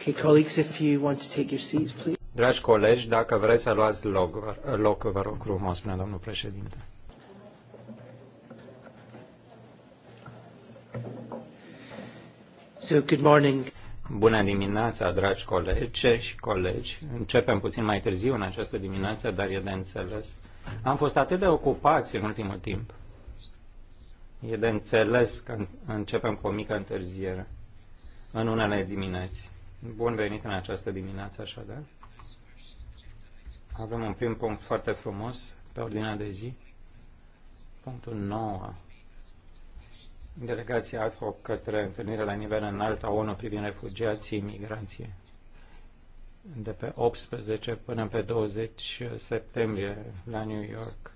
Okay, colleagues, if you want to take your seats, please. Dragi colegi, dacă vreți să luați loc, loc vă rog frumos, spune domnul președinte. So, good morning. Bună dimineața, dragi colegi și colegi. Începem puțin mai târziu în această dimineață, dar e de înțeles. Am fost atât de ocupați în ultimul timp. E de înțeles că începem cu o mică întârziere în unele dimineți. Bun venit în această dimineață, așadar. Avem un prim punct foarte frumos pe ordinea de zi. Punctul 9. Delegația ad hoc către întâlnire la nivel înalt a ONU privind refugiații, migrație. De pe 18 până pe 20 septembrie la New York.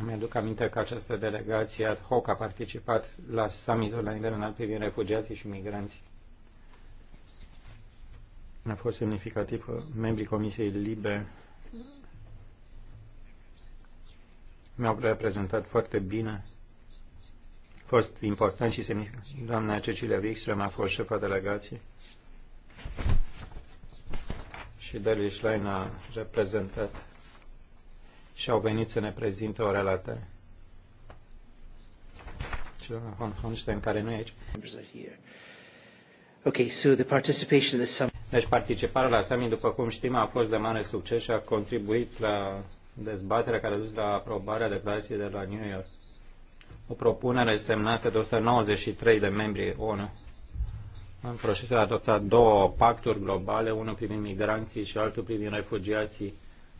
Îmi aduc aminte că această delegație ad hoc a participat la summitul la nivel înalt privind refugiații și migranții a fost semnificativ că membrii Comisiei Libe mi-au reprezentat foarte bine. A fost important și semnificativ. Doamna Cecilia Wikström a fost șefa delegației și Deli Schlein a reprezentat și au venit să ne prezinte o relatare. Și doamna von Honstein, care nu e aici. Okay, so the participation in the summit deci participarea la summit, după cum știm, a fost de mare succes și a contribuit la dezbaterea care a dus la aprobarea declarației de la New York. O propunere semnată de 193 de membri ONU. În procesul a adoptat două pacturi globale, unul privind migranții și altul privind refugiații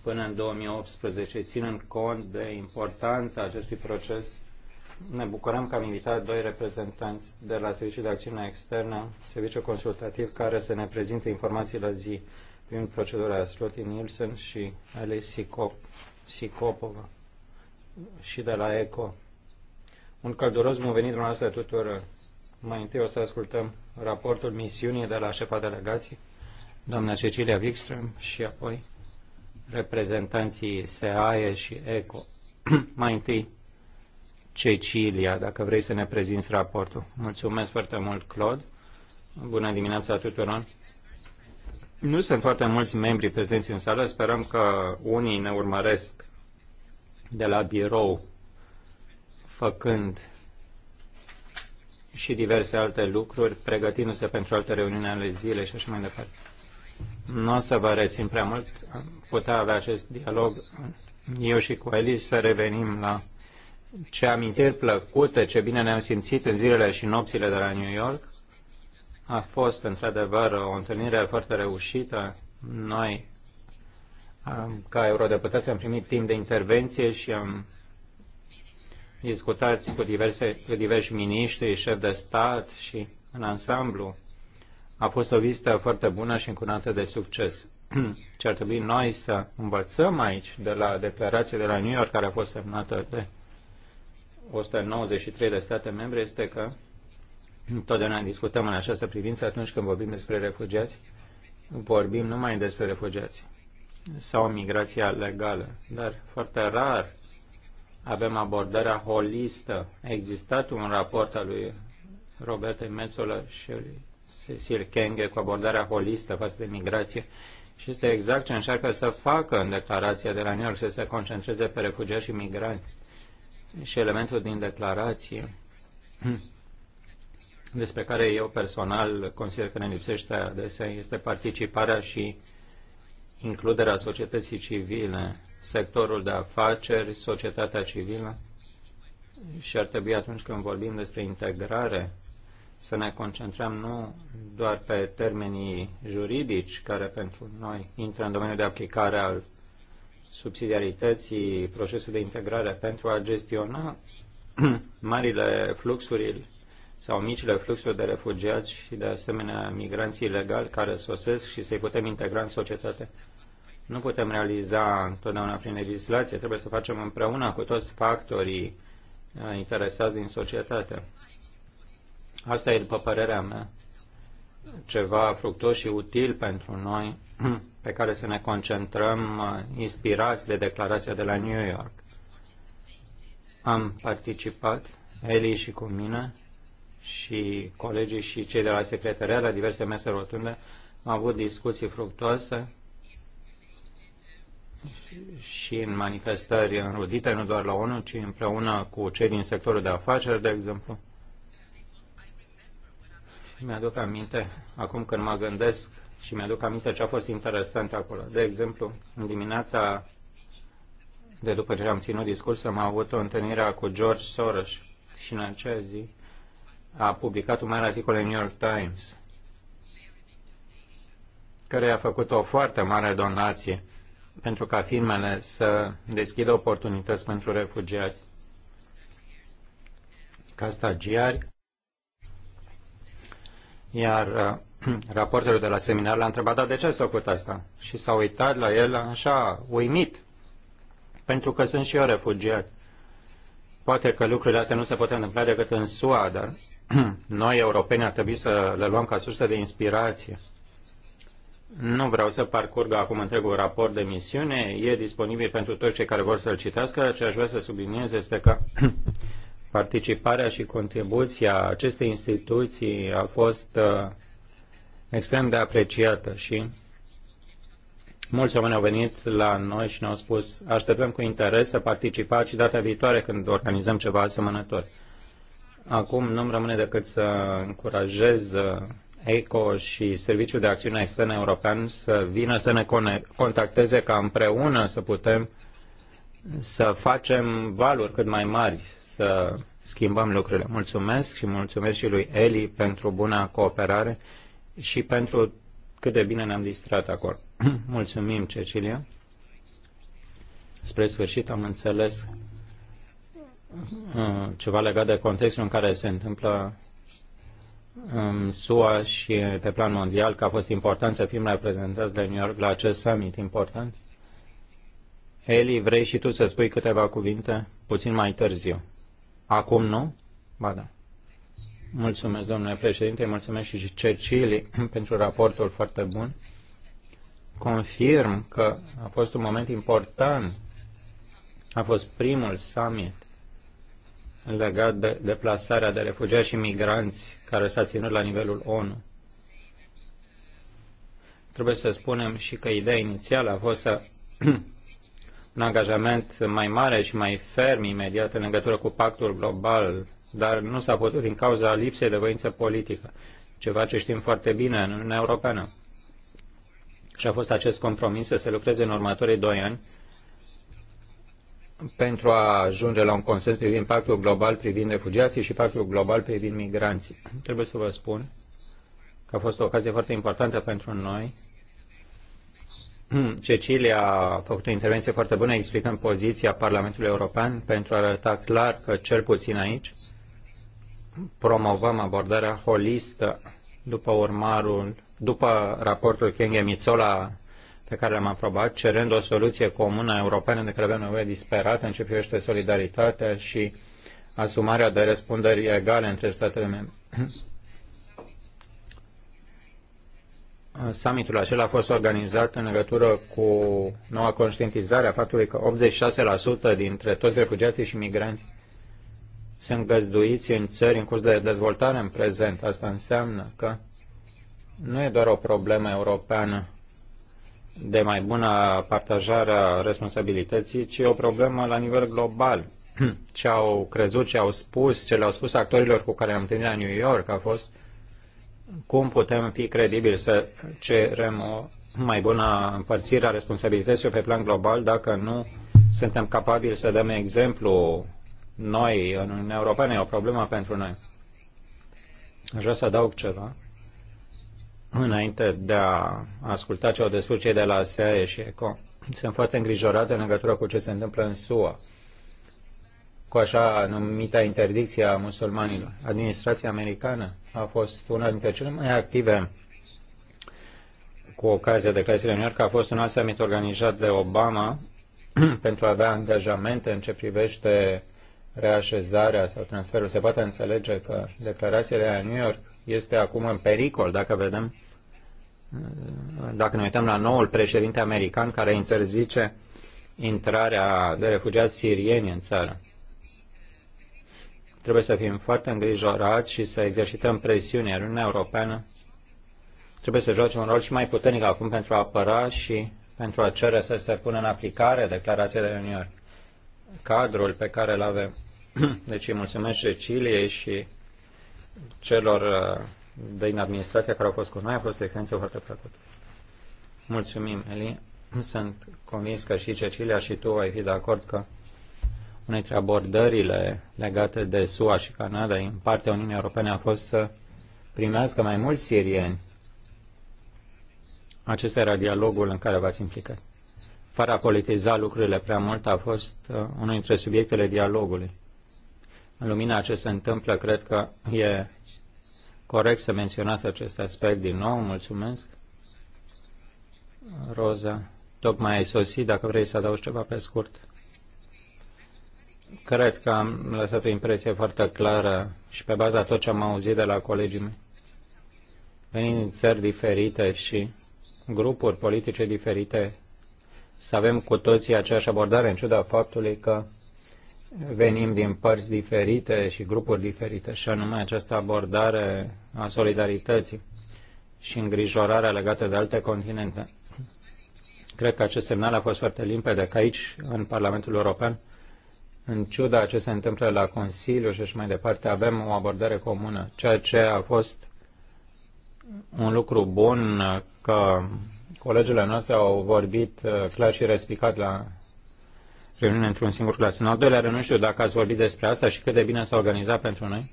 până în 2018, ținând cont de importanța acestui proces ne bucurăm că am invitat doi reprezentanți de la Serviciul de Acțiune Externă, serviciu consultativ care să ne prezinte informații la zi prin procedura Slotin Nielsen și Alice Sicop, Sicopova și de la ECO. Un călduros bun venit dumneavoastră tuturor. Mai întâi o să ascultăm raportul misiunii de la șefa delegației, doamna Cecilia Wikström, și apoi reprezentanții SEAE și ECO. Mai întâi Cecilia, dacă vrei să ne prezinți raportul. Mulțumesc foarte mult, Claude. Bună dimineața tuturor. Nu sunt foarte mulți membri prezenți în sală, sperăm că unii ne urmăresc de la birou făcând și diverse alte lucruri, pregătindu-se pentru alte reuniuni ale zilei și așa mai departe. Nu o să vă rețin prea mult, putea avea acest dialog eu și cu Eli să revenim la ce amintiri plăcute, ce bine ne-am simțit în zilele și nopțile de la New York. A fost, într-adevăr, o întâlnire foarte reușită. Noi, ca eurodeputați, am primit timp de intervenție și am discutat cu, diverse, cu diversi miniștri, șefi de stat și în ansamblu. A fost o vizită foarte bună și încunată de succes. Ce ar trebui noi să învățăm aici de la declarația de la New York care a fost semnată de 193 de state membre este că întotdeauna discutăm în această privință atunci când vorbim despre refugiați, vorbim numai despre refugiați sau migrația legală, dar foarte rar avem abordarea holistă. A existat un raport al lui Roberta Metzola și Cecil Kenge cu abordarea holistă față de migrație și este exact ce încearcă să facă în declarația de la New York, să se concentreze pe refugiați și migranți și elementul din declarație despre care eu personal consider că ne lipsește adesea este participarea și includerea societății civile, sectorul de afaceri, societatea civilă și ar trebui atunci când vorbim despre integrare să ne concentrăm nu doar pe termenii juridici care pentru noi intră în domeniul de aplicare al subsidiarității procesul de integrare pentru a gestiona marile fluxuri sau micile fluxuri de refugiați și de asemenea migranții ilegali care sosesc și să-i putem integra în societate. Nu putem realiza întotdeauna prin legislație, trebuie să facem împreună cu toți factorii uh, interesați din societate. Asta e, după părerea mea, ceva fructos și util pentru noi pe care să ne concentrăm, uh, inspirați de declarația de la New York. Am participat, Eli și cu mine, și colegii și cei de la secretariat, la diverse mese rotunde, am avut discuții fructoase și în manifestări înrudite, nu doar la ONU, ci împreună cu cei din sectorul de afaceri, de exemplu. Mi-aduc aminte, acum când mă gândesc și mi-aduc aminte ce a fost interesant acolo. De exemplu, în dimineața de după ce am ținut discurs, am avut o întâlnire cu George Soros și în acea zi a publicat un mare articol în New York Times care a făcut o foarte mare donație pentru ca firmele să deschidă oportunități pentru refugiați, ca stagiari, iar uh, raportorul de la seminar l-a întrebat, dar de ce s-a făcut asta? Și s-a uitat la el așa, uimit, pentru că sunt și eu refugiat. Poate că lucrurile astea nu se pot întâmpla decât în SUA, dar noi, europeni, ar trebui să le luăm ca sursă de inspirație. Nu vreau să parcurg acum întregul raport de misiune. E disponibil pentru toți cei care vor să-l citească. Ce aș vrea să subliniez este că participarea și contribuția acestei instituții a fost uh, extrem de apreciată și mulți oameni au venit la noi și ne-au spus așteptăm cu interes să participați și data viitoare când organizăm ceva asemănător. Acum nu-mi rămâne decât să încurajez uh, ECO și Serviciul de Acțiune Externă European să vină să ne contacteze ca împreună să putem să facem valuri cât mai mari, să schimbăm lucrurile. Mulțumesc și mulțumesc și lui Eli pentru buna cooperare și pentru cât de bine ne-am distrat acolo. Mulțumim, Cecilia. Spre sfârșit am înțeles uh, ceva legat de contextul în care se întâmplă în um, SUA și pe plan mondial, că a fost important să fim reprezentați de New York la acest summit important. Eli, vrei și tu să spui câteva cuvinte puțin mai târziu? Acum nu? Ba da. Mulțumesc, domnule președinte, mulțumesc și Cecili pentru raportul foarte bun. Confirm că a fost un moment important, a fost primul summit legat de deplasarea de refugiați și migranți care s-a ținut la nivelul ONU. Trebuie să spunem și că ideea inițială a fost să un angajament mai mare și mai ferm imediat în legătură cu pactul global dar nu s-a putut din cauza lipsei de voință politică, ceva ce știm foarte bine în Uniunea Europeană. Și a fost acest compromis să se lucreze în următorii doi ani pentru a ajunge la un consens privind pactul global privind refugiații și pactul global privind migranții. Trebuie să vă spun că a fost o ocazie foarte importantă pentru noi. Cecilia a făcut o intervenție foarte bună explicând poziția Parlamentului European pentru a arăta clar că cel puțin aici promovăm abordarea holistă după urmarul, după raportul Kenge Mitsola pe care l-am aprobat, cerând o soluție comună europeană de care avem nevoie disperată în ce privește solidaritatea și asumarea de răspunderi egale între statele membre. Summitul acela a fost organizat în legătură cu noua conștientizare a faptului că 86% dintre toți refugiații și migranți sunt găzduiți în țări în curs de dezvoltare în prezent. Asta înseamnă că nu e doar o problemă europeană de mai bună partajare a responsabilității, ci o problemă la nivel global. Ce au crezut, ce au spus, ce le-au spus actorilor cu care am întâlnit la New York a fost cum putem fi credibili să cerem o mai bună împărțire a responsabilităților pe plan global dacă nu suntem capabili să dăm exemplu noi în Uniunea Europeană, e o problemă pentru noi. Aș vrea să adaug ceva înainte de a asculta ce au de spus cei de la SEAE și ECO. Sunt foarte îngrijorat în legătură cu ce se întâmplă în SUA, cu așa numita interdicție a musulmanilor. Administrația americană a fost una dintre cele mai active cu ocazia declarației New York, a fost un alt summit organizat de Obama pentru a avea angajamente în ce privește reașezarea sau transferul. Se poate înțelege că declarația de la New York este acum în pericol, dacă vedem, dacă ne uităm la noul președinte american care interzice intrarea de refugiați sirieni în țară. Trebuie să fim foarte îngrijorați și să exercităm presiunea. Uniunea Europeană trebuie să joace un rol și mai puternic acum pentru a apăra și pentru a cere să se pună în aplicare declarația de la New York cadrul pe care îl avem. Deci îi mulțumesc Ceciliei și celor uh, din administrația care au fost cu noi. A fost o experiență foarte plăcută. Mulțumim, Eli. Sunt convins că și Cecilia și tu ai fi de acord că una dintre abordările legate de SUA și Canada în partea Uniunii Europene a fost să primească mai mulți sirieni. Acesta era dialogul în care v-ați implicat fără a politiza lucrurile prea mult, a fost uh, unul dintre subiectele dialogului. În lumina ce se întâmplă, cred că e corect să menționați acest aspect din nou. Mulțumesc. Roza, tocmai ai sosit, dacă vrei să adaugi ceva pe scurt. Cred că am lăsat o impresie foarte clară și pe baza tot ce am auzit de la colegii mei. Venind din țări diferite și grupuri politice diferite să avem cu toții aceeași abordare, în ciuda faptului că venim din părți diferite și grupuri diferite, și anume această abordare a solidarității și îngrijorarea legată de alte continente. Cred că acest semnal a fost foarte limpede că aici, în Parlamentul European, în ciuda ce se întâmplă la Consiliu și așa mai departe, avem o abordare comună, ceea ce a fost un lucru bun că Colegele noastre au vorbit uh, clar și respicat la reuniune într-un singur clas. În al doilea rând, nu știu dacă ați vorbit despre asta și cât de bine s-a organizat pentru noi.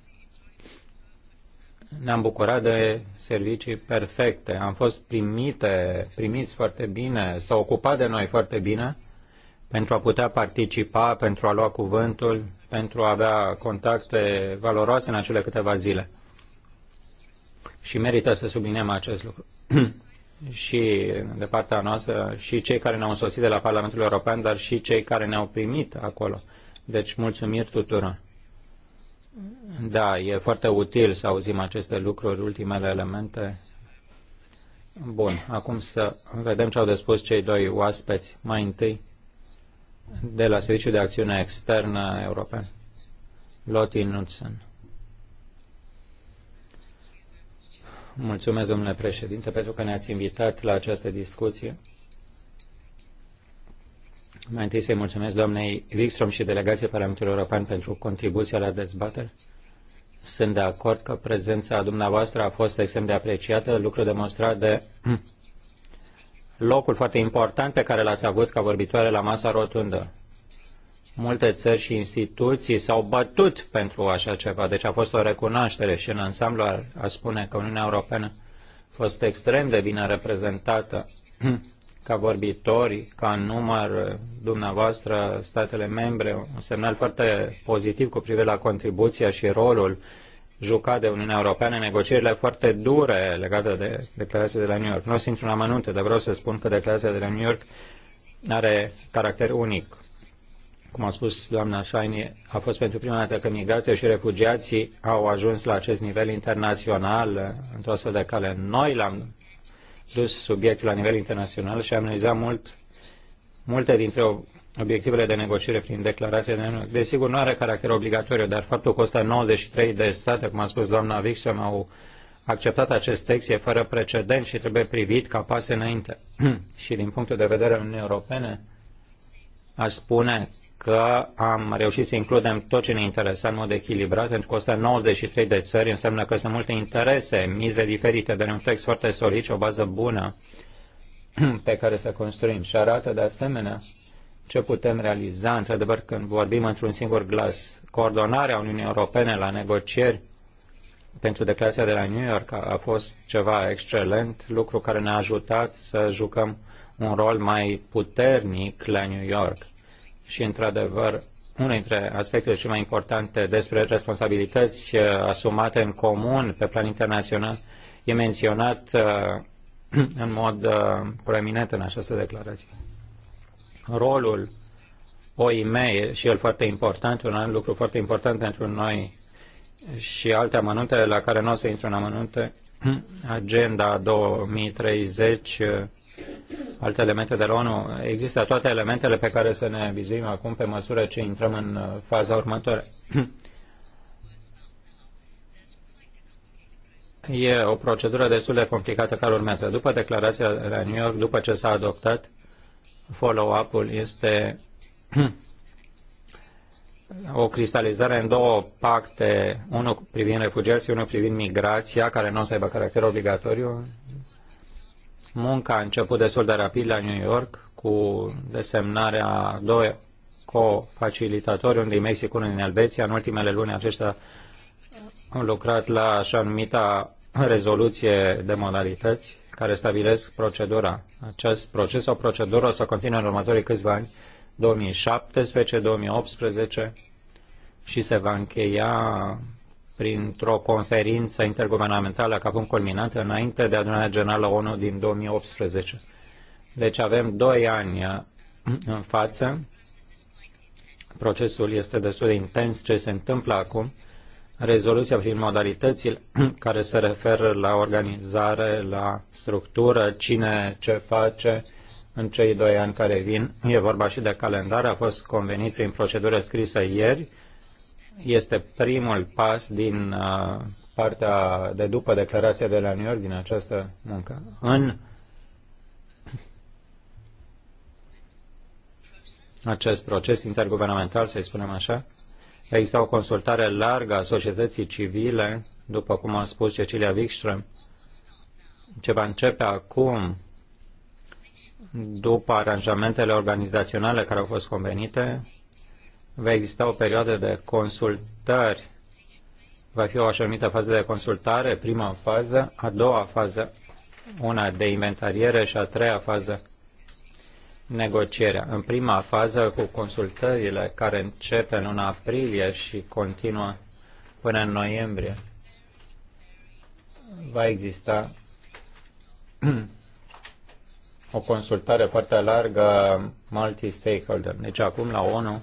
Ne-am bucurat de servicii perfecte. Am fost primite, primiți foarte bine, s-au ocupat de noi foarte bine pentru a putea participa, pentru a lua cuvântul, pentru a avea contacte valoroase în acele câteva zile. Și merită să subliniem acest lucru. și de partea noastră și cei care ne-au însoțit de la Parlamentul European, dar și cei care ne-au primit acolo. Deci mulțumiri tuturor. Da, e foarte util să auzim aceste lucruri, ultimele elemente. Bun, acum să vedem ce au de spus cei doi oaspeți. Mai întâi, de la Serviciul de Acțiune Externă European, Lotti Knudsen. Mulțumesc, domnule președinte, pentru că ne-ați invitat la această discuție. Mai întâi să-i mulțumesc doamnei Wikstrom și delegației Parlamentului European pentru contribuția la dezbatere. Sunt de acord că prezența dumneavoastră a fost extrem de apreciată, lucru demonstrat de locul foarte important pe care l-ați avut ca vorbitoare la masa rotundă. Multe țări și instituții s-au bătut pentru așa ceva, deci a fost o recunoaștere și în ansamblu ar, ar spune că Uniunea Europeană a fost extrem de bine reprezentată ca vorbitori, ca număr dumneavoastră, statele membre, un semnal foarte pozitiv cu privire la contribuția și rolul jucat de Uniunea Europeană în negocierile foarte dure legate de declarația de la New York. Nu o să intru în amănunte, dar vreau să spun că declarația de la New York are caracter unic cum a spus doamna Shaini, a fost pentru prima dată că migrația și refugiații au ajuns la acest nivel internațional într-o astfel de cale. Noi l-am dus subiectul la nivel internațional și am analizat mult, multe dintre obiectivele de negociere prin declarație de nu. Desigur, nu are caracter obligatoriu, dar faptul că 193 de state, cum a spus doamna Vixen, au acceptat acest text e fără precedent și trebuie privit ca pas înainte. și din punctul de vedere al Uniunii Europene, aș spune că am reușit să includem tot ce ne interesa în mod echilibrat, pentru că 193 de țări înseamnă că sunt multe interese, mize diferite, dar un text foarte solid și o bază bună pe care să construim. Și arată de asemenea ce putem realiza, într-adevăr, când vorbim într-un singur glas. Coordonarea Uniunii Europene la negocieri pentru declarația de la New York a fost ceva excelent, lucru care ne-a ajutat să jucăm un rol mai puternic la New York și, într-adevăr, unul dintre aspectele cele mai importante despre responsabilități uh, asumate în comun pe plan internațional e menționat uh, în mod uh, proeminent în această declarație. Rolul OIM e și el foarte important, un alt lucru foarte important pentru noi și alte amănunte la care nu o să intru în amănunte, agenda 2030 alte elemente de la ONU. Există toate elementele pe care să ne vizuim acum pe măsură ce intrăm în uh, faza următoare. E o procedură destul de complicată care urmează. După declarația de la New York, după ce s-a adoptat, follow-up-ul este o cristalizare în două pacte, unul privind refugiații, unul privind migrația, care nu o să aibă caracter obligatoriu, Munca a început destul de rapid la New York cu desemnarea doi co-facilitatori, unul din Mexic, unul din Elveția. În ultimele luni aceștia au lucrat la așa numita rezoluție de modalități care stabilesc procedura. Acest proces sau procedură o să continue în următorii câțiva ani, 2017-2018, și se va încheia printr-o conferință interguvernamentală ca punct culminant înainte de adunarea generală ONU din 2018. Deci avem doi ani uh, în față. Procesul este destul de intens ce se întâmplă acum. Rezoluția prin modalitățile care se referă la organizare, la structură, cine ce face în cei doi ani care vin. E vorba și de calendar, a fost convenit prin procedură scrisă ieri este primul pas din uh, partea de după declarația de la New York din această muncă. În acest proces interguvernamental, să-i spunem așa, există o consultare largă a societății civile, după cum a spus Cecilia Wikström, ce va începe acum după aranjamentele organizaționale care au fost convenite, va exista o perioadă de consultări, va fi o așa numită fază de consultare, prima fază, a doua fază, una de inventariere și a treia fază, negocierea. În prima fază, cu consultările care începe în luna aprilie și continuă până în noiembrie, va exista o consultare foarte largă multi-stakeholder. Deci acum la ONU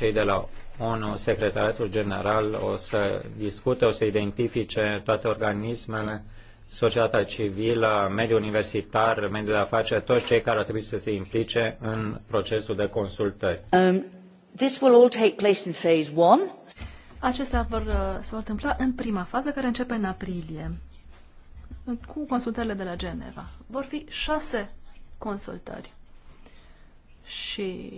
cei de la ONU, Secretariatul General, o să discute, o să identifice toate organismele, societatea civilă, mediul universitar, mediul de afaceri, toți cei care ar trebui să se implice în procesul de consultări. Um, this will all take place in phase one. Acestea vor, uh, se vor întâmpla în prima fază, care începe în aprilie, cu consultările de la Geneva. Vor fi șase consultări. Și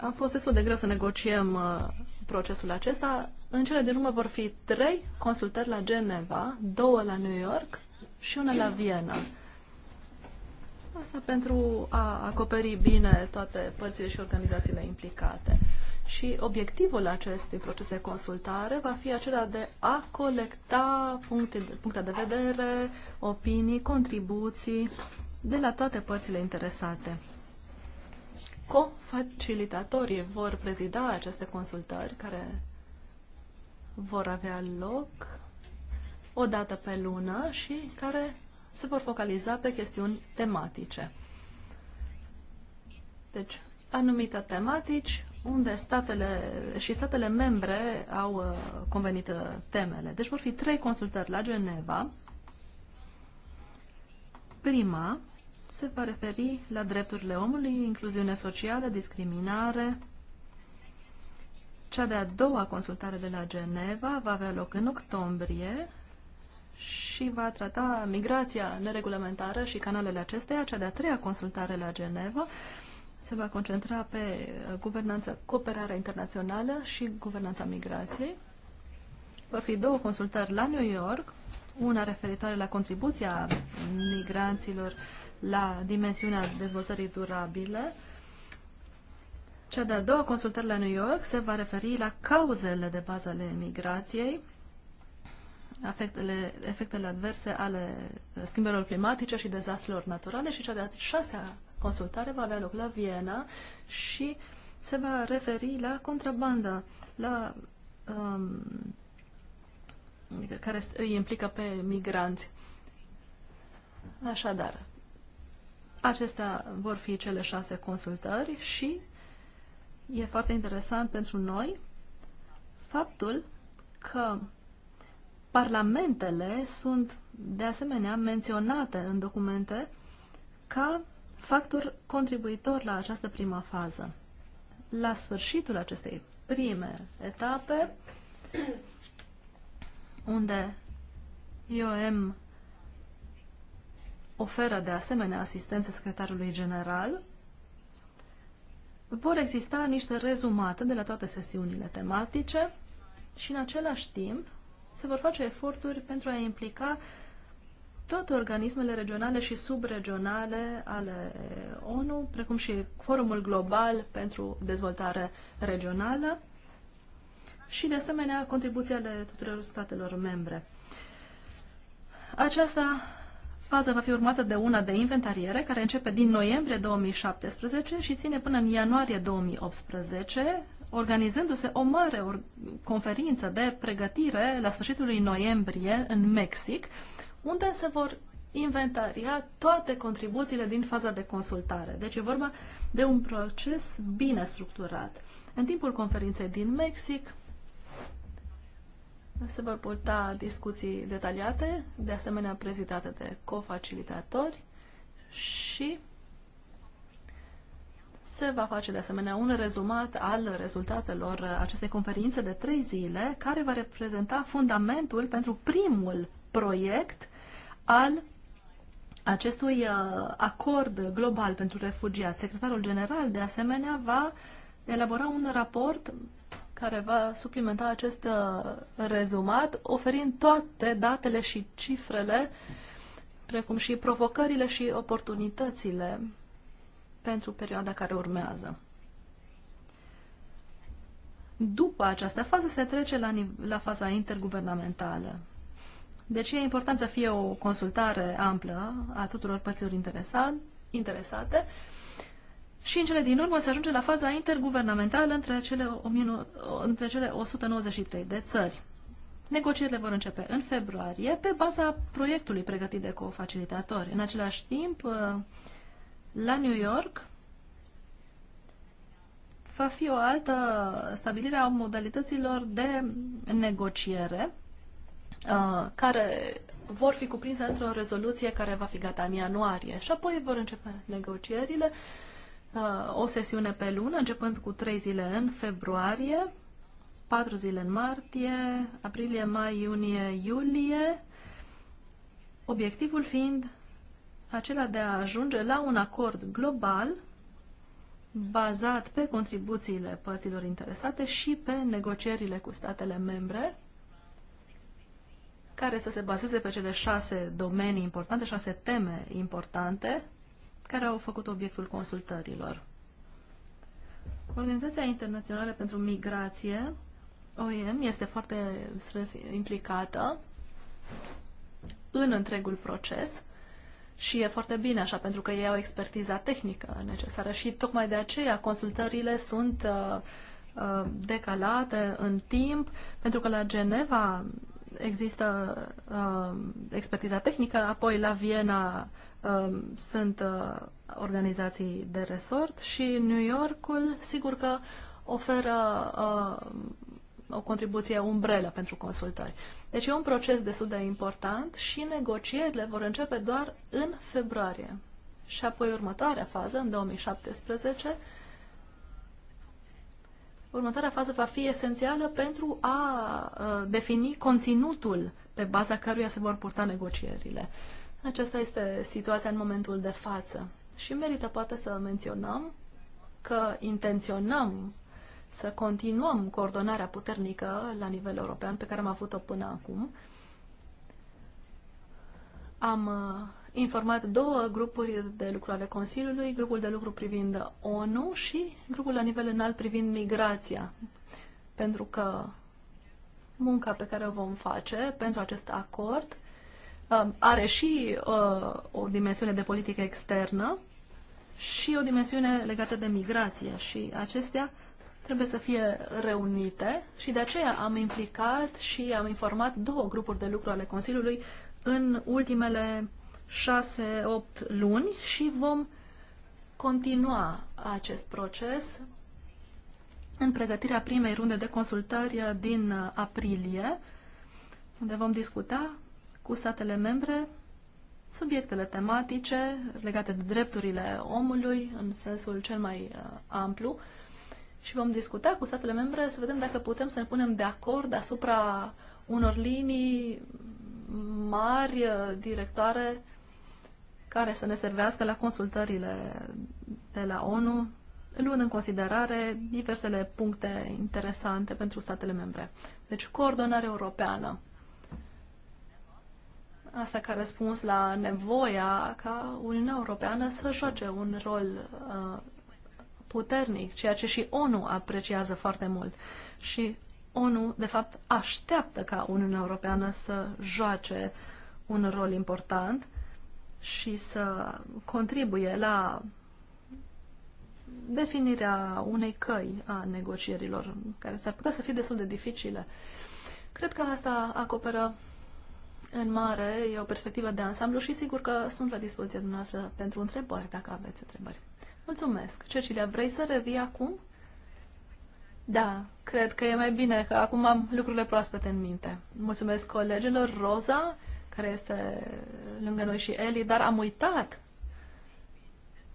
a fost destul de greu să negociem uh, procesul acesta. În cele din urmă vor fi trei consultări la Geneva, două la New York și una la Viena. Asta pentru a acoperi bine toate părțile și organizațiile implicate. Și obiectivul acestui proces de consultare va fi acela de a colecta puncte, puncte de vedere, opinii, contribuții de la toate părțile interesate co-facilitatorii vor prezida aceste consultări care vor avea loc o dată pe lună și care se vor focaliza pe chestiuni tematice. Deci, anumite tematici unde statele și statele membre au uh, convenit uh, temele. Deci vor fi trei consultări la Geneva. Prima se va referi la drepturile omului, incluziune socială, discriminare. Cea de-a doua consultare de la Geneva va avea loc în octombrie și va trata migrația neregulamentară și canalele acesteia. Cea de-a treia consultare la Geneva se va concentra pe guvernanță, cooperarea internațională și guvernanța migrației. Vor fi două consultări la New York, una referitoare la contribuția migranților la dimensiunea dezvoltării durabile. Cea de-a doua consultare la New York se va referi la cauzele de bază ale migrației, efectele, efectele adverse ale schimbărilor climatice și dezastrelor naturale și cea de-a șasea consultare va avea loc la Viena și se va referi la contrabanda, la, um, care îi implică pe migranți. Așadar, Acestea vor fi cele șase consultări și e foarte interesant pentru noi faptul că parlamentele sunt de asemenea menționate în documente ca factor contribuitor la această prima fază. La sfârșitul acestei prime etape, unde IOM oferă de asemenea asistență secretarului general, vor exista niște rezumate de la toate sesiunile tematice și în același timp se vor face eforturi pentru a implica toate organismele regionale și subregionale ale ONU, precum și Forumul Global pentru Dezvoltare Regională și, de asemenea, contribuția ale tuturor statelor membre. Aceasta fază va fi urmată de una de inventariere, care începe din noiembrie 2017 și ține până în ianuarie 2018, organizându-se o mare conferință de pregătire la sfârșitul lui noiembrie în Mexic, unde se vor inventaria toate contribuțiile din faza de consultare. Deci e vorba de un proces bine structurat. În timpul conferinței din Mexic, se vor purta discuții detaliate, de asemenea prezidate de cofacilitatori și se va face de asemenea un rezumat al rezultatelor acestei conferințe de trei zile, care va reprezenta fundamentul pentru primul proiect al acestui uh, acord global pentru refugiați. Secretarul general, de asemenea, va elabora un raport care va suplimenta acest uh, rezumat, oferind toate datele și cifrele, precum și provocările și oportunitățile pentru perioada care urmează. După această fază se trece la, la faza interguvernamentală. Deci e important să fie o consultare amplă a tuturor părților interesate, și în cele din urmă se ajunge la faza interguvernamentală între cele, 1000, între cele 193 de țări. Negocierile vor începe în februarie pe baza proiectului pregătit de cofacilitatori. În același timp, uh, la New York va fi o altă stabilire a modalităților de negociere uh, care vor fi cuprinse într-o rezoluție care va fi gata în ianuarie și apoi vor începe negocierile Uh, o sesiune pe lună, începând cu trei zile în februarie, patru zile în martie, aprilie, mai, iunie, iulie, obiectivul fiind acela de a ajunge la un acord global bazat pe contribuțiile părților interesate și pe negocierile cu statele membre, care să se bazeze pe cele șase domenii importante, șase teme importante, care au făcut obiectul consultărilor. Organizația Internațională pentru Migrație, OIM, este foarte strâns implicată în întregul proces și e foarte bine așa, pentru că ei au expertiza tehnică necesară și tocmai de aceea consultările sunt uh, uh, decalate în timp, pentru că la Geneva există uh, expertiza tehnică, apoi la Viena Um, sunt uh, organizații de resort și New Yorkul, sigur că oferă uh, o contribuție umbrelă pentru consultări. Deci e un proces destul de important și negocierile vor începe doar în februarie. Și apoi următoarea fază, în 2017, următoarea fază va fi esențială pentru a uh, defini conținutul pe baza căruia se vor purta negocierile. Uh, aceasta este situația în momentul de față. Și merită poate să menționăm că intenționăm să continuăm coordonarea puternică la nivel european pe care am avut-o până acum. Am uh, informat două grupuri de lucru ale Consiliului, grupul de lucru privind ONU și grupul la nivel înalt privind migrația. Pentru că munca pe care o vom face pentru acest acord Um, are și uh, o dimensiune de politică externă și o dimensiune legată de migrație și acestea trebuie să fie reunite și de aceea am implicat și am informat două grupuri de lucru ale Consiliului în ultimele 6-8 luni și vom continua acest proces în pregătirea primei runde de consultări din aprilie, unde vom discuta cu statele membre subiectele tematice legate de drepturile omului în sensul cel mai uh, amplu și vom discuta cu statele membre să vedem dacă putem să ne punem de acord asupra unor linii mari, uh, directoare, care să ne servească la consultările de la ONU, luând în considerare diversele puncte interesante pentru statele membre. Deci, coordonare europeană Asta ca răspuns la nevoia ca Uniunea Europeană să joace un rol uh, puternic, ceea ce și ONU apreciază foarte mult. Și ONU, de fapt, așteaptă ca Uniunea Europeană să joace un rol important și să contribuie la definirea unei căi a negocierilor, care s-ar putea să fie destul de dificile. Cred că asta acoperă în mare e o perspectivă de ansamblu și sigur că sunt la dispoziția dumneavoastră pentru întrebări, dacă aveți întrebări. Mulțumesc. Cecilia, vrei să revii acum? Da, cred că e mai bine, că acum am lucrurile proaspete în minte. Mulțumesc colegilor, Roza, care este lângă noi și Eli, dar am uitat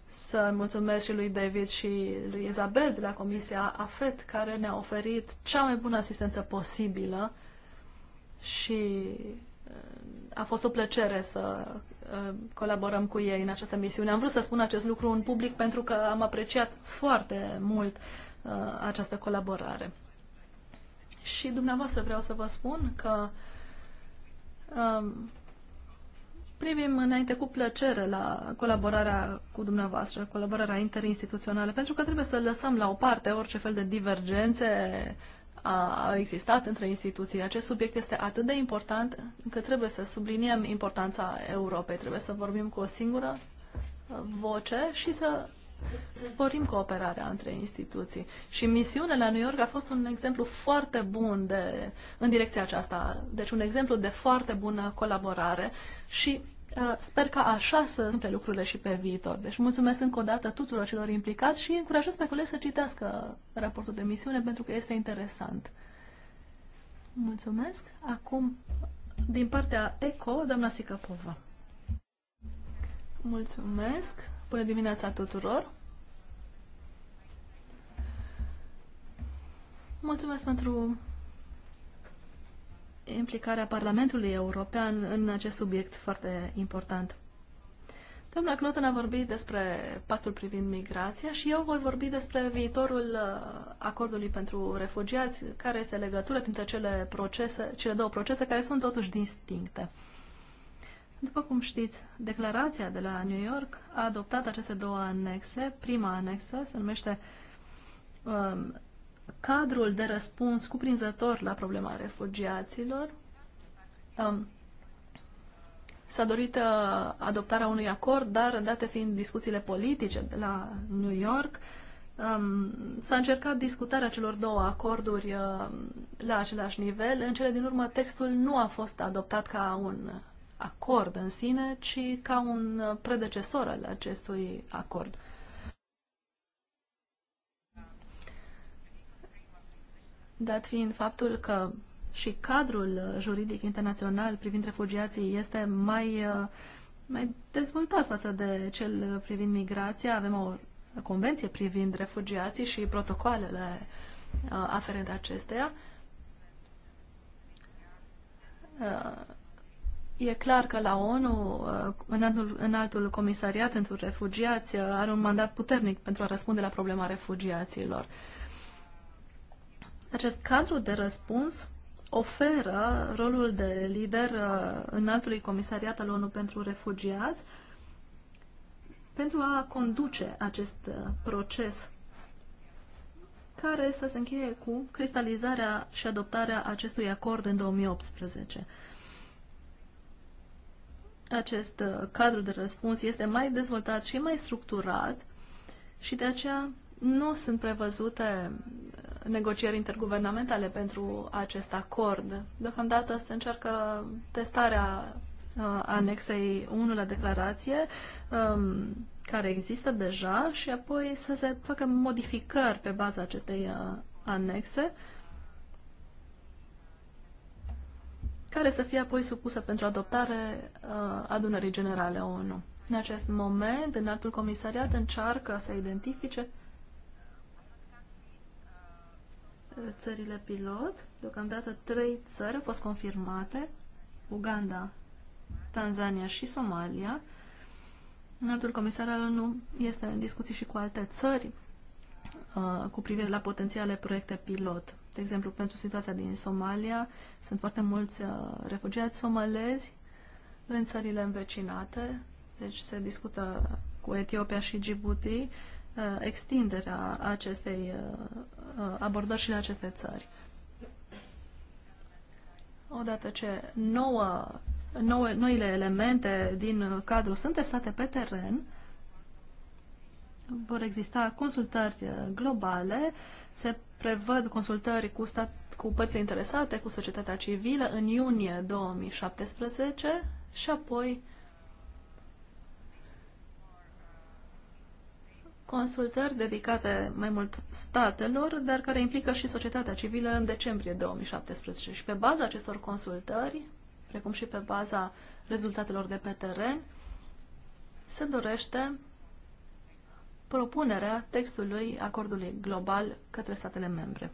să mulțumesc și lui David și lui Isabel de la Comisia AFET, care ne-a oferit cea mai bună asistență posibilă și a fost o plăcere să uh, colaborăm cu ei în această misiune. Am vrut să spun acest lucru în public pentru că am apreciat foarte mult uh, această colaborare. Și dumneavoastră vreau să vă spun că um, primim privim înainte cu plăcere la colaborarea cu dumneavoastră, colaborarea interinstituțională, pentru că trebuie să lăsăm la o parte orice fel de divergențe a existat între instituții. Acest subiect este atât de important că trebuie să subliniem importanța Europei. Trebuie să vorbim cu o singură uh, voce și să sporim cooperarea între instituții. Și misiunea la New York a fost un exemplu foarte bun de, în direcția aceasta. Deci un exemplu de foarte bună colaborare și da, sper ca așa să întâmple lucrurile și pe viitor. Deci mulțumesc încă o dată tuturor celor implicați și încurajez pe colegi să citească raportul de misiune pentru că este interesant. Mulțumesc. Acum, din partea ECO, doamna Sicăpova. Mulțumesc. Bună dimineața tuturor. Mulțumesc pentru implicarea Parlamentului European în acest subiect foarte important. Doamna Knoten a vorbit despre pactul privind migrația și eu voi vorbi despre viitorul uh, acordului pentru refugiați, care este legătura dintre cele, procese, cele două procese care sunt totuși distincte. După cum știți, declarația de la New York a adoptat aceste două anexe. Prima anexă se numește um, cadrul de răspuns cuprinzător la problema refugiaților. Um, S-a dorit uh, adoptarea unui acord, dar date fiind discuțiile politice de la New York, um, s-a încercat discutarea celor două acorduri uh, la același nivel. În cele din urmă, textul nu a fost adoptat ca un acord în sine, ci ca un uh, predecesor al acestui acord. dat fiind faptul că și cadrul juridic internațional privind refugiații este mai, uh, mai dezvoltat față de cel privind migrația. Avem o convenție privind refugiații și protocoalele uh, aferente acesteia. Uh, e clar că la ONU, în altul, în altul comisariat pentru refugiați, are un mandat puternic pentru a răspunde la problema refugiaților. Uh, acest cadru de răspuns oferă rolul de lider uh, înaltului comisariat al ONU pentru refugiați pentru a conduce acest uh, proces care să se încheie cu cristalizarea și adoptarea acestui acord în 2018. Acest uh, cadru de răspuns este mai dezvoltat și mai structurat și de aceea nu sunt prevăzute uh, negocieri interguvernamentale pentru acest acord. Deocamdată se încearcă testarea uh, anexei 1 la declarație, um, care există deja, și apoi să se facă modificări pe baza acestei uh, anexe, care să fie apoi supusă pentru adoptare uh, adunării generale ONU. În acest moment, înaltul comisariat încearcă să identifice uh, țările pilot. Deocamdată trei țări au fost confirmate, Uganda, Tanzania și Somalia. Înaltul comisar al ONU este în discuții și cu alte țări uh, cu privire la potențiale proiecte pilot. De exemplu, pentru situația din Somalia, sunt foarte mulți uh, refugiați somalezi în țările învecinate, deci se discută cu Etiopia și Djibouti Uh, extinderea acestei uh, uh, abordări și la aceste țări. Odată ce nouă, nouă, noile elemente din cadru sunt testate pe teren, vor exista consultări globale, se prevăd consultări cu, stat, cu părțile interesate, cu societatea civilă în iunie 2017 și apoi uh, consultări dedicate mai mult statelor, dar care implică și societatea civilă în decembrie 2017. Și pe baza acestor consultări, precum și pe baza rezultatelor de pe teren, se dorește propunerea textului acordului global către statele membre.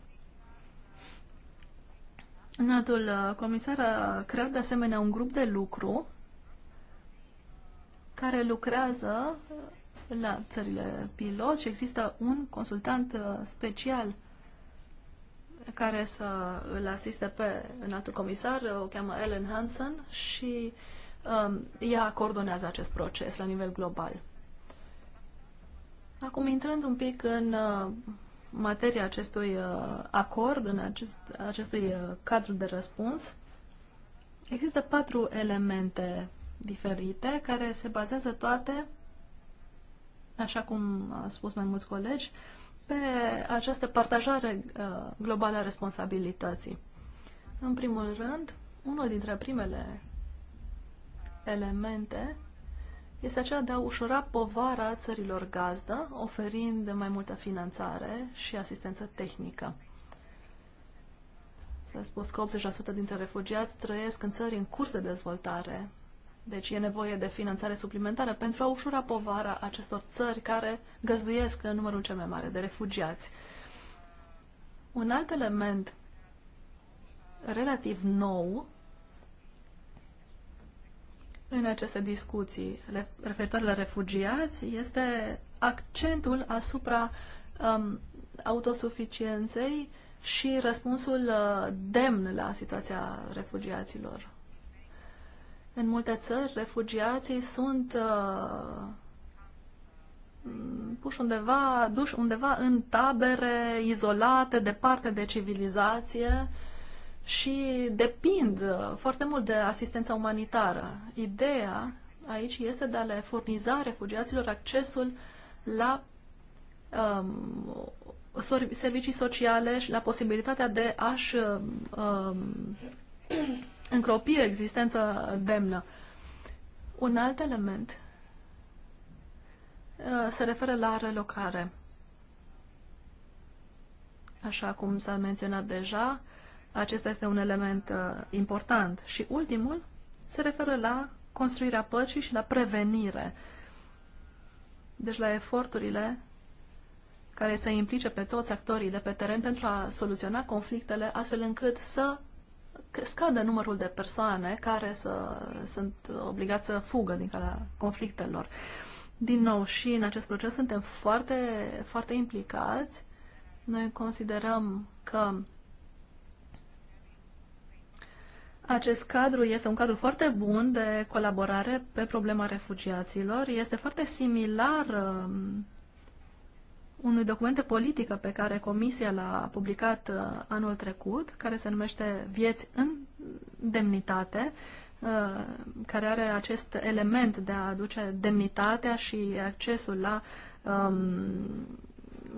Înaltul uh, comisar a creat de asemenea un grup de lucru care lucrează la țările pilot și există un consultant uh, special care să îl asiste pe înaltul comisar, uh, o cheamă Ellen Hansen și um, ea coordonează acest proces la nivel global. Acum, intrând un pic în uh, materia acestui uh, acord, în acest, acestui uh, cadru de răspuns, există patru elemente diferite care se bazează toate așa cum a spus mai mulți colegi, pe această partajare uh, globală a responsabilității. În primul rând, unul dintre primele elemente este acela de a ușura povara țărilor gazdă, oferind mai multă finanțare și asistență tehnică. S-a spus că 80% dintre refugiați trăiesc în țări în curs de dezvoltare deci e nevoie de finanțare suplimentară pentru a ușura povara acestor țări care găzduiesc numărul cel mai mare de refugiați. Un alt element relativ nou în aceste discuții referitoare la refugiați este accentul asupra um, autosuficienței și răspunsul uh, demn la situația refugiaților. În multe țări, refugiații sunt uh, puși undeva, duși undeva în tabere izolate, departe de civilizație și depind uh, foarte mult de asistența umanitară. Ideea aici este de a le furniza refugiaților accesul la um, servicii sociale și la posibilitatea de a-și um, încropi o existență demnă. Un alt element uh, se referă la relocare. Așa cum s-a menționat deja, acesta este un element uh, important. Și ultimul se referă la construirea păcii și la prevenire. Deci la eforturile care să implice pe toți actorii de pe teren pentru a soluționa conflictele astfel încât să scade numărul de persoane care să, sunt obligați să fugă din calea conflictelor. Din nou, și în acest proces suntem foarte, foarte implicați. Noi considerăm că acest cadru este un cadru foarte bun de colaborare pe problema refugiaților. Este foarte similar um, unui document de politică pe care Comisia l-a publicat uh, anul trecut, care se numește Vieți în demnitate, uh, care are acest element de a aduce demnitatea și accesul la um,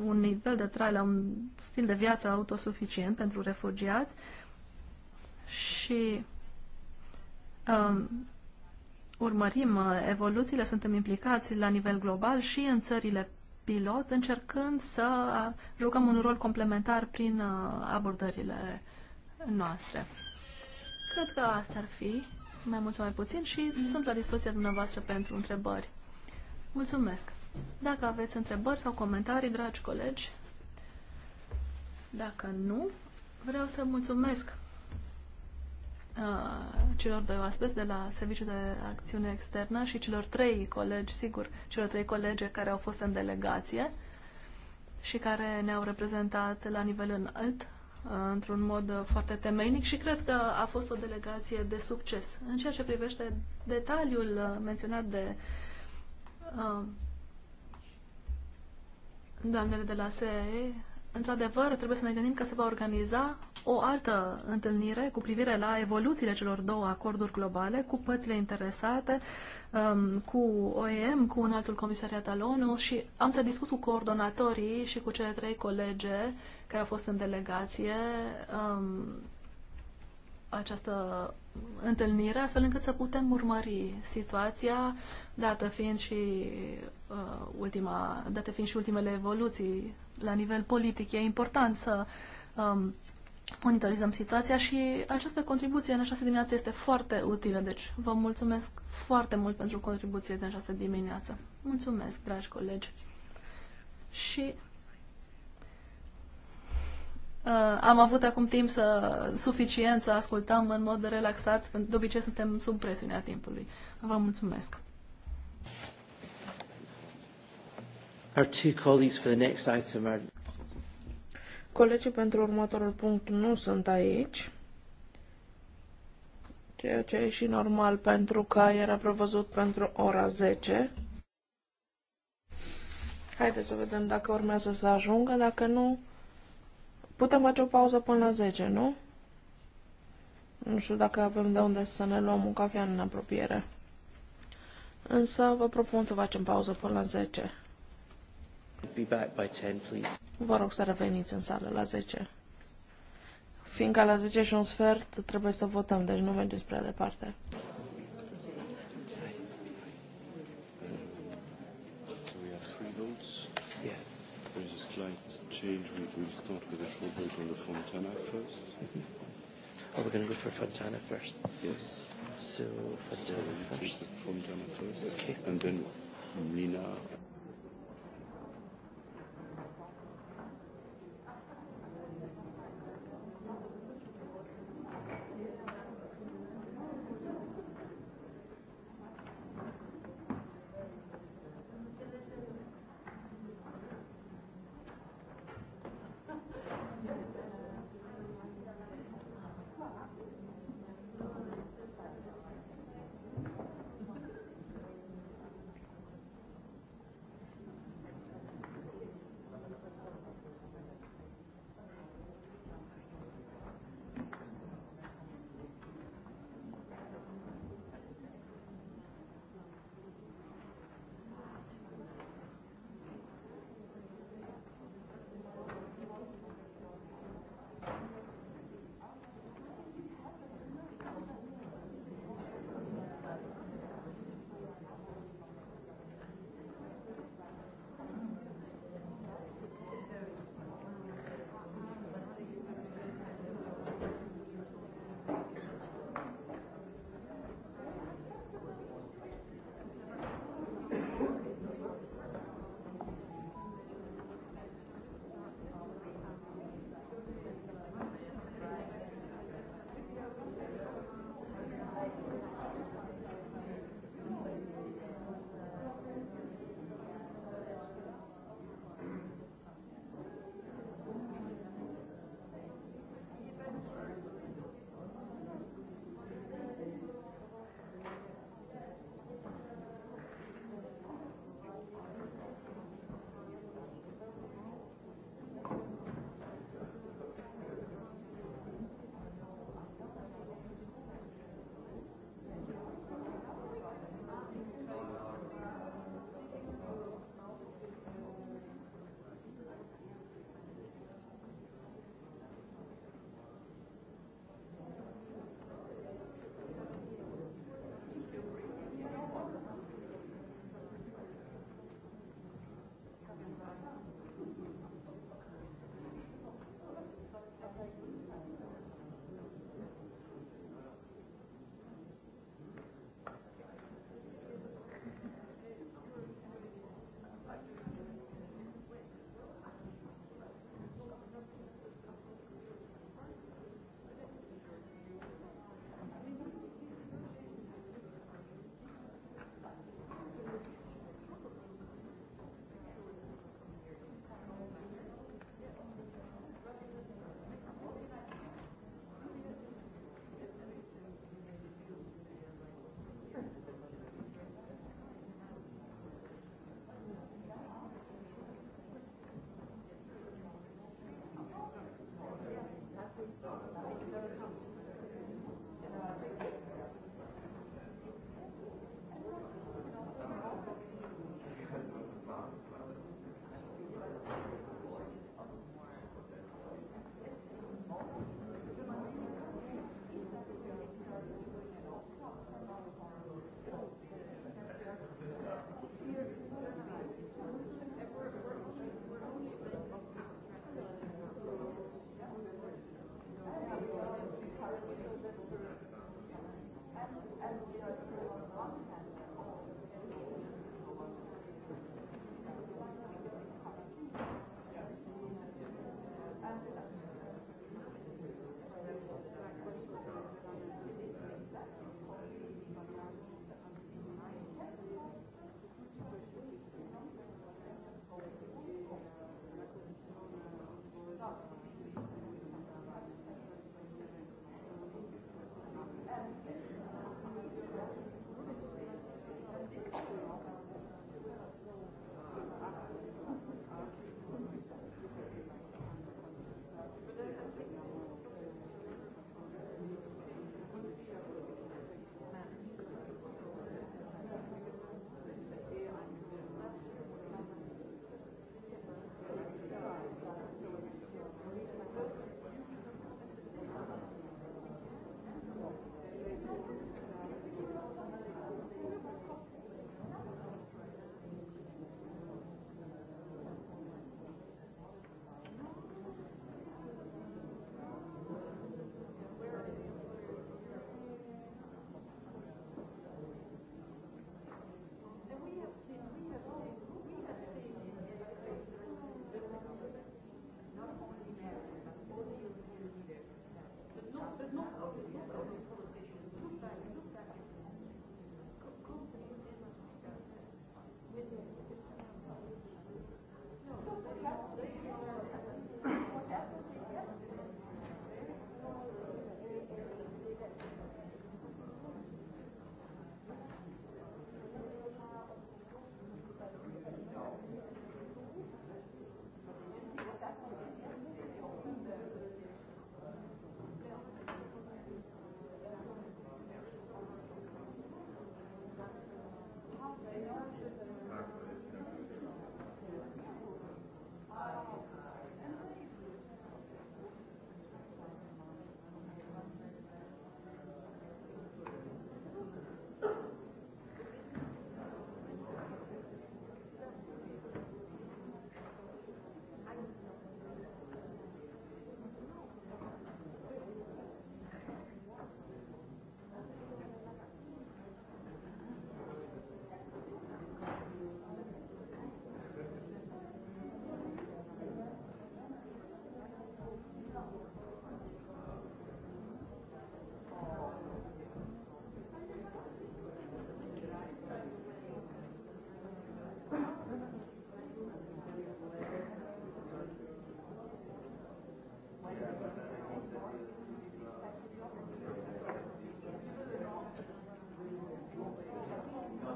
un nivel de trai, la un stil de viață autosuficient pentru refugiați și um, urmărim uh, evoluțiile, suntem implicați la nivel global și în țările pilot, încercând să jucăm un rol complementar prin uh, abordările noastre. Cred că asta ar fi, mai mult sau mai puțin, și mhm. sunt la dispoziția dumneavoastră pentru întrebări. Mulțumesc! Dacă aveți întrebări sau comentarii, dragi colegi, dacă nu, vreau să mulțumesc celor doi oaspeți de la Serviciul de Acțiune Externă și celor trei colegi, sigur, celor trei colege care au fost în delegație și care ne-au reprezentat la nivel înalt uh, într-un mod foarte temeinic și cred că a fost o delegație de succes. În ceea ce privește detaliul uh, menționat de uh, doamnele de la SEE, într-adevăr, trebuie să ne gândim că se va organiza o altă întâlnire cu privire la evoluțiile celor două acorduri globale cu părțile interesate, um, cu OEM, cu un altul comisariat al ONU și am să discut cu coordonatorii și cu cele trei colege care au fost în delegație um, această întâlnire, astfel încât să putem urmări situația, dată fiind și Uh, ultima, date fiind și ultimele evoluții la nivel politic, e important să um, monitorizăm situația și această contribuție în această dimineață este foarte utilă. Deci vă mulțumesc foarte mult pentru contribuție din această dimineață. Mulțumesc, dragi colegi. Și uh, am avut acum timp să suficient să ascultăm în mod relaxat, pentru de obicei suntem sub presiunea timpului. Vă mulțumesc. Our two colleagues for the next item are... Colegii pentru următorul punct nu sunt aici, ceea ce e și normal pentru că era prevăzut pentru ora 10. Haideți să vedem dacă urmează să ajungă, dacă nu, putem face o pauză până la 10, nu? Nu știu dacă avem de unde să ne luăm un cafea în apropiere. Însă vă propun să facem pauză până la 10. Be back by 10, please. Vă rog să reveniți în sală la 10. Fiindcă la 10 și un sfert trebuie să votăm, deci nu mergeți prea departe. change, we, we start with a short vote on the Fontana first. Are we going to go for Fontana first? Yes. So, Fontana so first. Fontana first. Okay. And then Nina. țară da.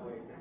Amen.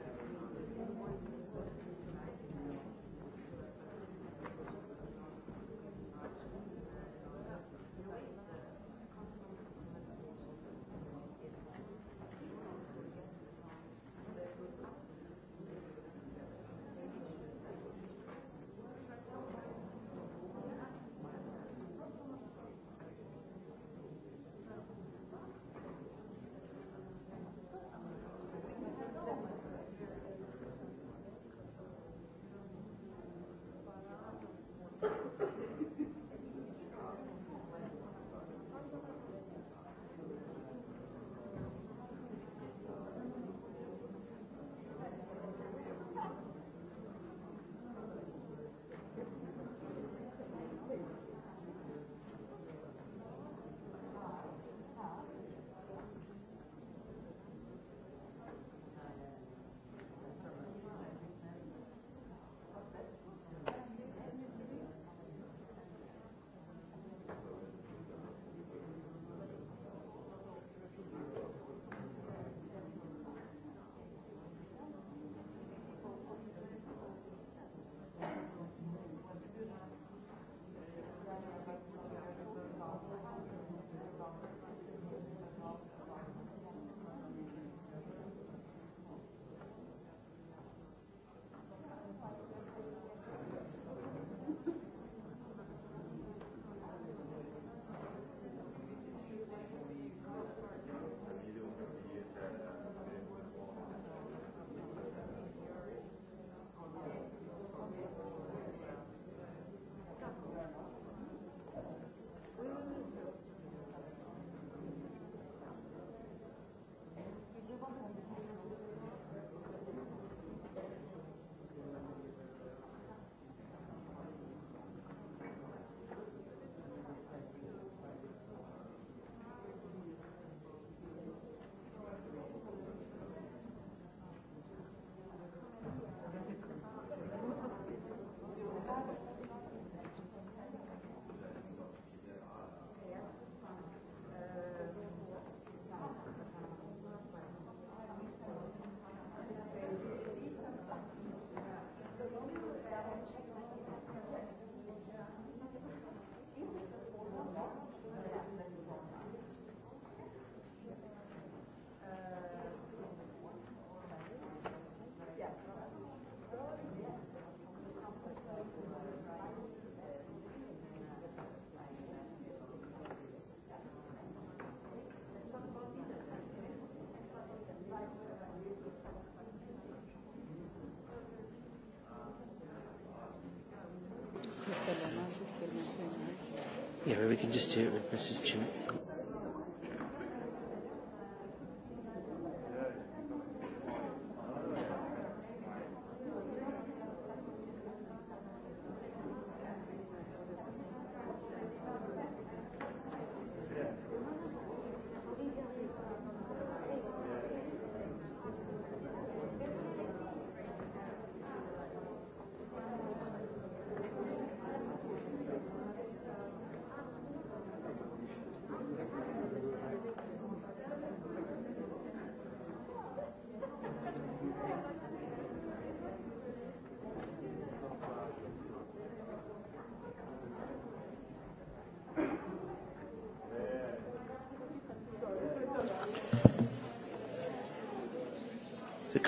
Yeah, we can just do it with Mrs. Chu.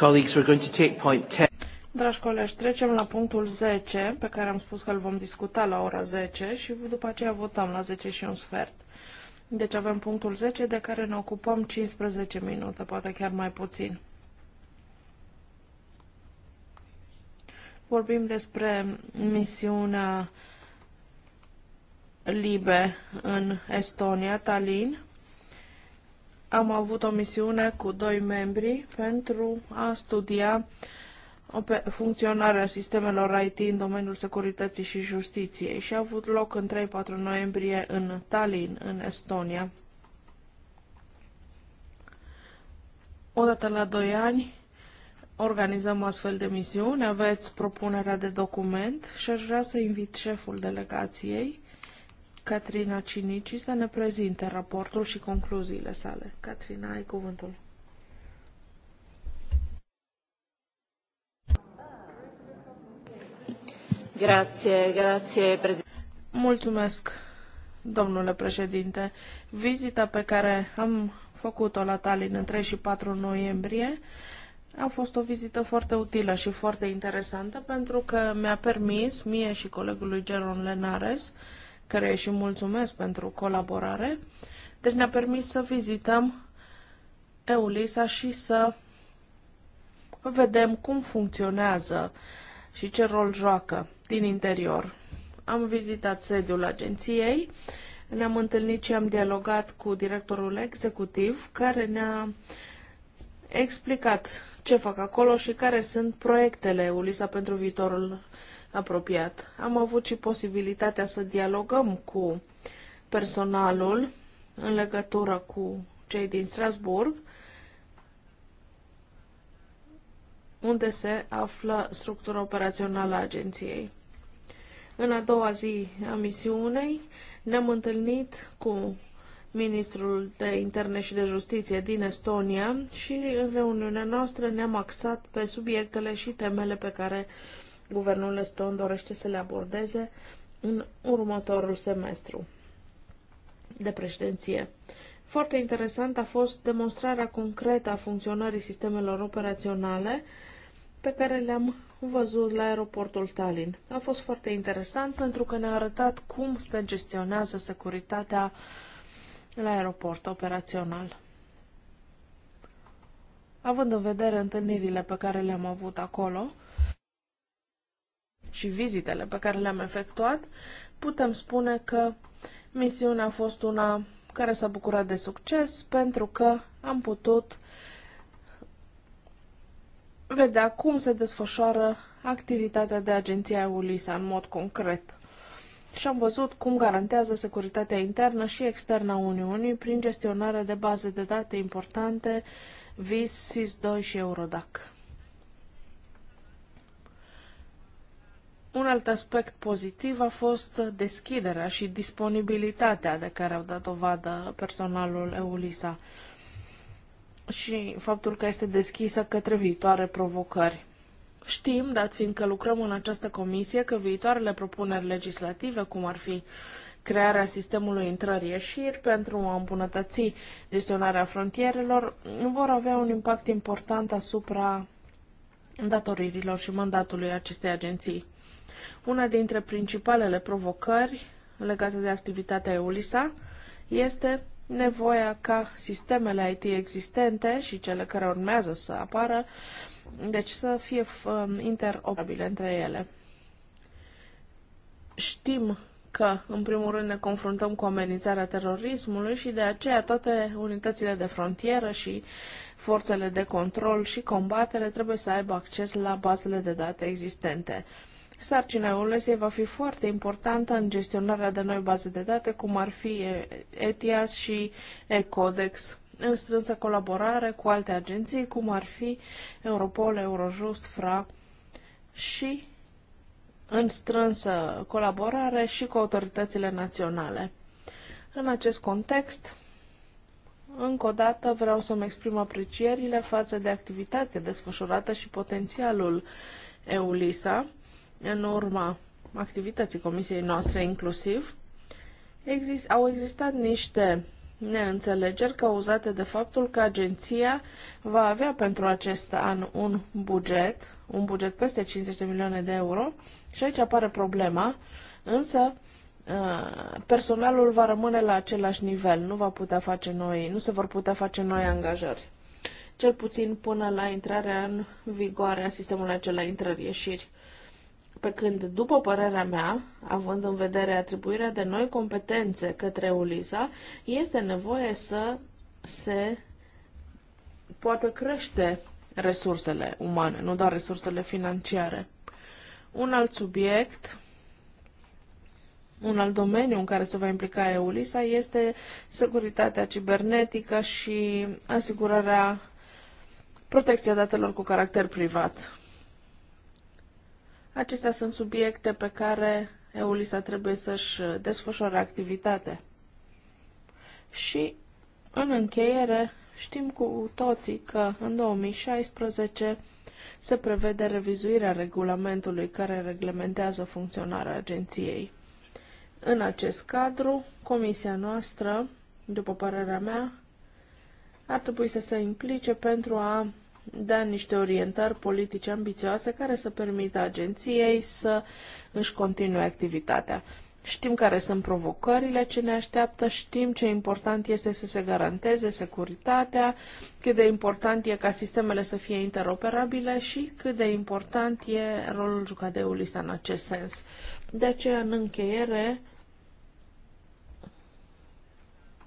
Colleagues, we're going to take point 10. Dragi colegi, trecem la punctul 10, pe care am spus că îl vom discuta la ora 10 și după aceea votăm la 10 și un sfert. Deci avem punctul 10 de care ne ocupăm 15 minute, poate chiar mai puțin. Vorbim despre misiunea Libe în Estonia, Tallinn am avut o misiune cu doi membri pentru a studia funcționarea sistemelor IT în domeniul securității și justiției și a avut loc în 3-4 noiembrie în Tallinn, în Estonia. Odată la 2 ani organizăm astfel de misiuni, aveți propunerea de document și aș vrea să invit șeful delegației Catrina Cinici să ne prezinte raportul și concluziile sale. Catrina, ai cuvântul. Grazie, grazie, Mulțumesc, domnule președinte. Vizita pe care am făcut-o la Tallinn în 3 și 4 noiembrie a fost o vizită foarte utilă și foarte interesantă pentru că mi-a permis, mie și colegului Geron Lenares, care și mulțumesc pentru colaborare. Deci ne-a permis să vizităm Eulisa și să vedem cum funcționează și ce rol joacă din interior. Am vizitat sediul agenției, ne-am întâlnit și am dialogat cu directorul executiv care ne-a explicat ce fac acolo și care sunt proiectele Ulisa pentru viitorul apropiat. Am avut și posibilitatea să dialogăm cu personalul în legătură cu cei din Strasburg, unde se află structura operațională a agenției. În a doua zi a misiunei ne-am întâlnit cu ministrul de interne și de justiție din Estonia și în reuniunea noastră ne-am axat pe subiectele și temele pe care guvernul eston dorește să le abordeze în următorul semestru de președinție. Foarte interesant a fost demonstrarea concretă a funcționării sistemelor operaționale pe care le-am văzut la aeroportul Tallinn. A fost foarte interesant pentru că ne-a arătat cum se gestionează securitatea la aeroport operațional. Având în vedere întâlnirile pe care le-am avut acolo, și vizitele pe care le-am efectuat, putem spune că misiunea a fost una care s-a bucurat de succes pentru că am putut vedea cum se desfășoară activitatea de agenția ULISA în mod concret. Și am văzut cum garantează securitatea internă și externă a Uniunii prin gestionarea de baze de date importante VIS, SIS-2 și Eurodac. Un alt aspect pozitiv a fost deschiderea și disponibilitatea de care au dat dovadă personalul EULISA și faptul că este deschisă către viitoare provocări. Știm, dat fiindcă lucrăm în această comisie, că viitoarele propuneri legislative, cum ar fi crearea sistemului intrări-ieșiri pentru a îmbunătăți gestionarea frontierelor, vor avea un impact important asupra datoririlor și mandatului acestei agenții. Una dintre principalele provocări legate de activitatea EULISA este nevoia ca sistemele IT existente și cele care urmează să apară, deci să fie um, interoperabile între ele. Știm că, în primul rând, ne confruntăm cu amenințarea terorismului și de aceea toate unitățile de frontieră și forțele de control și combatere trebuie să aibă acces la bazele de date existente. Sarcina EULESE va fi foarte importantă în gestionarea de noi baze de date, cum ar fi ETIAS și ECODEX, în strânsă colaborare cu alte agenții, cum ar fi Europol, Eurojust, FRA și în strânsă colaborare și cu autoritățile naționale. În acest context, încă o dată vreau să-mi exprim aprecierile față de activitatea desfășurată și potențialul EULISA în urma activității comisiei noastre inclusiv, exist, au existat niște neînțelegeri cauzate de faptul că agenția va avea pentru acest an un buget, un buget peste 50 de milioane de euro și aici apare problema, însă uh, personalul va rămâne la același nivel, nu va putea face noi, nu se vor putea face noi angajări. Cel puțin până la intrarea în vigoare a sistemului acela intrări-ieșiri. Pe când, după părerea mea, având în vedere atribuirea de noi competențe către ULISA, este nevoie să se poată crește resursele umane, nu doar resursele financiare. Un alt subiect, un alt domeniu în care se va implica EULISA este securitatea cibernetică și asigurarea protecției datelor cu caracter privat. Acestea sunt subiecte pe care EULISA trebuie să-și desfășoare activitate. Și, în încheiere, știm cu toții că în 2016 se prevede revizuirea regulamentului care reglementează funcționarea agenției. În acest cadru, comisia noastră, după părerea mea, ar trebui să se implice pentru a da niște orientări politice ambițioase care să permită agenției să își continue activitatea. Știm care sunt provocările ce ne așteaptă, știm ce important este să se garanteze securitatea, cât de important e ca sistemele să fie interoperabile și cât de important e rolul jucat de ULISA în acest sens. De aceea, în încheiere,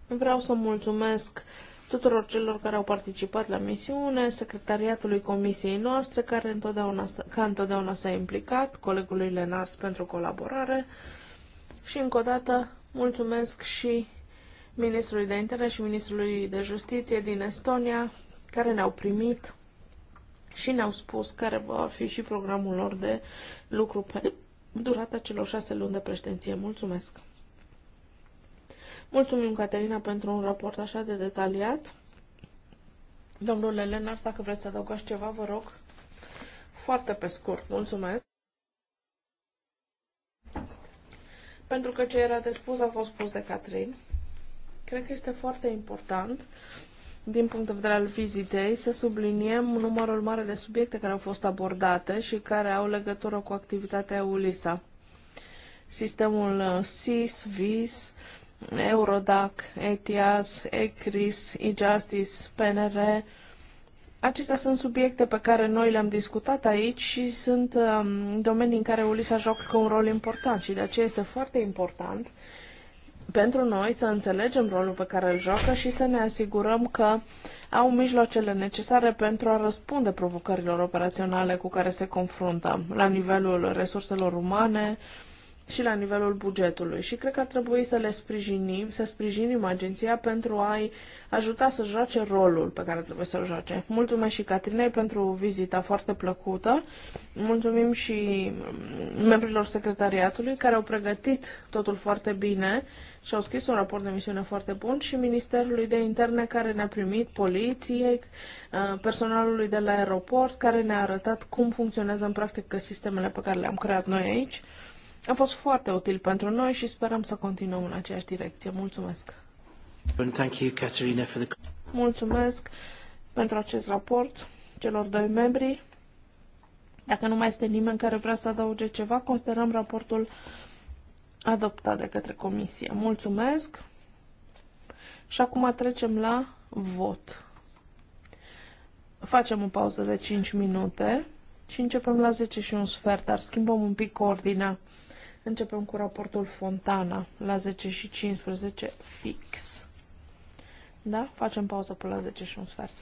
vreau să mulțumesc uh, tuturor celor care au participat la misiune, secretariatului comisiei noastre, care întotdeauna, ca întotdeauna s-a implicat, colegului Lenars pentru colaborare și încă o dată mulțumesc și ministrului de interne și ministrului de justiție din Estonia, care ne-au primit și ne-au spus care va fi și programul lor de lucru pe durata celor șase luni de președinție. Mulțumesc! Mulțumim, Caterina, pentru un raport așa de detaliat. Domnule Lenar, dacă vreți să adăugați ceva, vă rog. Foarte pe scurt, mulțumesc. Pentru că ce era de spus a fost spus de Catrin. Cred că este foarte important, din punct de vedere al vizitei, să subliniem numărul mare de subiecte care au fost abordate și care au legătură cu activitatea ULISA. Sistemul uh, SIS, VIS, Eurodac, ETIAS, ECRIS, e-Justice, PNR. Acestea sunt subiecte pe care noi le-am discutat aici și sunt um, domenii în care ULISA joacă un rol important și de aceea este foarte important pentru noi să înțelegem rolul pe care îl joacă și să ne asigurăm că au mijloacele necesare pentru a răspunde provocărilor operaționale cu care se confruntă la nivelul resurselor umane, uh, și la nivelul bugetului și cred că ar trebui să le sprijinim, să sprijinim agenția pentru a-i ajuta să joace rolul pe care trebuie să-l joace. Mulțumesc și Catrinei pentru vizita foarte plăcută. Mulțumim și mm, membrilor secretariatului care au pregătit totul foarte bine și au scris un raport de misiune foarte bun și Ministerului de Interne care ne-a primit, poliției, uh, personalului de la aeroport care ne-a arătat cum funcționează în practică sistemele pe care le-am creat noi aici. A fost foarte util pentru noi și sperăm să continuăm în aceeași direcție. Mulțumesc! Mulțumesc pentru acest raport celor doi membri. Dacă nu mai este nimeni care vrea să adauge ceva, considerăm raportul adoptat de către comisie. Mulțumesc! Și acum trecem la vot. Facem o pauză de 5 minute și începem la 10 și un sfert, dar schimbăm un pic ordinea. Începem cu raportul Fontana la 10 și 15 fix. Da? Facem pauză până la 10 și un sfert.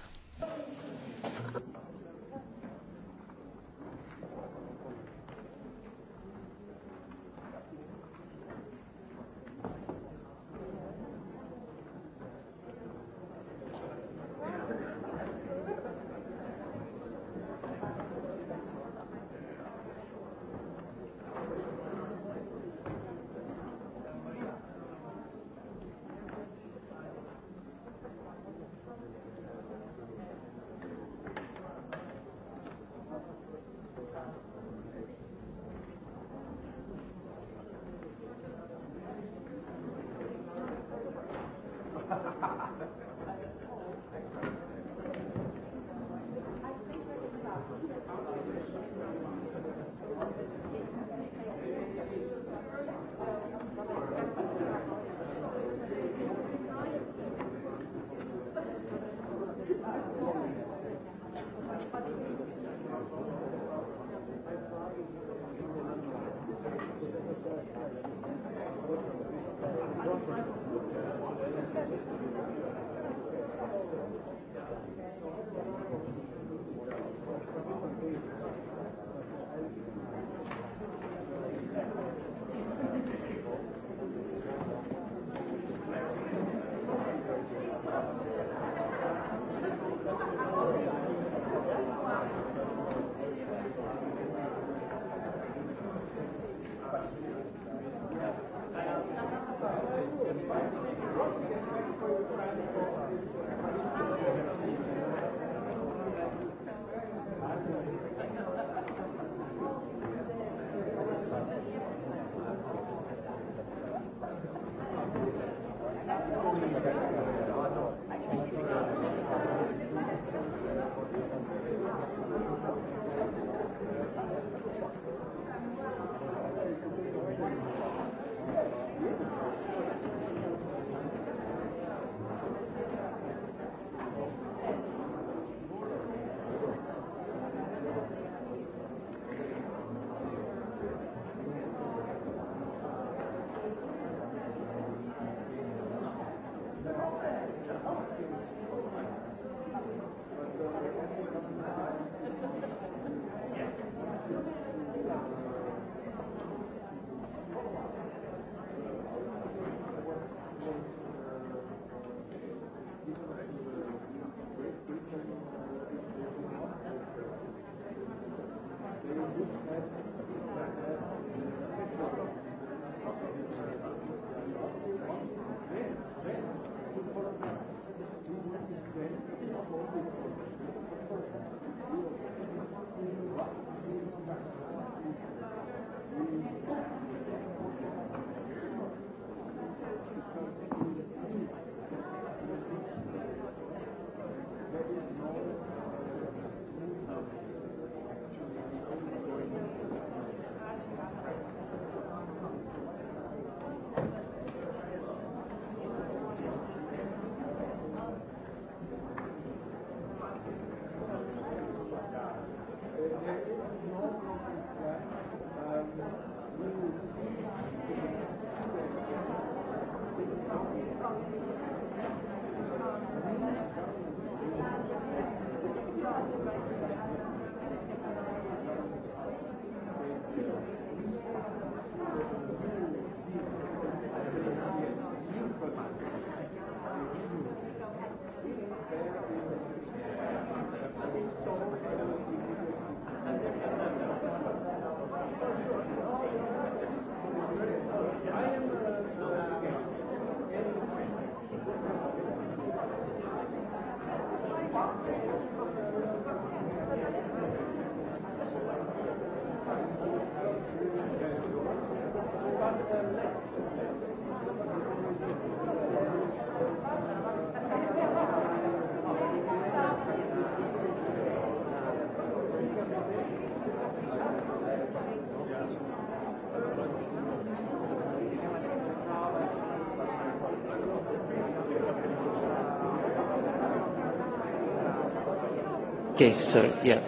Okay, so yeah.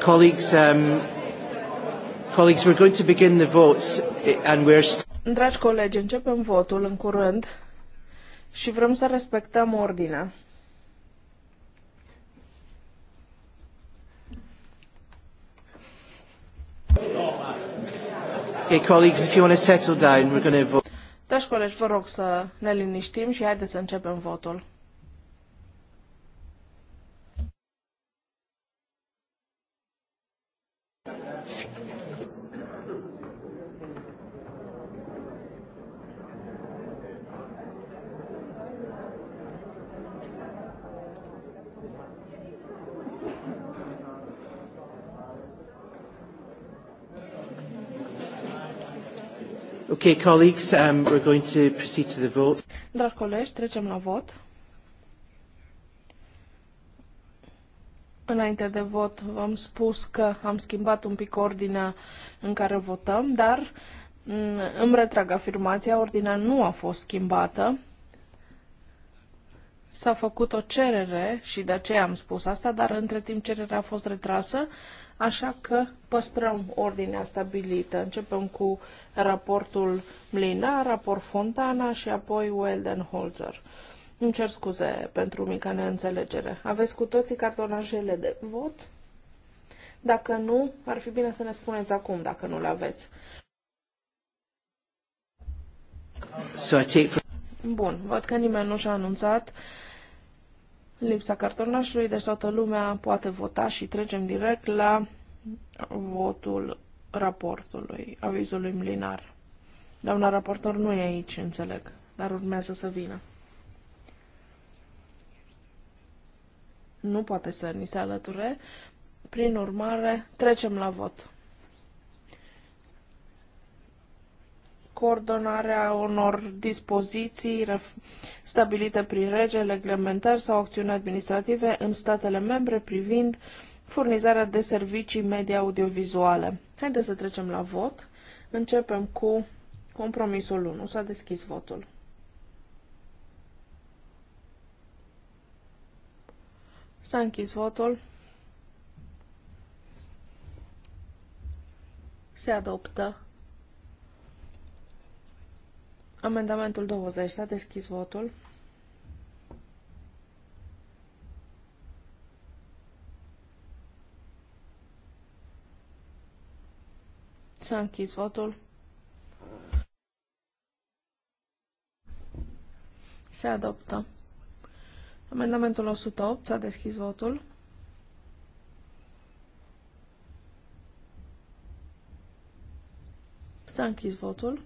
Colleagues, um, colleagues, we're going to begin the votes and we're Dragi colegi, începem votul în curând și vrem să respectăm ordinea. Okay, colleagues, if you want to settle down, we're going to vote. Dragi colegi, vă rog să ne liniștim și haideți să începem votul. Okay, colleagues, um, we're going to proceed to the vote. Dragi colegi, trecem la vot. Înainte de vot v-am spus că am schimbat un pic ordinea în care votăm, dar mm, îmi retrag afirmația, ordinea nu a fost schimbată. S-a făcut o cerere și de aceea am spus asta, dar între timp cererea a fost retrasă, așa că păstrăm ordinea stabilită. Începem cu uh, raportul Mlinar, raport Fontana și apoi Weldenholzer. Îmi cer scuze pentru mica neînțelegere. Aveți cu toții cartonajele de vot? Dacă nu, ar fi bine să ne spuneți acum, dacă nu le aveți. Bun, văd că nimeni nu și-a anunțat lipsa cartonașului, deci toată lumea poate vota și trecem direct la votul raportului, avizului milinar. Doamna raportor nu e aici, înțeleg, dar urmează să vină. Nu poate să ni se alăture. Prin urmare, trecem la vot. coordonarea unor dispoziții stabilite prin rege, reglementări sau acțiuni administrative în statele membre privind furnizarea de servicii media audiovizuale. Haideți să trecem la vot. Începem cu compromisul 1. S-a deschis votul. S-a închis votul. Se adoptă. Amendamentul 20. S-a deschis votul. S-a închis votul. Se adoptă. Amendamentul 108. S-a deschis votul. S-a închis votul.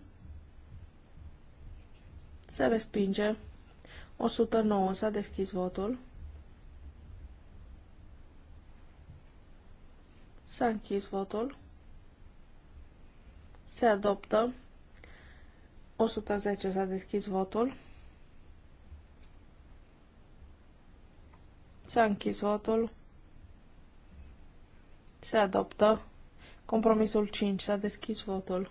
Se respinge. 109. S-a deschis votul. S-a închis votul. Se adoptă. 110 s-a deschis votul. S-a închis votul. Se adoptă. Compromisul 5 s-a deschis votul.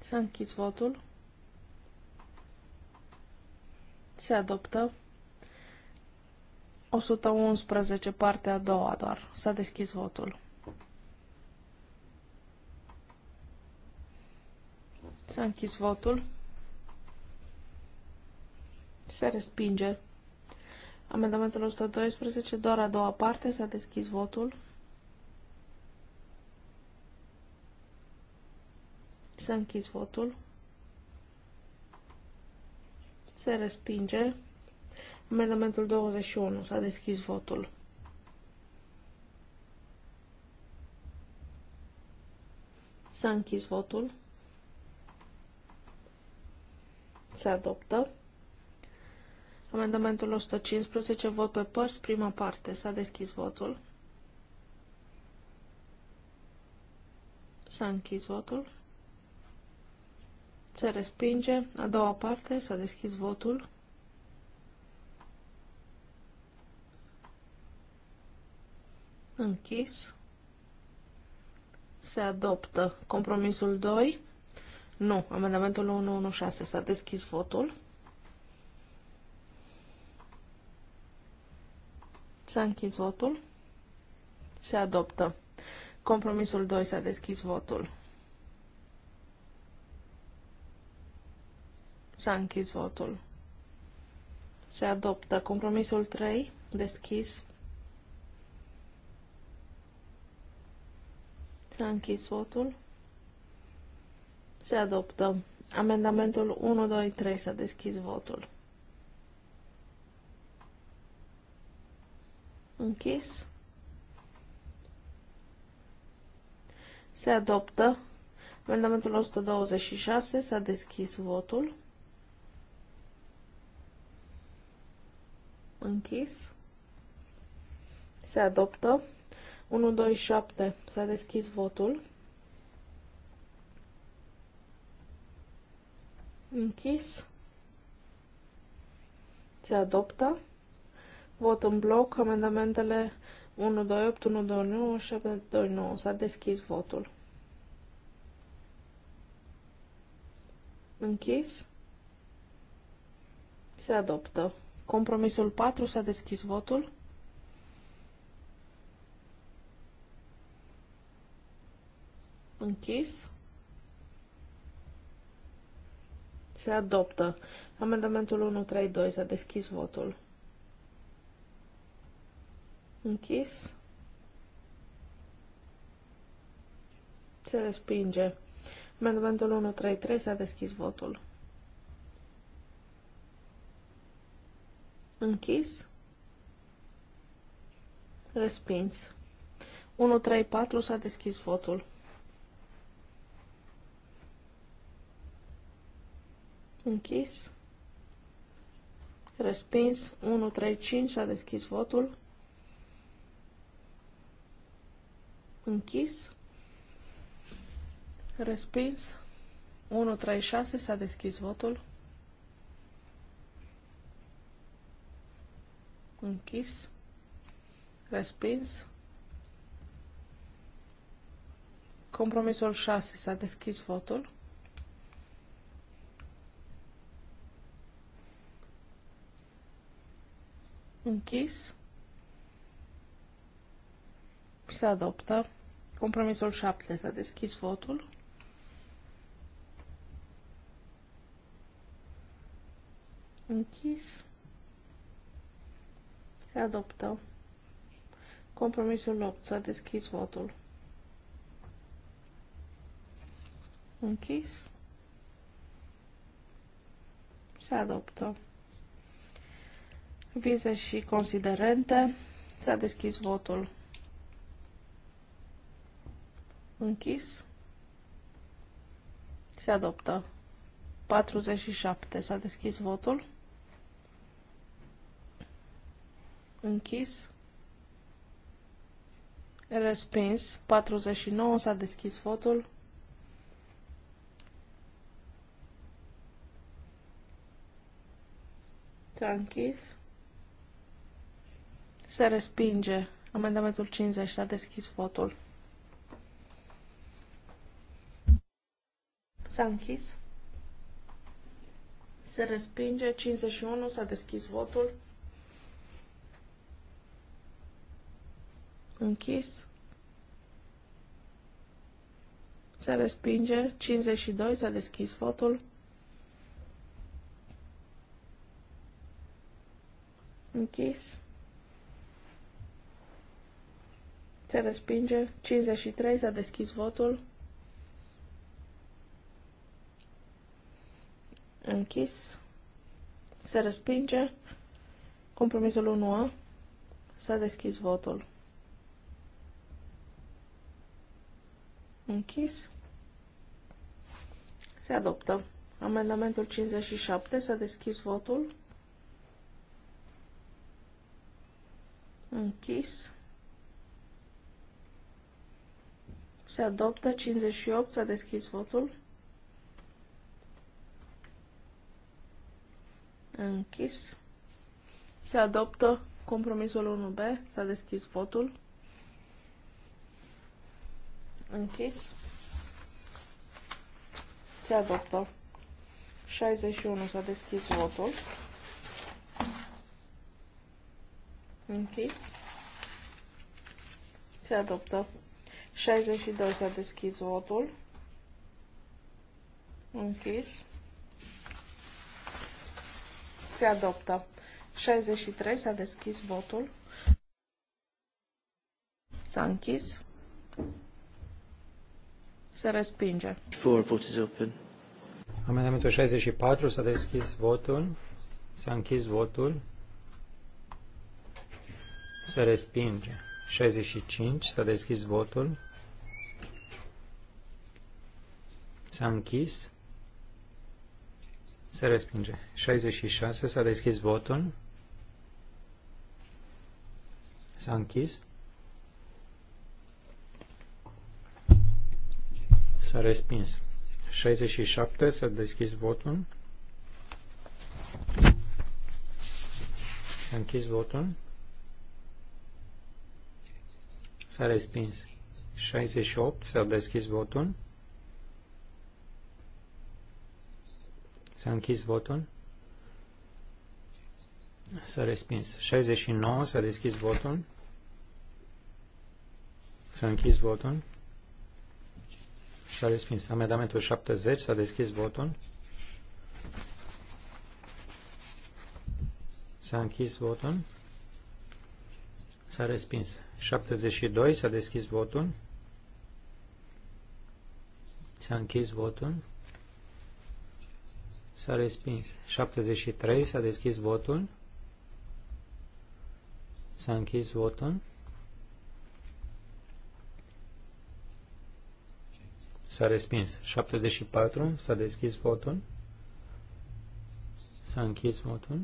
S-a închis votul. Se adoptă. 111, partea a doua doar. S-a deschis votul. S-a închis votul. Se respinge. Amendamentul 112, doar a doua parte, s-a deschis votul. S-a închis votul. Se respinge. Amendamentul 21, s-a deschis votul. S-a închis votul. Se adoptă. Amendamentul 115, vot pe părți, prima parte. S-a deschis votul. S-a închis votul. Se respinge. A doua parte, s-a deschis votul. Închis. Se adoptă compromisul 2. Nu. Amendamentul 116. S-a deschis votul. S-a închis votul. Se adoptă. Compromisul 2 s-a deschis votul. S-a închis votul. Se adoptă. Compromisul 3 deschis. S-a închis votul. Se adoptă. Amendamentul 1, 2, 3. S-a deschis votul. Închis. Se adoptă. Amendamentul 126. S-a deschis votul. Închis. Se adoptă. 1, 2, 7. S-a deschis votul. Închis. Se adoptă. Vot în bloc. Amendamentele 128, 129, 729. S-a deschis votul. Închis. Se adoptă. Compromisul 4 s-a deschis votul. Închis. Se adoptă. Amendamentul 132. S-a deschis votul. Închis. Se respinge. Amendamentul 133. S-a deschis votul. Închis. Respins. 134. S-a deschis votul. Închis. Respins. 5, s-a deschis votul. Închis. Respins. 6, s-a deschis votul. Închis. Respins. Compromisul 6 s-a deschis votul. Închis. Se adoptă. Compromisul 7. S-a deschis votul. Închis. Se adoptă. Compromisul 8. S-a deschis votul. Închis. Se adoptă vize și considerente. S-a deschis votul. Închis. Se adoptă. 47. S-a deschis votul. Închis. Respins. 49. S-a deschis votul. S-a închis. Se respinge. Amendamentul 50. S-a deschis votul. S-a închis. Se respinge. 51. S-a deschis votul. Închis. Se respinge. 52. S-a deschis votul. Închis. Se respinge. 53. S-a deschis votul. Închis. Se respinge. Compromisul 1A. S-a deschis votul. Închis. Se adoptă. Amendamentul 57. S-a deschis votul. Închis. Se adoptă 58, s-a deschis votul. Închis. Se adoptă compromisul 1B, s-a deschis votul. Închis. Se adoptă. 61 s-a deschis votul. Închis. Se adoptă. 62 s-a deschis votul. Închis. Se adoptă. 63 s-a deschis votul. S-a închis. Se respinge. Amendamentul 64 s-a deschis votul. S-a închis votul. Se respinge. 65. S-a deschis votul. S-a închis. Se respinge. 66. S-a deschis votul. S-a închis. S-a respins. 67. S-a deschis votul. S-a închis votul. S-a restins. 68. S-a deschis votul. S-a închis votul. S-a respins. 69. S-a deschis votul. S-a închis votul. S-a respins. Amendamentul 70. S-a deschis votul. S-a închis votul. S-a respins. 72. S-a deschis votul. S-a închis votul. S-a respins. 73. S-a deschis votul. S-a închis votul. S-a respins. 74. S-a deschis votul. S-a închis votul.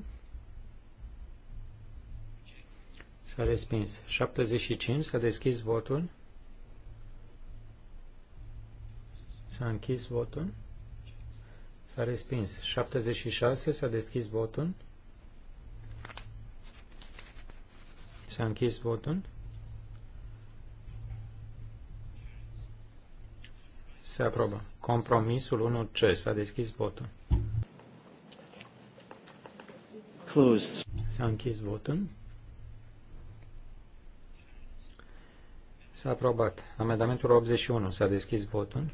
S-a respins. 75. S-a deschis votul. S-a închis votul. S-a respins. 76. S-a deschis votul. S-a închis votul. Se aprobă. Compromisul 1C. S-a deschis votul. Closed. S-a închis votul. S-a aprobat. Amendamentul 81. S-a deschis votul.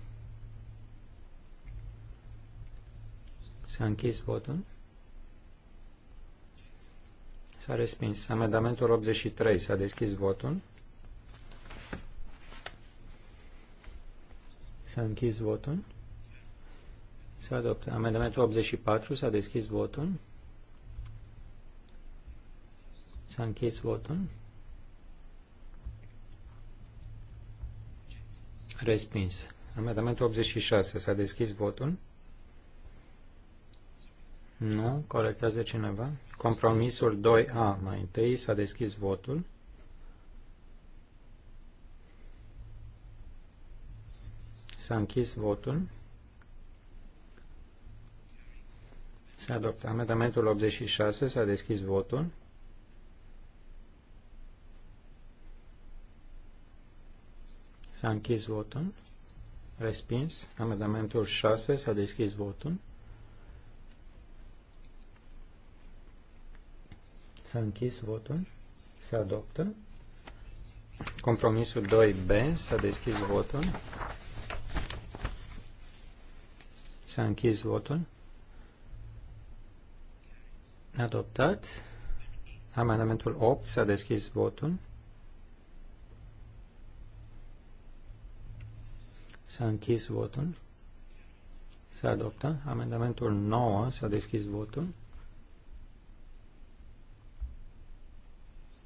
S-a închis votul. S-a respins. Amendamentul 83. S-a deschis votul. S-a închis votul. S-a S-a adoptat. Amendamentul 84. S-a deschis votul. S-a închis votul. Respins. Amendamentul 86. S-a deschis votul? Nu. Corectează cineva? Compromisul 2A mai întâi. S-a deschis votul. S-a închis votul. S-a adoptat. Amendamentul 86. S-a deschis votul. S-a închis votul. Respins. Amendamentul 6. S-a deschis votul. S-a închis votul. Se adoptă. Compromisul 2B. S-a deschis votul. S-a închis votul. Adoptat. Amendamentul 8. S-a deschis votul. S-a închis votul. Se adoptă. Amendamentul 9. S-a deschis votul.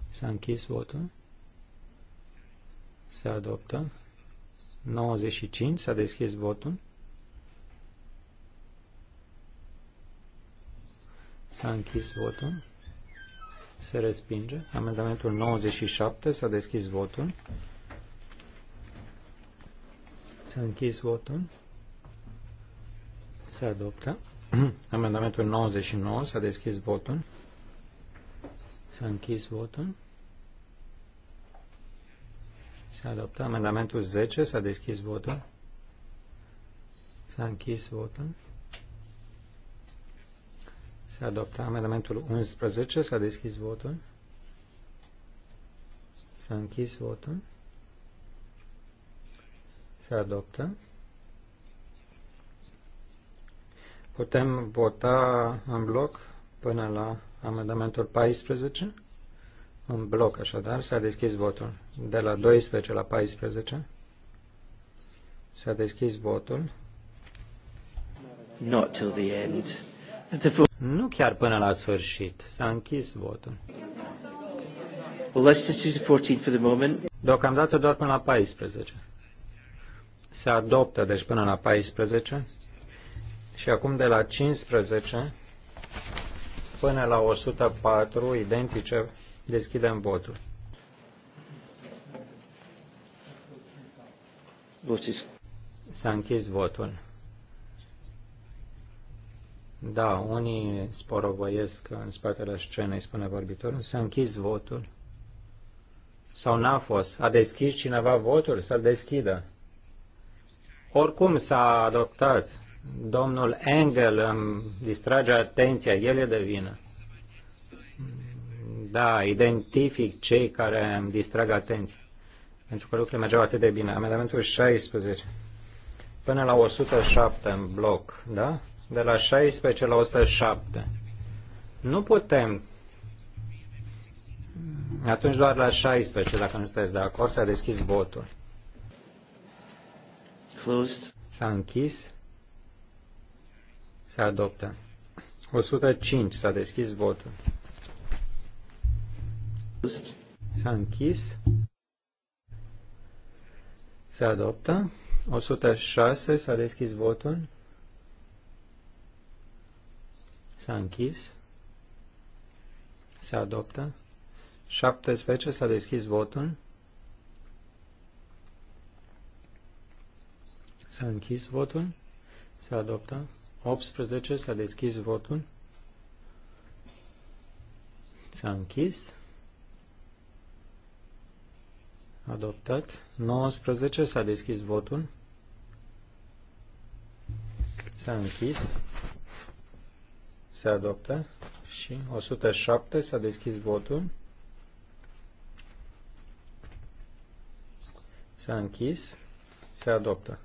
S-a închis votul. Se adoptă. 95. S-a deschis votul. S-a închis votul. Se respinge. Amendamentul 97. S-a deschis votul. Să închizi votul. Se adoptă. Amendamentul 99. S-a deschis votul. S-a închis votul. S-a adoptat Amendamentul 10. S-a deschis votul. S-a închis votul. S-a adoptat Amendamentul 11. S-a deschis votul. S-a închis votul. Se adoptă. Putem vota în bloc până la amendamentul 14. În bloc, așadar, s-a deschis votul. De la 12 la 14 s-a deschis votul. Not till the end. The nu chiar până la sfârșit. S-a închis votul. Well, let's do 14 for the moment. Deocamdată doar până la 14 se adoptă, deci până la 14. Și acum de la 15 până la 104, identice, deschidem votul. S-a închis votul. Da, unii sporovăiesc în spatele scenei, spune vorbitorul. S-a închis votul. Sau n-a fost. A deschis cineva votul? Să-l deschidă. Oricum s-a adoptat. Domnul Engel îmi distrage atenția, el e de vină. Da, identific cei care îmi distrag atenția. Pentru că lucrurile mergeau atât de bine. Amendamentul 16 până la 107 în bloc, da? De la 16 la 107. Nu putem. Atunci doar la 16, dacă nu sunteți de acord, s-a deschis votul. Closed. S-a închis. Se adoptă. 105. S-a deschis votul. Closed. S-a închis. Se adoptă. 106. S-a deschis votul. S-a închis. Se adoptă. 17. S-a deschis votul. S-a închis votul. Se adoptat? 18. S-a deschis votul. S-a închis. Adoptat. 19. S-a deschis votul. S-a închis. Se adoptat. Și 107. S-a deschis votul. S-a închis. Se adoptă.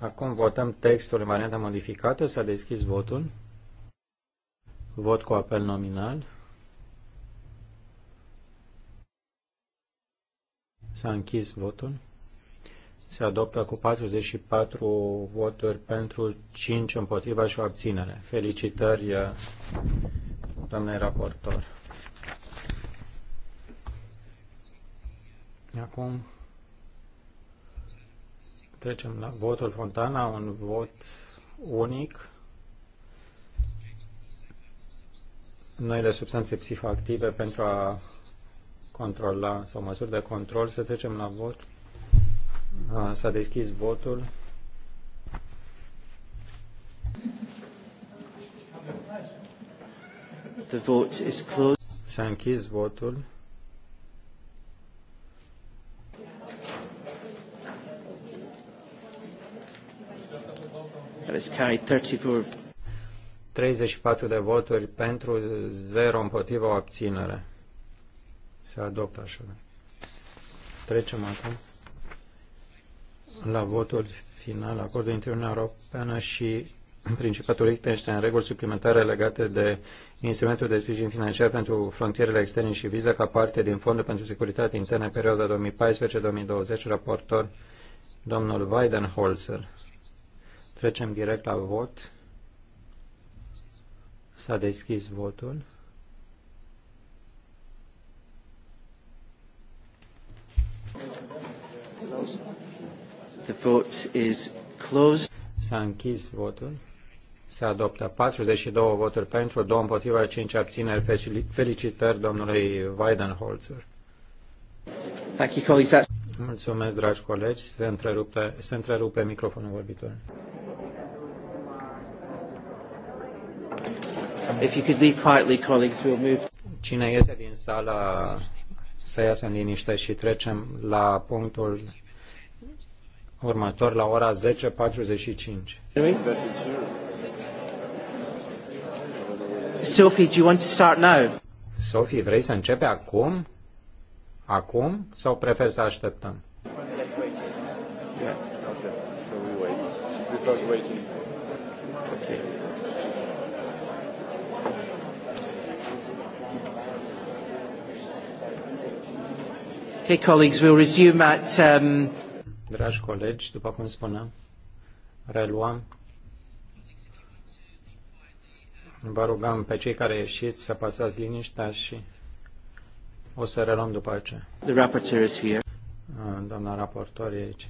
Acum votăm textul în varianta modificată. S-a deschis votul. Vot cu apel nominal. S-a închis votul. Se adoptă cu 44 voturi pentru, 5 împotriva și o abținere. Felicitări, doamne raportor. Acum Trecem la votul Fontana, un vot unic. Noile substanțe psihoactive pentru a controla sau măsuri de control. Să trecem la vot. S-a deschis votul. The vote is closed. S-a închis votul. 34. de voturi pentru, 0 împotriva, o abținere. Se adoptă așa. Trecem acum la votul final, acordul între Uniunea Europeană și Principatul Liechtenstein, reguli suplimentare legate de instrumentul de sprijin financiar pentru frontierele externe și viză ca parte din Fondul pentru Securitate Internă în perioada 2014-2020, raportor domnul Weidenholzer. Trecem direct la vot. S-a deschis votul. The vote is closed. S-a închis votul. Se adoptă 42 voturi pentru, 2 împotriva, 5 abțineri. Felicitări domnului Weidenholzer. Thank you, colleagues. Mulțumesc, dragi colegi. Se întrerupe, se întrerupe microfonul vorbitor. If you could leave quietly, colleagues, we'll move. Cine iese din sala să iasă în liniște și trecem la punctul următor la ora 10.45. Sophie, do you want to start now? Sophie, vrei să începe acum? Acum? Sau preferi să așteptăm? Yeah. Okay. So we wait. She prefers waiting. Okay, colleagues, we'll resume at... Um... Dragi colegi, după cum spuneam, reluăm. Vă rugăm pe cei care ieșiți să pasați liniștea și o să reluăm după aceea. The rapporteur is here. Uh, doamna raportor e aici.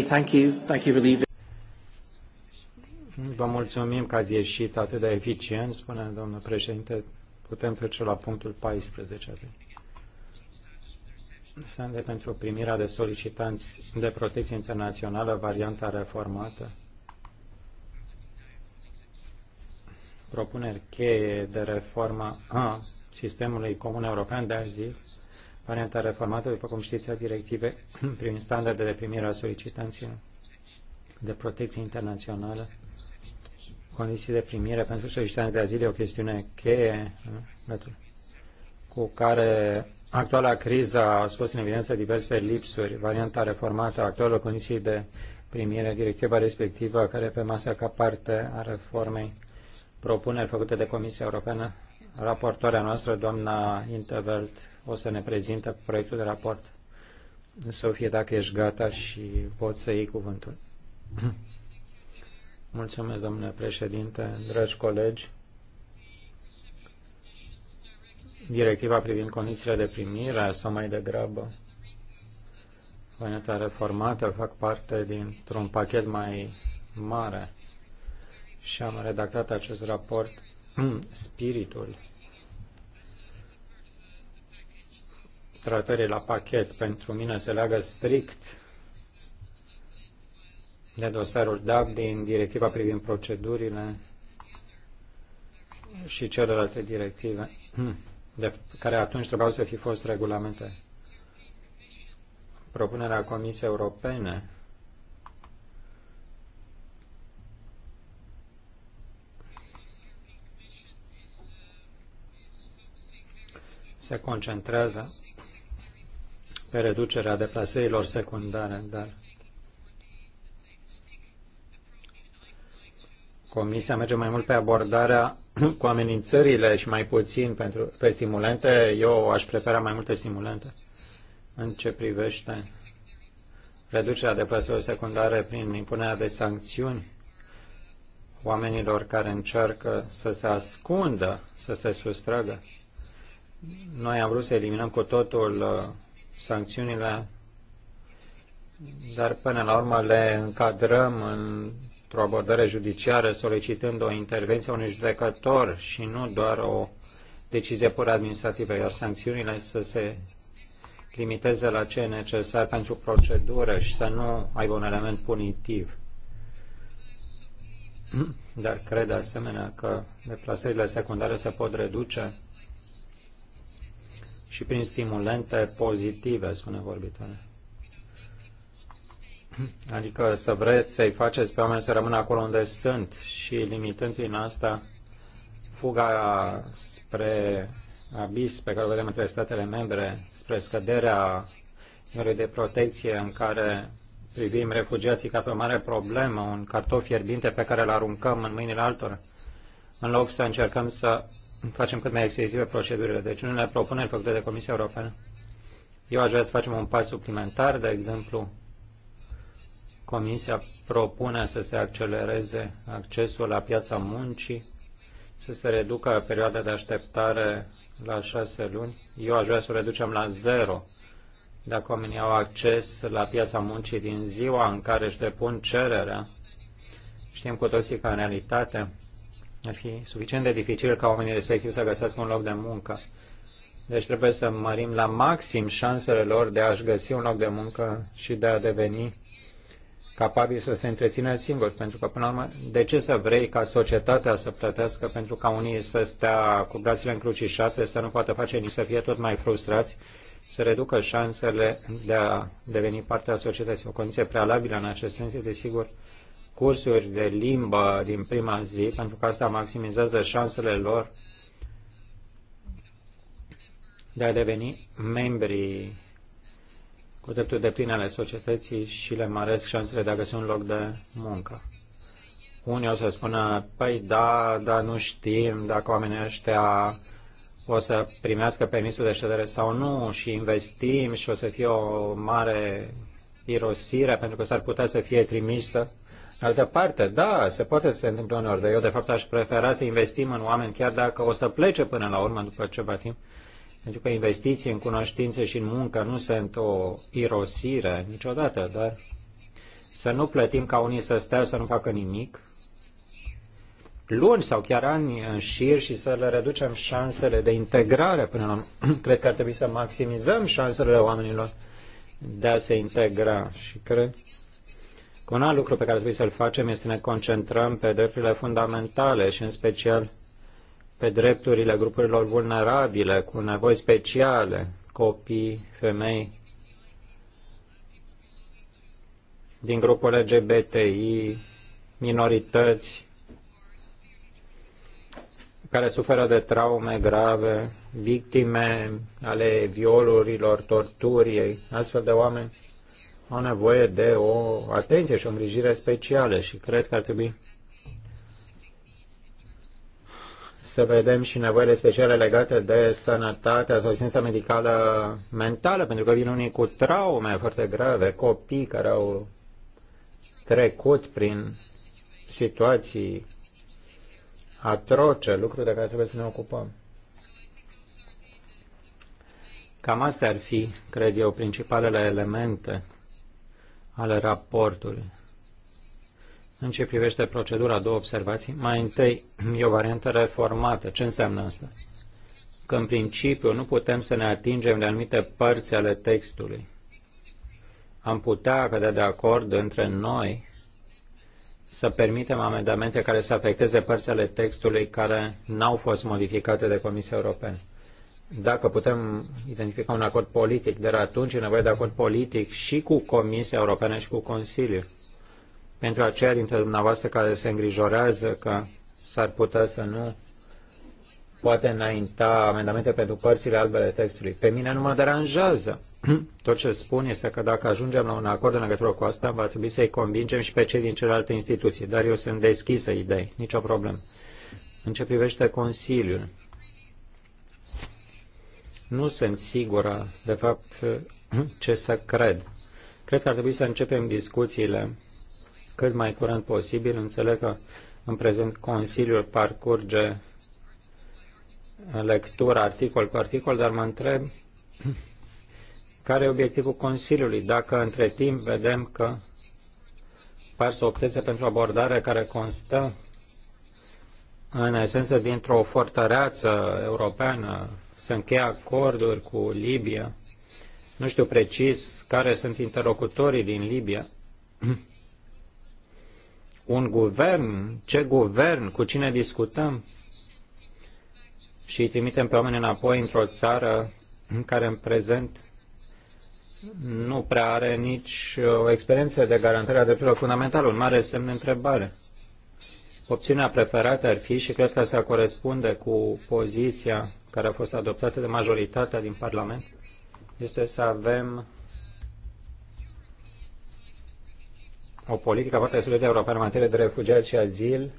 thank you. Thank you for leaving. Vă mulțumim că ați ieșit atât de eficient, spune domnul președinte. Putem trece la punctul 14. Stand pentru primirea de solicitanți de protecție internațională, varianta reformată. Propuneri cheie de reformă a sistemului comun european de azil Varianta reformată, după cum știți, a directive prin standarde de primire a solicitanților de protecție internațională, condiții de primire pentru solicitanții de azil e o chestiune cheie cu care actuala criză a scos în evidență diverse lipsuri. Varianta reformată a actualelor condiții de primire, directiva respectivă care pe masă ca parte a reformei propuneri făcute de Comisia Europeană, raportoarea noastră, doamna Intervelt, o să ne prezintă proiectul de raport. Sofie, dacă ești gata și poți să iei cuvântul. Mulțumesc, domnule președinte, dragi colegi. Directiva privind condițiile de primire sau mai degrabă planeta reformată fac parte dintr-un pachet mai mare și am redactat acest raport spiritul tratării la pachet pentru mine se leagă strict de dosarul DAC din directiva privind procedurile și celelalte directive de care atunci trebuiau să fi fost regulamente. Propunerea Comisiei Europene se concentrează pe reducerea deplasărilor secundare, dar Comisia merge mai mult pe abordarea cu amenințările și mai puțin pentru, pe stimulente. Eu aș prefera mai multe stimulente în ce privește reducerea deplasărilor secundare prin impunerea de sancțiuni oamenilor care încearcă să se ascundă, să se sustragă noi am vrut să eliminăm cu totul uh, sancțiunile, dar până la urmă le încadrăm într-o abordare judiciară solicitând o intervenție a unui judecător și nu doar o decizie pur administrativă, iar sancțiunile să se limiteze la ce e necesar pentru procedură și să nu aibă un element punitiv. Dar cred asemenea că deplasările secundare se pot reduce și prin stimulente pozitive, spune vorbitoare. Adică să vreți să-i faceți pe oameni să rămână acolo unde sunt și limitând prin asta fuga spre abis pe care o vedem între statele membre, spre scăderea nivelului de protecție în care privim refugiații ca pe o mare problemă, un cartof fierbinte pe care îl aruncăm în mâinile altor, în loc să încercăm să facem cât mai expeditive procedurile. Deci unele propuneri făcute de Comisia Europeană. Eu aș vrea să facem un pas suplimentar, de exemplu, Comisia propune să se accelereze accesul la piața muncii, să se reducă perioada de așteptare la șase luni. Eu aș vrea să o reducem la zero. Dacă oamenii au acces la piața muncii din ziua în care își depun cererea, știm cu toții că în realitate ar fi suficient de dificil ca oamenii respectivi să găsească un loc de muncă. Deci trebuie să mărim la maxim șansele lor de a-și găsi un loc de muncă și de a deveni capabili să se întrețină singuri. Pentru că, până la urmă, de ce să vrei ca societatea să plătească pentru ca unii să stea cu brațele încrucișate, să nu poată face nici să fie tot mai frustrați, să reducă șansele de a deveni parte a societății? O condiție prealabilă în acest sens e, desigur, cursuri de limbă din prima zi, pentru că asta maximizează șansele lor de a deveni membri cu dreptul de plin ale societății și le măresc șansele de a găsi un loc de muncă. Unii o să spună, păi da, dar nu știm dacă oamenii ăștia o să primească permisul de ședere sau nu și investim și o să fie o mare irosire pentru că s-ar putea să fie trimisă altă parte, da, se poate să se întâmple uneori, dar eu de fapt aș prefera să investim în oameni chiar dacă o să plece până la urmă după ceva timp, pentru că investiții în cunoștințe și în muncă nu sunt o irosire niciodată, dar să nu plătim ca unii să stea să nu facă nimic, luni sau chiar ani în șir și să le reducem șansele de integrare până la Cred că ar trebui să maximizăm șansele oamenilor de a se integra și cred Că un alt lucru pe care trebuie să-l facem este să ne concentrăm pe drepturile fundamentale și în special pe drepturile grupurilor vulnerabile, cu nevoi speciale, copii, femei, din grupul LGBTI, minorități care suferă de traume grave, victime ale violurilor, torturii, astfel de oameni au nevoie de o atenție și o îngrijire specială și cred că ar trebui să vedem și nevoile speciale legate de sănătate, asistența medicală mentală, pentru că vin unii cu traume foarte grave, copii care au trecut prin situații atroce, lucruri de care trebuie să ne ocupăm. Cam astea ar fi, cred eu, principalele elemente ale raportului. În ce privește procedura, două observații. Mai întâi, e o variantă reformată. Ce înseamnă asta? Că în principiu nu putem să ne atingem de anumite părți ale textului. Am putea cădea de acord între noi să permitem amendamente care să afecteze părți ale textului care n-au fost modificate de Comisia Europeană dacă putem identifica un acord politic, dar atunci e nevoie de acord politic și cu Comisia Europeană și cu Consiliul. Pentru aceia dintre dumneavoastră care se îngrijorează că s-ar putea să nu poate înainta amendamente pentru părțile ale textului. Pe mine nu mă deranjează. Tot ce spun este că dacă ajungem la un acord în legătură cu asta, va trebui să-i convingem și pe cei din celelalte instituții. Dar eu sunt deschisă idei, nicio problemă. În ce privește Consiliul, nu sunt sigură, de fapt, ce să cred. Cred că ar trebui să începem discuțiile cât mai curând posibil. Înțeleg că în prezent Consiliul parcurge lectura articol cu articol, dar mă întreb care e obiectivul Consiliului, dacă între timp vedem că par să opteze pentru abordare care constă în esență dintr-o fortăreață europeană să încheie acorduri cu Libia. Nu știu precis care sunt interlocutorii din Libia. Un guvern? Ce guvern? Cu cine discutăm? Și îi trimitem pe oameni înapoi într-o țară în care în prezent nu prea are nici o experiență de garantare a drepturilor fundamentale, un mare semn de întrebare. Opțiunea preferată ar fi, și cred că asta corespunde cu poziția care a fost adoptată de majoritatea din Parlament este să avem o politică foarte solidă europeană în materie de refugiați și azil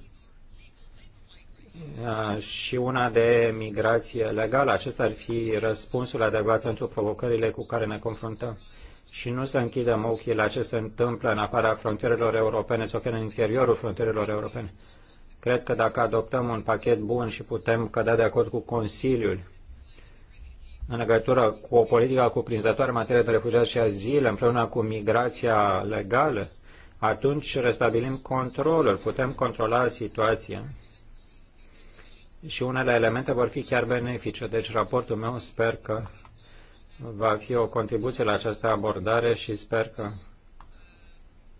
uh, și una de migrație legală. Acesta ar fi răspunsul adecvat pentru provocările cu care ne confruntăm și nu să închidem ochii la ce se întâmplă în afara frontierelor europene sau chiar în interiorul frontierelor europene. Cred că dacă adoptăm un pachet bun și putem cădea de acord cu Consiliul în legătură cu o politică cuprinzătoare în materie de refugiați și azil, împreună cu migrația legală, atunci restabilim controlul, putem controla situația și unele elemente vor fi chiar benefice. Deci raportul meu sper că va fi o contribuție la această abordare și sper că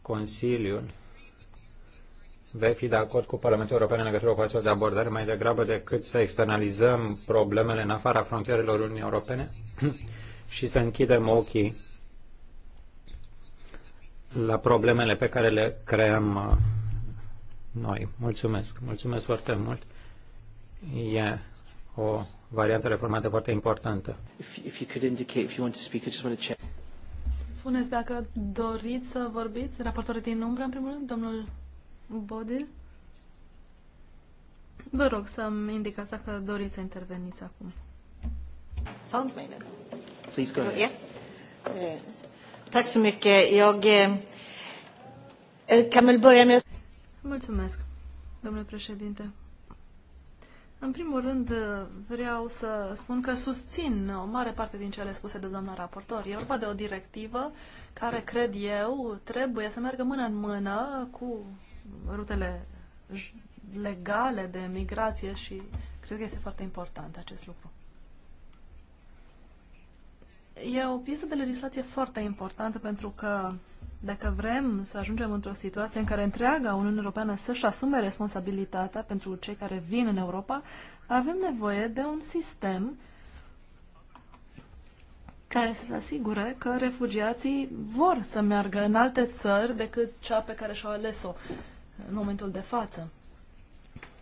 Consiliul vei fi de acord cu Parlamentul European în legătură cu astfel de abordare mai degrabă decât să externalizăm problemele în afara frontierelor Uniunii Europene și să închidem ochii la problemele pe care le creăm uh, noi. Mulțumesc. Mulțumesc foarte mult. E o variantă reformată foarte importantă. Spuneți dacă doriți să vorbiți, raportorul din umbră, în primul rând, domnul Bodil. Vă rog să-mi indicați dacă doriți să interveniți acum. Sunt Please go ahead. Yeah. Eh, Jag eh, eh, kan väl börja med... Mulțumesc, domnule președinte. În primul rând, vreau să spun că susțin o mare parte din cele spuse de doamna raportor. E vorba de o directivă care, cred eu, trebuie să meargă mână în mână cu rutele legale de migrație și cred că este foarte important acest lucru. E o piesă de legislație foarte importantă pentru că dacă vrem să ajungem într-o situație în care întreaga Uniune Europeană să-și asume responsabilitatea pentru cei care vin în Europa, avem nevoie de un sistem care să se asigure că refugiații vor să meargă în alte țări decât cea pe care și-au ales-o în momentul de față.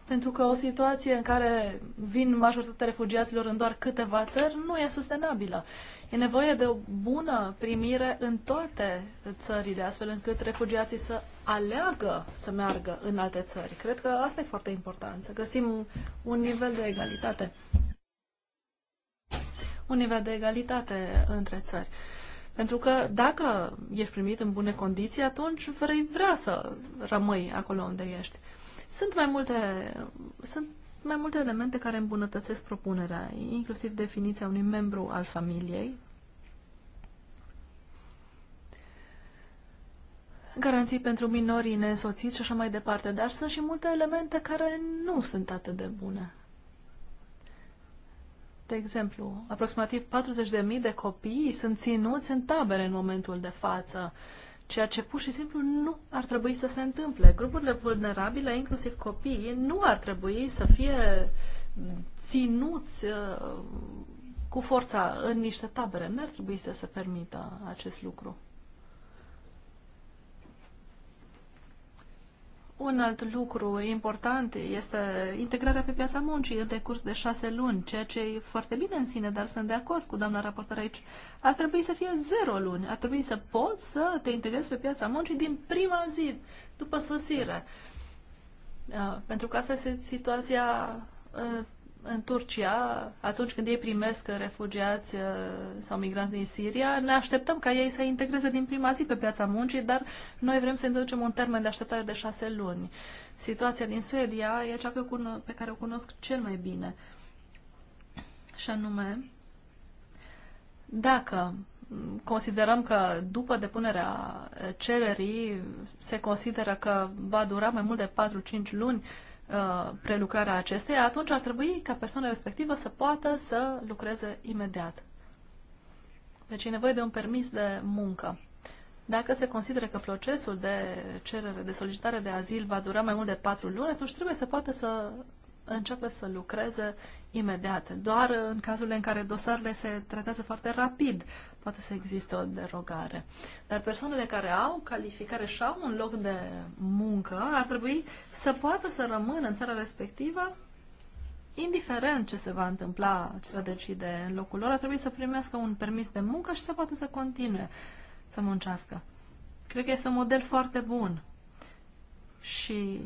Pentru că o situație în care vin majoritatea refugiaților în doar câteva țări nu e sustenabilă. E nevoie de o bună primire în toate țările, astfel încât refugiații să aleagă să meargă în alte țări. Cred că asta e foarte important, să găsim un nivel de egalitate. Un nivel de egalitate între țări. Pentru că dacă ești primit în bune condiții, atunci vrei vrea să rămâi acolo unde ești. Sunt mai multe, sunt mai multe elemente care îmbunătățesc propunerea, inclusiv definiția unui membru al familiei, garanții pentru minorii nesoțiți și așa mai departe, dar sunt și multe elemente care nu sunt atât de bune. De exemplu, aproximativ 40.000 de copii sunt ținuți în tabere în momentul de față, ceea ce pur și simplu nu ar trebui să se întâmple. Grupurile vulnerabile, inclusiv copiii, nu ar trebui să fie ținuți uh, cu forța în niște tabere. Nu ar trebui să se permită acest lucru. Un alt lucru important este integrarea pe piața muncii în decurs de șase luni, ceea ce e foarte bine în sine, dar sunt de acord cu doamna raportor aici. Ar trebui să fie zero luni, ar trebui să poți să te integrezi pe piața muncii din prima zi, după sosire. Uh, pentru că asta este situația uh, în Turcia, atunci când ei primesc refugiați uh, sau migranți din Siria, ne așteptăm ca ei să integreze din prima zi pe piața muncii, dar noi vrem să introducem un termen de așteptare de șase luni. Situația din Suedia e cea pe care o cunosc cel mai bine. Și anume, dacă considerăm că după depunerea cererii se consideră că va dura mai mult de 4-5 luni, uh, Uh, prelucrarea acesteia, atunci ar trebui ca persoana respectivă să poată să lucreze imediat. Deci e nevoie de un permis de muncă. Dacă se consideră că procesul de cerere, de solicitare de azil va dura mai mult de patru luni, atunci trebuie să poată să începe să lucreze imediat. Doar în cazurile în care dosarele se tratează foarte rapid poate să existe o derogare. Dar persoanele care au calificare și au un loc de muncă ar trebui să poată să rămână în țara respectivă indiferent ce se va întâmpla, ce se va decide în locul lor, ar trebui să primească un permis de muncă și să poată să continue să muncească. Cred că este un model foarte bun și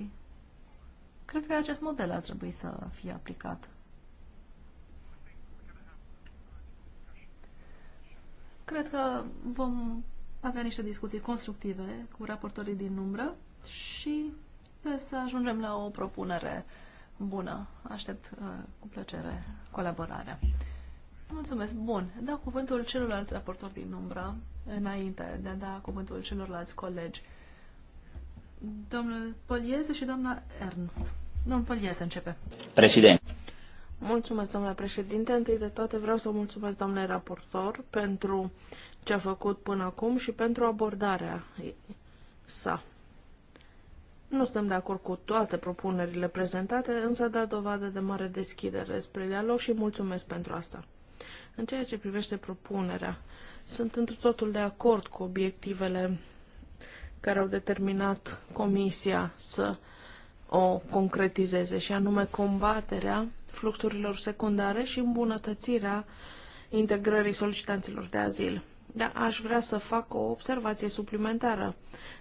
cred că acest model ar trebui să fie aplicat. Cred că vom avea niște discuții constructive cu raportorii din umbră și sper să ajungem la o propunere bună. Aștept uh, cu plăcere colaborarea. Mulțumesc. Bun. Dau cuvântul celorlalți raportori din umbră înainte de a da cuvântul celorlalți colegi. Domnul Poliez și doamna Ernst. Domnul Poliez începe. Președinte. Mulțumesc, domnule președinte. Întâi de toate vreau să mulțumesc, domnule raportor, pentru ce a făcut până acum și pentru abordarea sa. Nu suntem de acord cu toate propunerile prezentate, însă da dovadă de mare deschidere spre dialog și mulțumesc pentru asta. În ceea ce privește propunerea, sunt într totul de acord cu obiectivele care au determinat Comisia să o concretizeze, și anume combaterea fluxurilor secundare și îmbunătățirea integrării solicitanților de azil. Dar aș vrea să fac o observație suplimentară.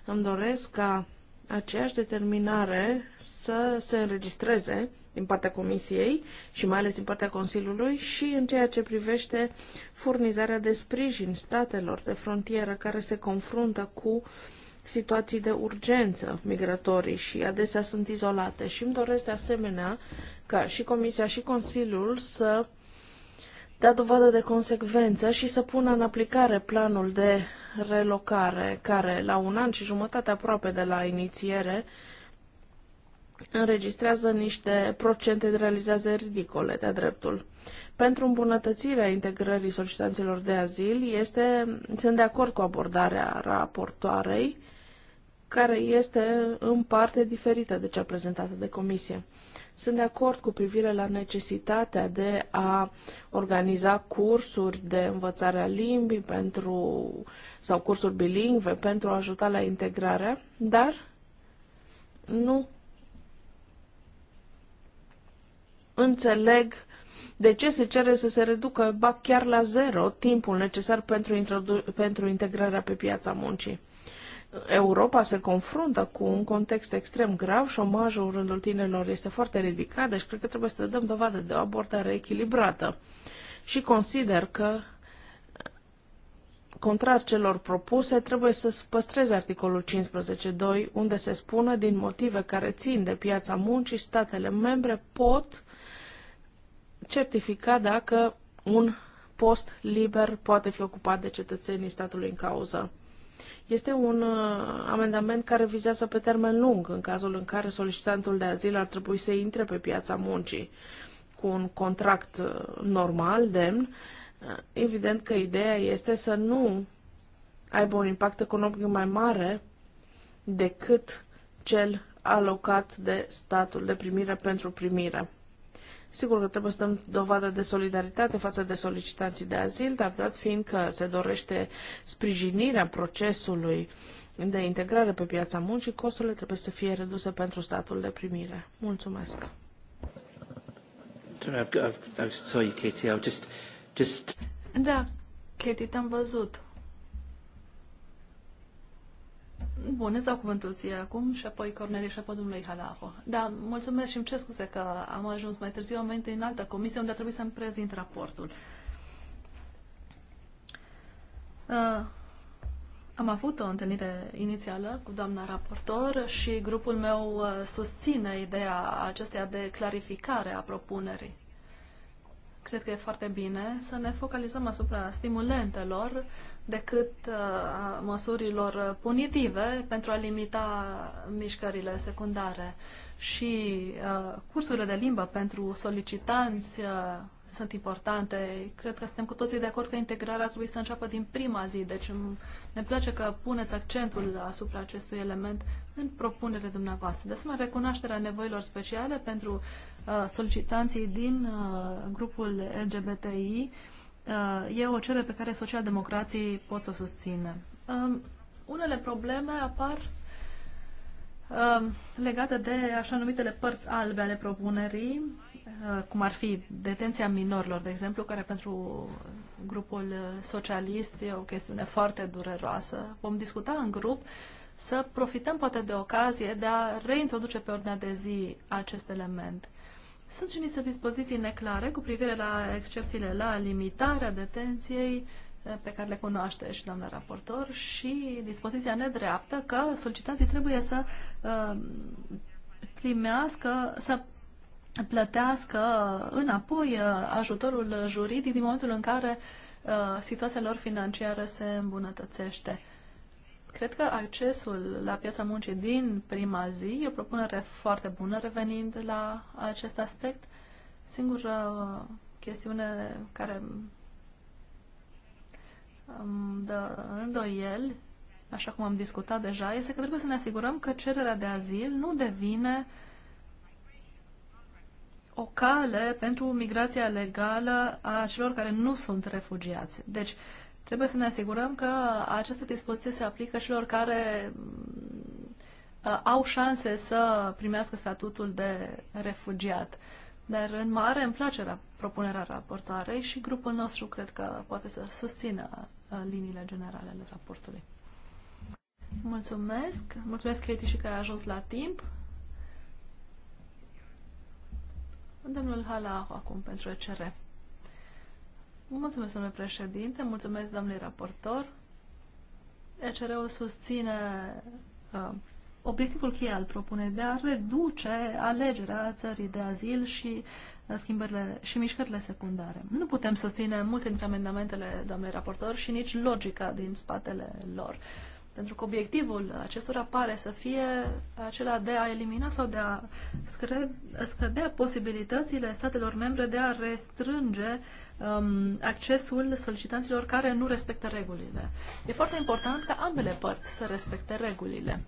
Îmi doresc ca aceeași determinare să se înregistreze din partea Comisiei și mai ales din partea Consiliului și în ceea ce privește furnizarea de sprijin statelor de frontieră care se confruntă cu situații de urgență migratorii și adesea sunt izolate. Și îmi doresc de asemenea ca și Comisia și Consiliul să dea dovadă de consecvență și să pună în aplicare planul de relocare, care la un an și jumătate aproape de la inițiere înregistrează niște procente de realizare ridicole de-a dreptul. Pentru îmbunătățirea integrării solicitanților de azil, este, sunt de acord cu abordarea raportoarei, care este în parte diferită de cea prezentată de comisie. Sunt de acord cu privire la necesitatea de a organiza cursuri de învățare a limbii pentru, sau cursuri bilingve pentru a ajuta la integrare, dar nu înțeleg de ce se cere să se reducă ba chiar la zero timpul necesar pentru, pentru integrarea pe piața muncii. Europa se confruntă cu un context extrem grav, șomajul rândul tinerilor este foarte ridicat, deci cred că trebuie să dăm dovadă de o abordare echilibrată. Și consider că, contrar celor propuse, trebuie să păstreze articolul 15.2, unde se spune, din motive care țin de piața muncii, statele membre pot certifica dacă un post liber poate fi ocupat de cetățenii statului în cauză. Este un uh, amendament care vizează pe termen lung, în cazul în care solicitantul de azil ar trebui să intre pe piața muncii cu un contract uh, normal, demn. Uh, evident că ideea este să nu aibă un impact economic mai mare decât cel alocat de statul de primire pentru primire. Sigur că trebuie să dăm dovadă de solidaritate față de solicitanții de azil, dar dat fiind că se dorește sprijinirea procesului de integrare pe piața muncii, costurile trebuie să fie reduse pentru statul de primire. Mulțumesc. Da, Katie, te-am văzut. Bun, îți dau cuvântul ție acum și apoi Cornelie și apoi domnului Halaho. Da, mulțumesc și îmi cer scuze că am ajuns mai târziu, am venit în altă comisie unde a trebuit să-mi prezint raportul. Uh, am avut o întâlnire inițială cu doamna raportor și grupul meu uh, susține ideea acesteia de clarificare a propunerii cred că e foarte bine să ne focalizăm asupra stimulentelor decât uh, măsurilor punitive pentru a limita mișcările secundare. Și uh, cursurile de limbă pentru solicitanți uh, sunt importante. Cred că suntem cu toții de acord că integrarea trebuie să înceapă din prima zi. Deci ne place că puneți accentul asupra acestui element în propunerea dumneavoastră. De asemenea, recunoașterea nevoilor speciale pentru uh, Uh, solicitanții din uh, grupul LGBTI uh, e o cerere pe care socialdemocrații pot să o susțină. Um, unele probleme apar um, legate de așa numitele părți albe ale propunerii, cum ar fi detenția minorilor, de exemplu, care pentru grupul socialist e o chestiune foarte dureroasă. Vom discuta în grup să profităm poate de ocazie de a reintroduce pe ordinea de zi acest element. Sunt și niște dispoziții neclare cu privire la excepțiile la limitarea detenției eh, pe care le cunoaște și doamna raportor și dispoziția nedreaptă că solicitanții trebuie să eh, primească, să plătească înapoi eh, ajutorul juridic din momentul în care situația lor financiară se îmbunătățește. Cred că accesul la piața muncii din prima zi e o propunere foarte bună revenind la acest aspect. Singura chestiune care îmi dă îndoiel, așa cum am discutat deja, este că trebuie să ne asigurăm că cererea de azil nu devine o cale pentru migrația legală a celor care nu sunt refugiați. Deci, uh, Trebuie să ne asigurăm că această dispoziție se aplică celor care mm, uh, au șanse să primească statutul de refugiat. Dar în mare îmi place la propunerea raportoarei și grupul nostru cred că poate să susțină uh, liniile generale ale raportului. Mulțumesc! Mulțumesc, Katie, și că ai ajuns la timp. Domnul Halahu acum pentru ECR. Mulțumesc, domnule președinte, mulțumesc, domnule raportor. ECR-ul susține uh, obiectivul cheie al propunei de a reduce alegerea țării de azil și uh, schimbările și mișcările secundare. Nu putem susține multe dintre amendamentele doamnei raportor și nici logica din spatele lor. Pentru că obiectivul acestora pare să fie acela de a elimina sau de a scădea posibilitățile statelor membre de a restrânge uh, um, accesul solicitanților care nu respectă regulile. E foarte important ca ambele părți să respecte regulile.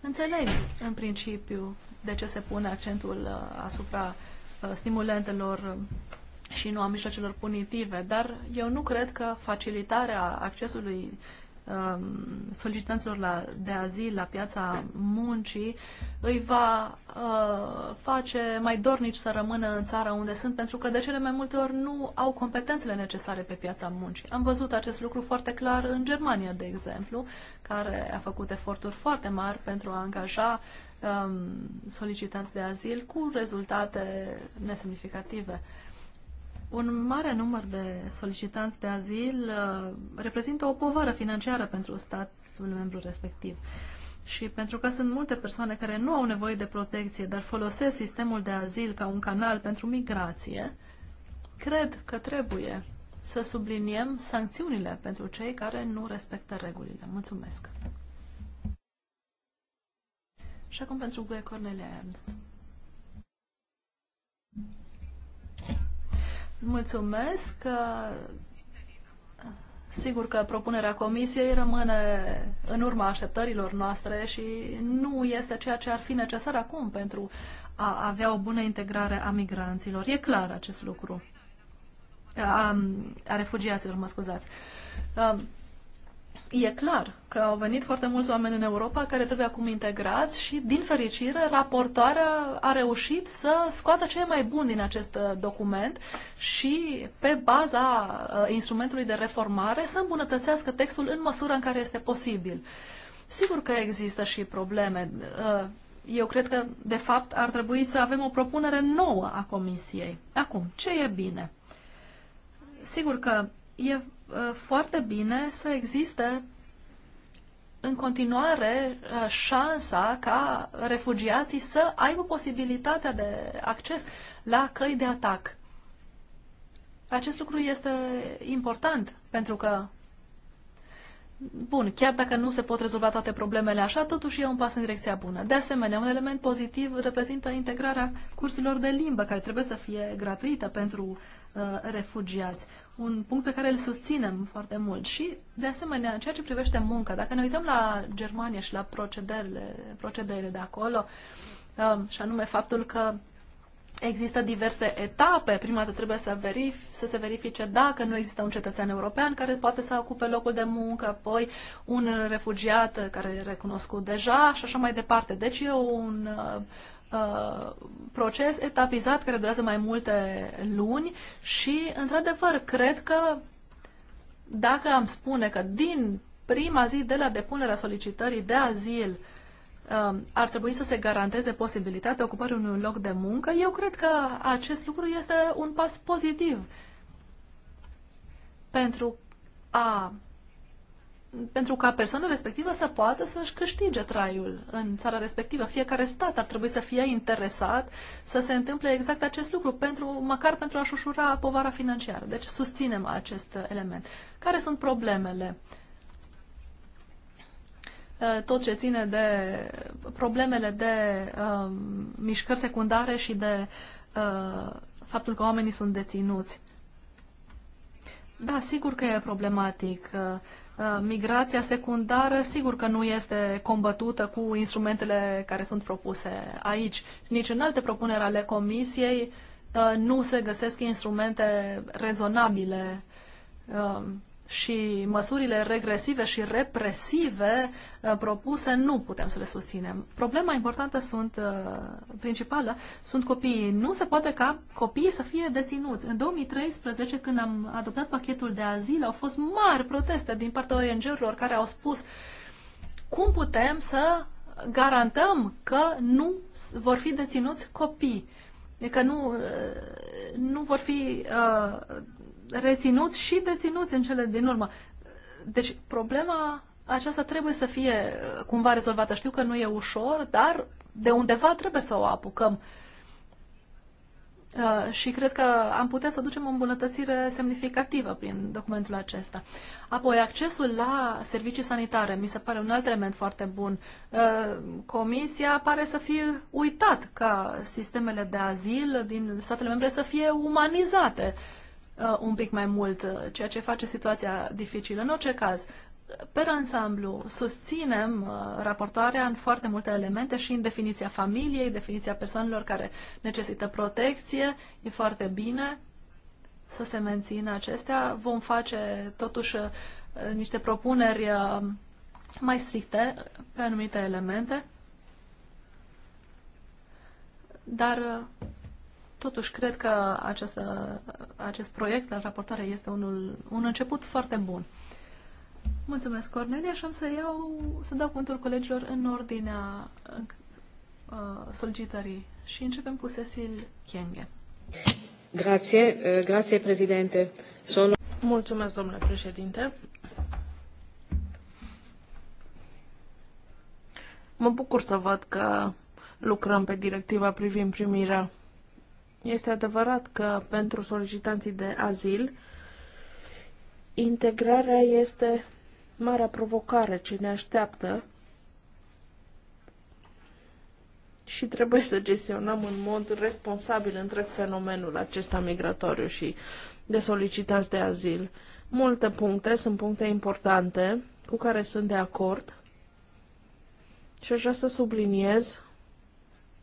Înțeleg, în principiu, de ce se pune accentul uh, asupra uh, stimulentelor și nu a mijloacelor punitive, dar eu nu cred că facilitarea accesului Um, solicitanților la, de azil la piața muncii îi va uh, face mai dornici să rămână în țara unde sunt, pentru că de cele mai multe ori nu au competențele necesare pe piața muncii. Am văzut acest lucru foarte clar în Germania, de exemplu, care a făcut eforturi foarte mari pentru a angaja um, solicitanți de azil cu rezultate nesemnificative. Uh, un mare număr de solicitanți de azil uh, reprezintă o povară financiară pentru statul membru respectiv. Și pentru că sunt multe persoane care nu au nevoie de protecție, dar folosesc sistemul de azil ca un canal pentru migrație, cred că trebuie să subliniem sancțiunile pentru cei care nu respectă regulile. Mulțumesc! Și acum pentru Gue Cornelia Ernst. Mulțumesc. Sigur că propunerea comisiei rămâne în urma așteptărilor noastre și nu este ceea ce ar fi necesar acum pentru a avea o bună integrare a migranților. E clar acest lucru. A, a refugiaților, mă scuzați e clar că au venit foarte mulți oameni în Europa care trebuie acum integrați și, din fericire, raportoarea a reușit să scoată ce e mai bun din acest uh, document și, pe baza uh, instrumentului de reformare, să îmbunătățească textul în măsura în care este posibil. Sigur că există și probleme. Uh, eu cred că, de fapt, ar trebui să avem o propunere nouă a Comisiei. Acum, ce e bine? Sigur că e Uh, foarte bine să existe în continuare uh, șansa ca refugiații să aibă posibilitatea de acces la căi de atac. Acest lucru este important pentru că, bun, chiar dacă nu se pot rezolva toate problemele așa, totuși e un pas în direcția bună. De asemenea, un element pozitiv reprezintă integrarea cursurilor de limbă, care trebuie să fie gratuită pentru uh, refugiați un punct pe care îl susținem foarte mult. Și, de asemenea, ceea ce privește munca, dacă ne uităm la Germania și la procederile, procedele de acolo, um, și anume faptul că există diverse etape. Prima dată trebuie să, verif- să se verifice dacă nu există un cetățean european care poate să ocupe locul de muncă, apoi un refugiat care e recunoscut deja și așa mai departe. Deci e un Uh, proces etapizat care durează mai multe luni și, într-adevăr, cred că dacă am spune că din prima zi de la depunerea solicitării de azil um, ar trebui să se garanteze posibilitatea ocupării unui loc de muncă, eu cred că acest lucru este un pas pozitiv pentru a pentru ca persoana respectivă să poată să-și câștige traiul în țara respectivă. Fiecare stat ar trebui să fie interesat să se întâmple exact acest lucru, pentru, măcar pentru a-și ușura povara financiară. Deci susținem acest element. Care sunt problemele? Uh, tot ce ține de problemele de uh, mișcări secundare și de uh, faptul că oamenii sunt deținuți. Da, sigur că e problematic. Uh, Uh, migrația secundară sigur că nu este combătută cu instrumentele care sunt propuse aici. Nici în alte propuneri ale Comisiei uh, nu se găsesc instrumente rezonabile uh, și măsurile regresive și represive uh, propuse nu putem să le susținem. Problema importantă sunt, uh, principală sunt copiii. Nu se poate ca copiii să fie deținuți. În 2013, când am adoptat pachetul de azil, au fost mari proteste din partea ONG-urilor care au spus cum putem să garantăm că nu vor fi deținuți copii că nu, uh, nu vor fi uh, reținuți și deținuți în cele din urmă. Deci problema aceasta trebuie să fie uh, cumva rezolvată. Știu că nu e ușor, dar de undeva trebuie să o apucăm. Uh, și cred că am putea să ducem o îmbunătățire semnificativă prin documentul acesta. Apoi, accesul la servicii sanitare mi se pare un alt element foarte bun. Uh, comisia pare să fie uitat ca sistemele de azil din statele membre să fie umanizate uh, un pic mai mult, uh, ceea ce face situația dificilă. În orice caz, pe ansamblu, susținem uh, raportoarea în foarte multe elemente și în definiția familiei, definiția persoanelor care necesită protecție. E foarte bine să se mențină acestea. Vom face totuși uh, niște propuneri uh, mai stricte pe anumite elemente. Dar uh, Totuși, cred că această, acest proiect la raportare este unul, un început foarte bun. Mulțumesc, Cornelia, și am să, iau, să dau cuvântul colegilor în ordinea uh, solicitării. Și începem cu Cecil Chienghe. Grație, uh, grație, președinte. Sono... Mulțumesc, domnule președinte. Mă bucur să văd că lucrăm pe directiva privind primirea este adevărat că pentru solicitanții de azil, integrarea este marea provocare ce ne așteaptă și trebuie să gestionăm în mod responsabil întreg fenomenul acesta migratoriu și de solicitanți de azil. Multe puncte sunt puncte importante cu care sunt de acord și aș vrea să subliniez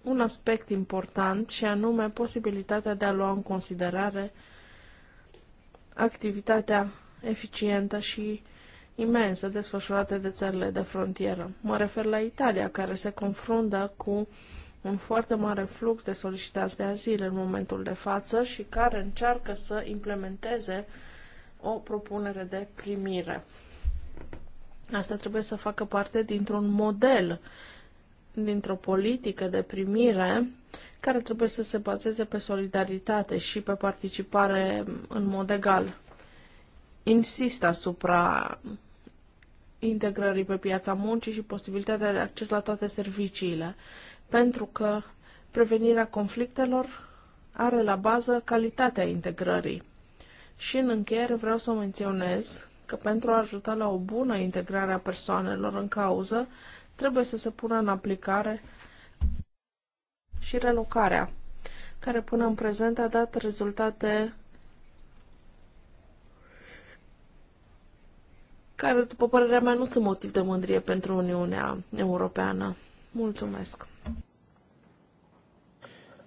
un aspect important și anume posibilitatea de a lua în considerare activitatea eficientă și imensă desfășurată de țările de frontieră. Mă refer la Italia, care se confruntă cu un foarte mare flux de solicitați de azil în momentul de față și care încearcă să implementeze o propunere de primire. Asta trebuie să facă parte dintr-un model dintr-o politică de primire care trebuie să se bazeze pe solidaritate și pe participare în mod egal. Insist asupra integrării pe piața muncii și posibilitatea de acces la toate serviciile, pentru că prevenirea conflictelor are la bază calitatea integrării. Și în încheiere vreau să menționez că pentru a ajuta la o bună integrare a persoanelor în cauză, Trebuie să se pună în aplicare și relocarea, care până în prezent a dat rezultate care, după părerea mea, nu sunt motiv de mândrie pentru Uniunea Europeană. Mulțumesc!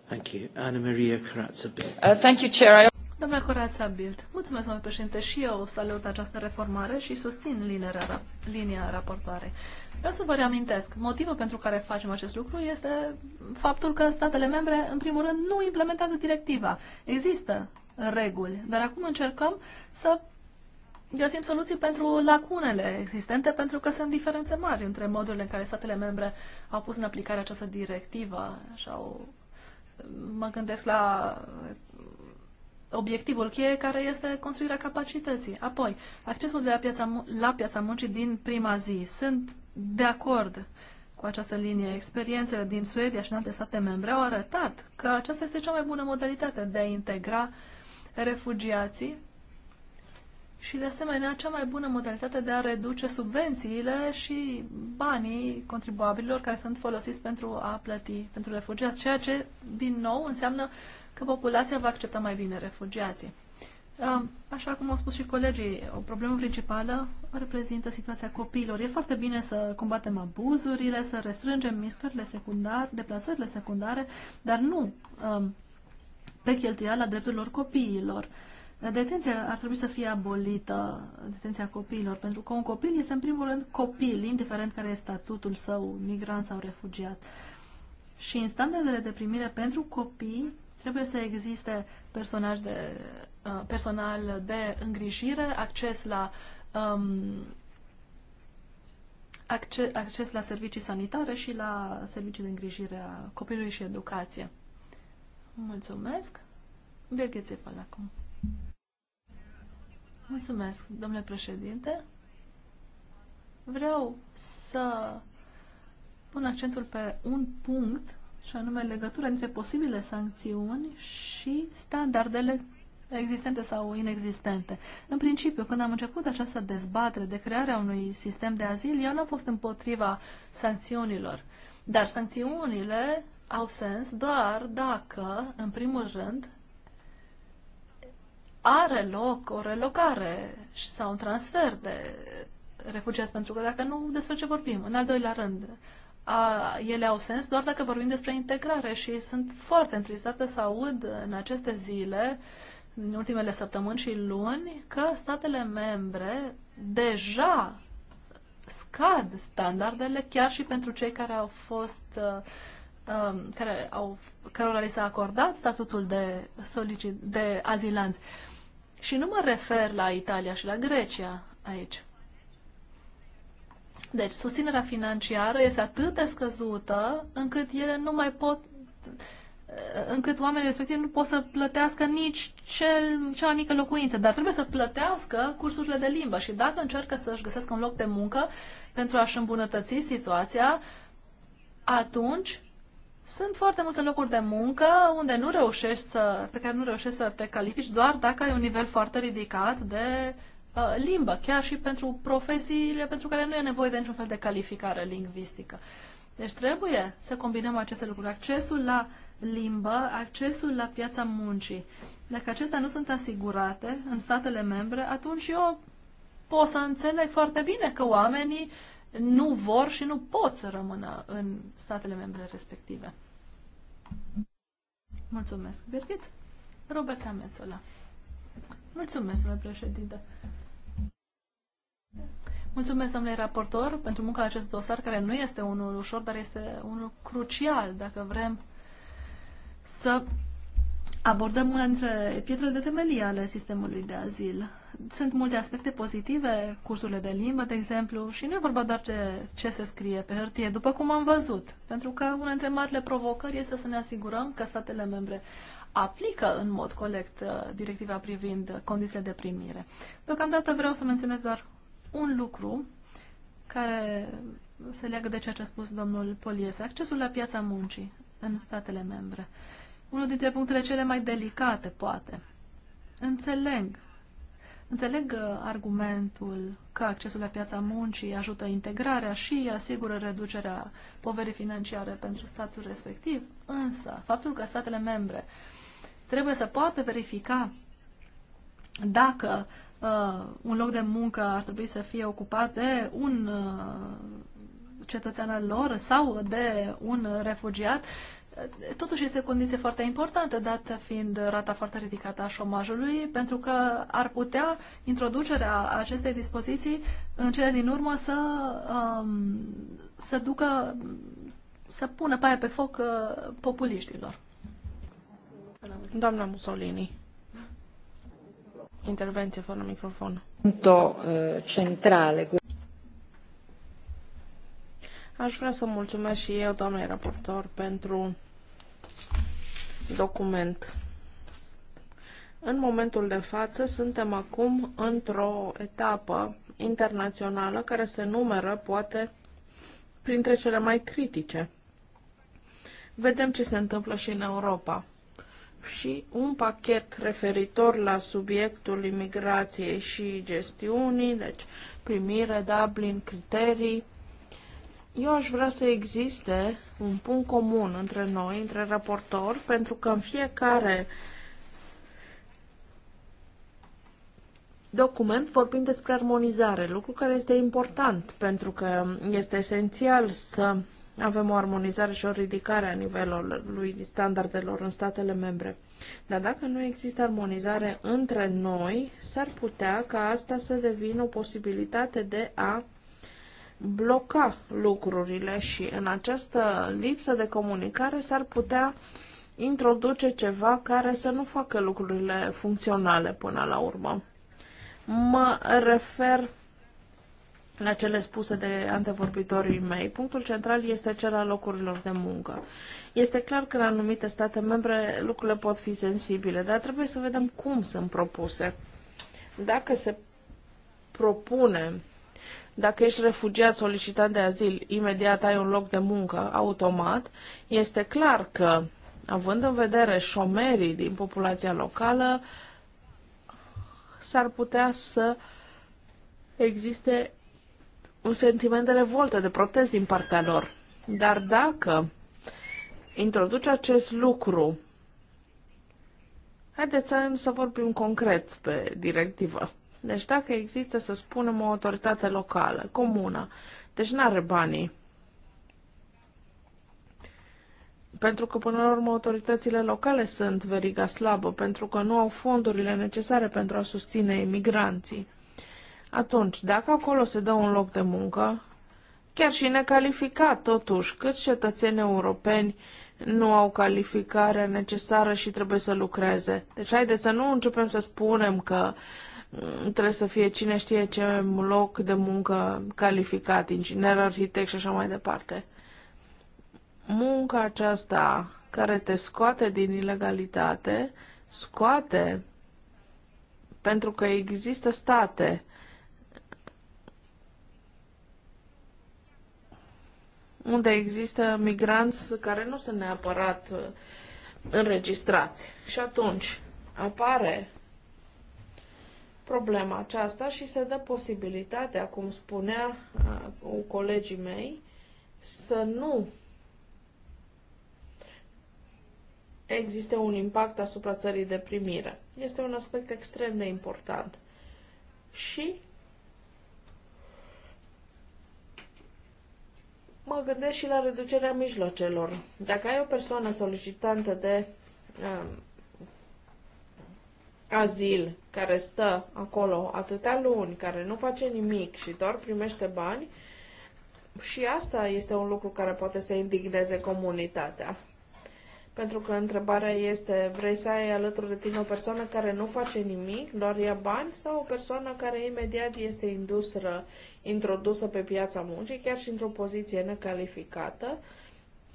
Thank you. Anna Maria Corazza. Uh, thank you, Chair. Doamna Corața Bild, mulțumesc, domnule președinte, și eu salut această reformare și susțin linia, linia raportoare. Vreau să vă reamintesc, motivul pentru care facem acest lucru este faptul că statele membre, în primul rând, nu implementează directiva. Există reguli, dar acum încercăm să găsim soluții pentru lacunele existente, pentru că sunt diferențe mari între modurile în care statele membre au pus în aplicare această directivă și au mă gândesc la obiectivul cheie care este construirea capacității. Apoi, accesul de la piața, la piața muncii din prima zi. Sunt de acord cu această linie. Experiențele din Suedia și în alte state membre au arătat că aceasta este cea mai bună modalitate de a integra refugiații și, de asemenea, cea mai bună modalitate de a reduce subvențiile și banii contribuabililor care sunt folosiți pentru a plăti pentru refugiați, ceea ce, din nou, înseamnă uh, că populația va accepta mai bine refugiații. Um, așa cum au spus și colegii, o problemă principală reprezintă situația copiilor. E foarte bine să combatem abuzurile, să restrângem mișcările secundare, deplasările secundare, dar nu um, pe cheltuiala drepturilor copiilor. Detenția ar trebui să fie abolită, detenția copiilor, pentru că un copil este în primul rând copil, indiferent care este statutul său, migrant sau refugiat. Și în standardele de primire pentru copii Trebuie să existe personaj de, uh, personal de îngrijire, acces la um, acces, acces la servicii sanitare și la servicii de îngrijire a copilului și educație. Mulțumesc. Birgit Zipăl acum. Mulțumesc, domnule președinte. Vreau să pun accentul pe un punct și anume legătura între posibile sancțiuni și standardele existente sau inexistente. În principiu, când am început această dezbatere de crearea unui sistem de azil, eu n-am fost împotriva sancțiunilor. Dar sancțiunile au sens doar dacă, în primul rând, are loc o relocare sau un transfer de refugiați, pentru că dacă nu, despre ce vorbim? În al doilea rând, a, ele au sens doar dacă vorbim despre integrare și sunt foarte întristată să aud în aceste zile, în ultimele săptămâni și luni, că statele membre deja scad standardele chiar și pentru cei care au fost uh, um, care au, cărora li s-a acordat statutul de, solicit, de azilanți. Și nu mă refer la Italia și la Grecia aici. Deci, susținerea financiară este atât de scăzută încât ele nu mai pot încât oamenii respectivi nu pot să plătească nici cel, cea mai mică locuință, dar trebuie să plătească cursurile de limbă și dacă încearcă să-și găsească un loc de muncă pentru a-și îmbunătăți situația, atunci sunt foarte multe locuri de muncă unde nu reușești să, pe care nu reușești să te califici doar dacă ai un nivel foarte ridicat de limba uh, limbă, chiar și pentru profesiile pentru care nu e nevoie de niciun fel de calificare lingvistică. Deci trebuie să combinăm aceste lucruri. Accesul la limbă, accesul la piața muncii. Dacă acestea nu sunt asigurate în statele membre, atunci eu pot să înțeleg foarte bine că oamenii nu vor și nu pot să rămână în statele membre respective. Mulțumesc, Birgit. Roberta Metzola. Mulțumesc, domnule președinte. Mulțumesc, domnule raportor, pentru munca acest dosar, care nu este unul ușor, dar este unul crucial dacă vrem să abordăm una dintre pietrele de temelie ale sistemului de azil. Sunt multe aspecte pozitive, cursurile de limbă, de exemplu, și nu e vorba doar de ce se scrie pe hârtie, după cum am văzut. Pentru că una dintre marile provocări este să ne asigurăm că statele membre aplică în mod colect uh, directiva privind condițiile de primire. Deocamdată vreau să menționez doar un lucru care se leagă de ceea ce a spus domnul Polies, accesul la piața muncii în statele membre. Unul dintre punctele cele mai delicate, poate. Înțeleg. Înțeleg uh, argumentul că accesul la piața muncii ajută integrarea și asigură reducerea poverii financiare pentru statul respectiv, însă faptul că statele membre trebuie să poată verifica dacă uh, un loc de muncă ar trebui să fie ocupat de un uh, cetățean al lor sau de un refugiat, uh, Totuși este o condiție foarte importantă, dată fiind rata foarte ridicată a șomajului, pentru că ar putea introducerea acestei dispoziții în cele din urmă să, um, să ducă, să pună paia pe foc uh, populiștilor. Doamna Mussolini. Intervenție fără microfon. Punto uh, centrale. Aș vrea să mulțumesc și eu, doamnei raportor, pentru document. În momentul de față suntem acum într-o etapă internațională care se numără, poate, printre cele mai critice. Vedem ce se întâmplă și în Europa și un pachet referitor la subiectul imigrației și gestiunii, deci primire, Dublin, criterii. Eu aș vrea să existe un punct comun între noi, între raportori, pentru că în fiecare document vorbim despre armonizare, lucru care este important, pentru că este esențial să avem o armonizare și o ridicare a nivelului standardelor în statele membre. Dar dacă nu există armonizare între noi, s-ar putea ca asta să devină o posibilitate de a bloca lucrurile și în această lipsă de comunicare s-ar putea introduce ceva care să nu facă lucrurile funcționale până la urmă. Mă refer la cele spuse de antevorbitorii mei, punctul central este cel al locurilor de muncă. Este clar că în anumite state membre lucrurile pot fi sensibile, dar trebuie să vedem cum sunt propuse. Dacă se propune, dacă ești refugiat solicitant de azil, imediat ai un loc de muncă, automat, este clar că, având în vedere șomerii din populația locală, s-ar putea să existe un sentiment de revoltă, de protest din partea lor. Dar dacă introduce acest lucru, haideți să, să vorbim concret pe directivă. Deci dacă există, să spunem, o autoritate locală, comună, deci nu are banii, pentru că până la urmă autoritățile locale sunt veriga slabă, pentru că nu au fondurile necesare pentru a susține imigranții. Atunci, dacă acolo se dă un loc de muncă, chiar și necalificat totuși, câți cetățeni europeni nu au calificarea necesară și trebuie să lucreze. Deci haideți să nu începem să spunem că mm, trebuie să fie cine știe ce loc de muncă calificat, inginer, arhitect și așa mai departe. Munca aceasta care te scoate din ilegalitate, scoate pentru că există state unde există migranți care nu sunt neapărat uh, înregistrați. Și atunci apare problema aceasta și se dă posibilitatea, cum spunea uh, colegii mei, să nu existe un impact asupra țării de primire. Este un aspect extrem de important. Și mă gândesc și la reducerea mijloacelor. Dacă ai o persoană solicitantă de uh, azil care stă acolo atâtea luni, care nu face nimic și doar primește bani, și asta este un lucru care poate să indigneze comunitatea. Pentru că întrebarea este, vrei să ai alături de tine o persoană care nu face nimic, doar ia bani, sau o persoană care imediat este industră, introdusă pe piața muncii, chiar și într-o poziție necalificată,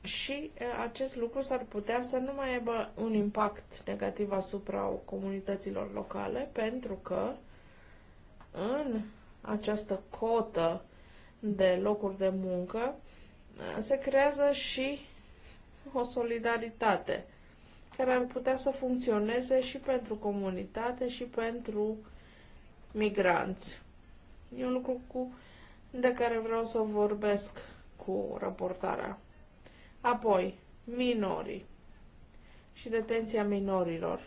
și acest lucru s-ar putea să nu mai aibă un impact negativ asupra comunităților locale, pentru că în această cotă de locuri de muncă se creează și o solidaritate care ar putea să funcționeze și pentru comunitate și pentru migranți. E un lucru cu, de care vreau să vorbesc cu raportarea. Apoi, minorii și detenția minorilor.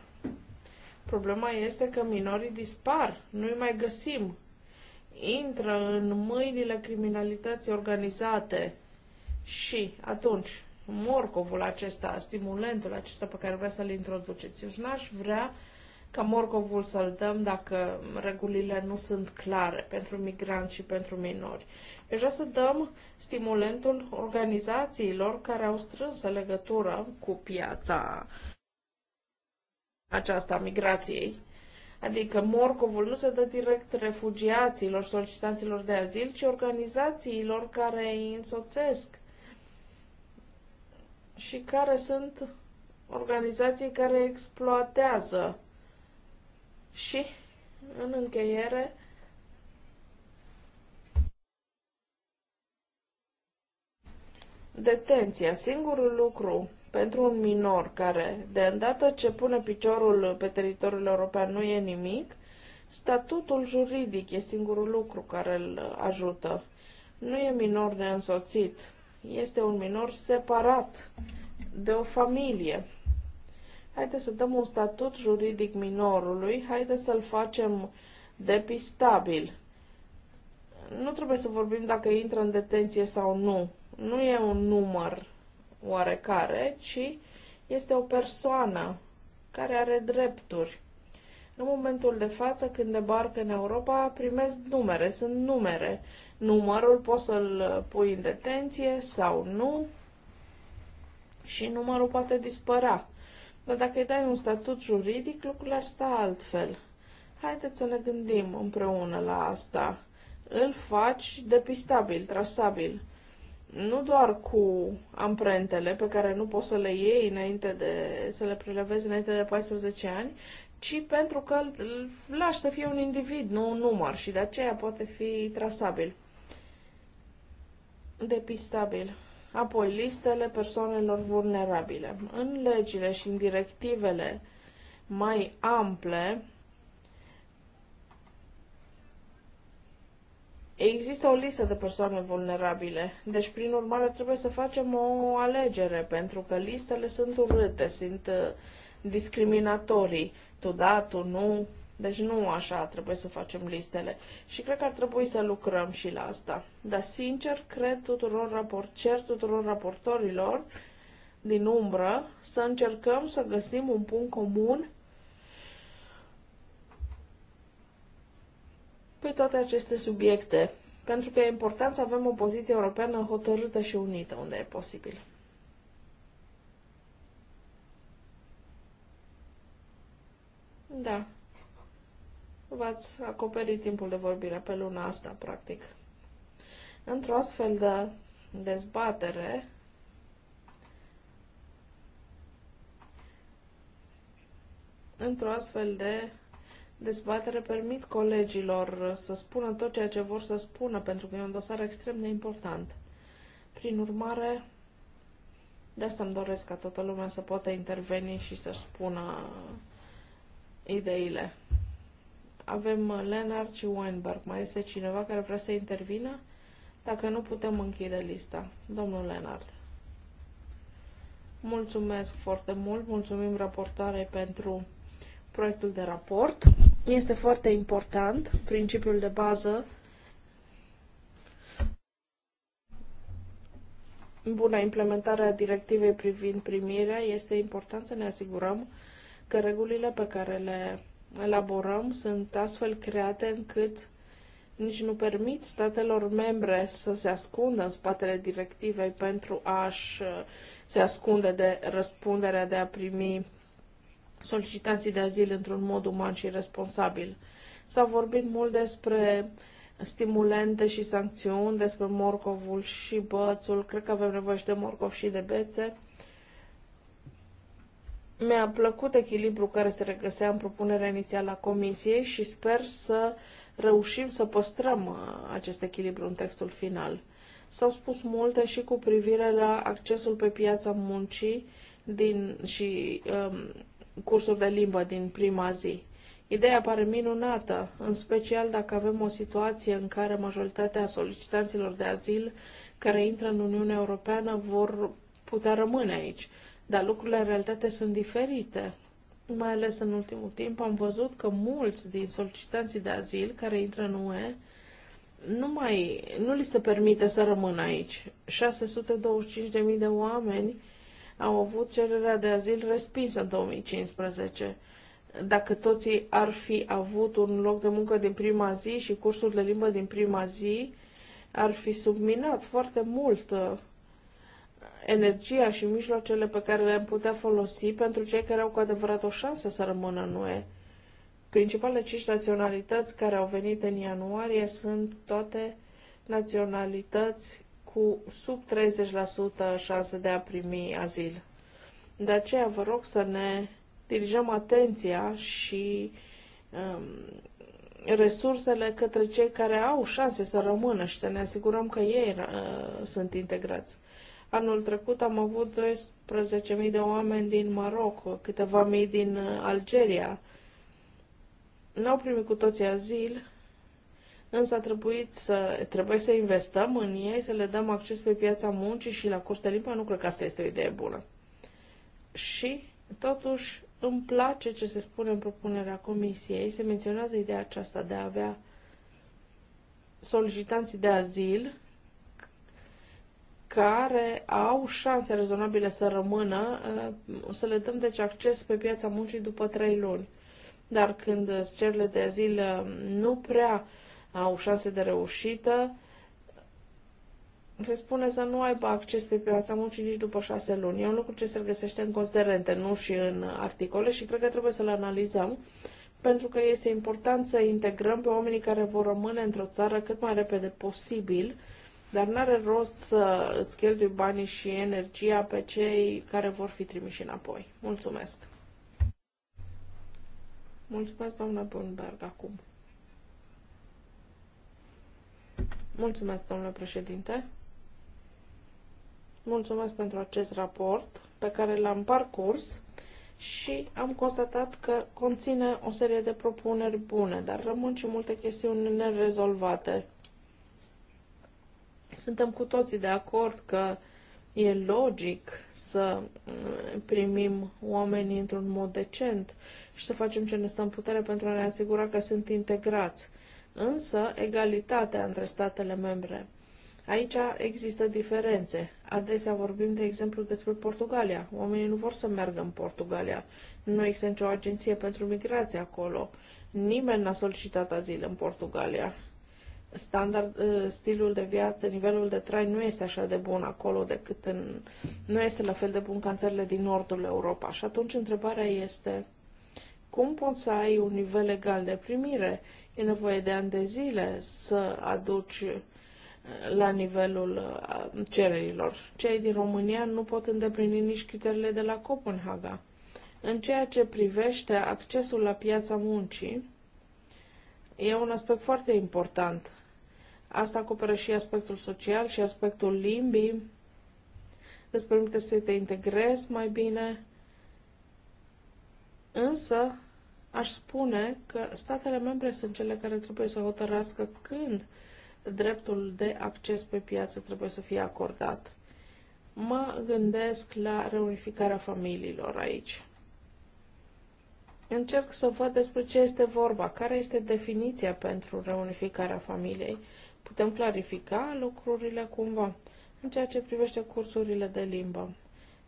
Problema este că minorii dispar, nu-i mai găsim. Intră în mâinile criminalității organizate și atunci morcovul acesta, stimulentul acesta pe care vrea să-l introduceți. Eu n-aș vrea ca morcovul să-l dăm dacă regulile nu sunt clare pentru migranți și pentru minori. Eu vrea să dăm stimulentul organizațiilor care au strâns legătură cu piața aceasta a migrației. Adică morcovul nu se dă direct refugiaților, solicitanților de azil, ci organizațiilor care îi însoțesc și care sunt organizații care exploatează. Și, în încheiere, detenția. Singurul lucru pentru un minor care, de îndată ce pune piciorul pe teritoriul european, nu e nimic, statutul juridic e singurul lucru care îl ajută. Nu e minor neînsoțit, este un minor separat de o familie. Haideți să dăm un statut juridic minorului, haideți să-l facem depistabil. Nu trebuie să vorbim dacă intră în detenție sau nu. Nu e un număr oarecare, ci este o persoană care are drepturi. În momentul de față, când debarcă în Europa, primesc numere, sunt numere numărul, poți să-l pui în detenție sau nu și numărul poate dispărea. Dar dacă îi dai un statut juridic, lucrurile ar sta altfel. Haideți să ne gândim împreună la asta. Îl faci depistabil, trasabil. Nu doar cu amprentele pe care nu poți să le iei înainte de, să le prelevezi înainte de 14 ani, ci pentru că îl lași să fie un individ, nu un număr și de aceea poate fi trasabil depistabil. Apoi, listele persoanelor vulnerabile. În legile și în directivele mai ample, Există o listă de persoane vulnerabile, deci prin urmare trebuie să facem o alegere, pentru că listele sunt urâte, sunt uh, discriminatorii. Tu da, tu nu, deci nu așa trebuie să facem listele. Și cred că ar trebui să lucrăm și la asta. Dar sincer, cred tuturor raport, cer tuturor raportorilor din umbră să încercăm să găsim un punct comun pe toate aceste subiecte, pentru că e important să avem o poziție europeană hotărâtă și unită unde e posibil. Da, v-ați acoperit timpul de vorbire pe luna asta, practic. Într-o astfel de dezbatere, într-o astfel de dezbatere permit colegilor să spună tot ceea ce vor să spună, pentru că e un dosar extrem de important. Prin urmare, de asta îmi doresc ca toată lumea să poată interveni și să-și spună ideile. Avem uh, Leonard și Weinberg. Mai este cineva care vrea să intervină? Dacă nu, putem închide lista. Domnul Leonard. Mulțumesc foarte mult, mulțumim raportoarei pentru proiectul de raport. Este foarte important principiul de bază Bună implementare a directivei privind primirea, este important să ne asigurăm că regulile pe care le elaborăm sunt astfel create încât nici nu permit statelor membre să se ascundă în spatele directivei pentru a-și uh, se ascunde de răspunderea de a primi solicitanții de azil într-un mod uman și responsabil. S-a vorbit mult despre stimulente și sancțiuni, despre morcovul și bățul. Cred că avem nevoie și de morcov și de bețe. Mi-a plăcut echilibrul care se regăsea în propunerea inițială a Comisiei și sper să reușim să păstrăm uh, acest echilibru în textul final. S-au spus multe și cu privire la accesul pe piața muncii din, și um, cursuri de limbă din prima zi. Ideea pare minunată, în special dacă avem o situație în care majoritatea solicitanților de azil care intră în Uniunea Europeană vor putea rămâne aici. Dar lucrurile în realitate sunt diferite. Mai ales în ultimul timp am văzut că mulți din solicitanții de azil care intră în UE nu, mai, nu li se permite să rămână aici. 625.000 de oameni au avut cererea de azil respinsă în 2015. Dacă toții ar fi avut un loc de muncă din prima zi și cursuri de limbă din prima zi, ar fi subminat foarte mult uh, energia și mijloacele pe care le-am putea folosi pentru cei care au cu adevărat o șansă să rămână în UE. Principalele cinci naționalități care au venit în ianuarie sunt toate naționalități cu sub 30% șanse de a primi azil. De aceea vă rog să ne dirijăm atenția și um, resursele către cei care au șanse să rămână și să ne asigurăm că ei uh, sunt integrați. Anul trecut am avut 12.000 de oameni din Maroc, câteva mii din uh, Algeria. N-au primit cu toții azil, însă a trebuit să, trebuie să investăm în ei, să le dăm acces pe piața muncii și la curs de limba. Nu cred că asta este o idee bună. Și, totuși, îmi place ce se spune în propunerea comisiei. Se menționează ideea aceasta de a avea solicitanții de azil care au șanse rezonabile să rămână, uh, să le dăm deci acces pe piața muncii după trei luni. Dar când cerurile de azil uh, nu prea au șanse de reușită, se spune să nu aibă acces pe piața muncii nici după șase luni. E un lucru ce se găsește în considerente, nu și în articole și cred că trebuie să le analizăm pentru că este important să integrăm pe oamenii care vor rămâne într-o țară cât mai repede posibil dar nu are rost să îți cheltui banii și energia pe cei care vor fi trimiși înapoi. Mulțumesc! Mulțumesc, doamna Bunberg, acum. Mulțumesc, domnule președinte. Mulțumesc pentru acest raport pe care l-am parcurs și am constatat că conține o serie de propuneri bune, dar rămân și multe chestiuni nerezolvate. Suntem cu toții de acord că e logic să mm, primim oamenii într-un mod decent și să facem ce ne stă în putere pentru a ne asigura că sunt integrați. Însă, egalitatea între statele membre. Aici există diferențe. Adesea vorbim, de exemplu, despre Portugalia. Oamenii nu vor să meargă în Portugalia. Nu există nicio agenție pentru migrație acolo. Nimeni n-a solicitat azil în Portugalia standard, uh, stilul de viață, nivelul de trai nu este așa de bun acolo decât în... nu este la fel de bun ca în țările din nordul Europa. Și atunci întrebarea este cum poți să ai un nivel legal de primire? E nevoie de ani de zile să aduci uh, la nivelul uh, cererilor. Cei din România nu pot îndeplini nici criteriile de la Copenhaga. În ceea ce privește accesul la piața muncii, e un aspect foarte important Asta acoperă și aspectul social și aspectul limbii. Îți permite să te integrezi mai bine. Însă, aș spune că statele membre sunt cele care trebuie să hotărască când dreptul de acces pe piață trebuie să fie acordat. Mă gândesc la reunificarea familiilor aici. Încerc să văd despre ce este vorba, care este definiția pentru reunificarea familiei putem clarifica lucrurile cumva în ceea ce privește cursurile de limbă.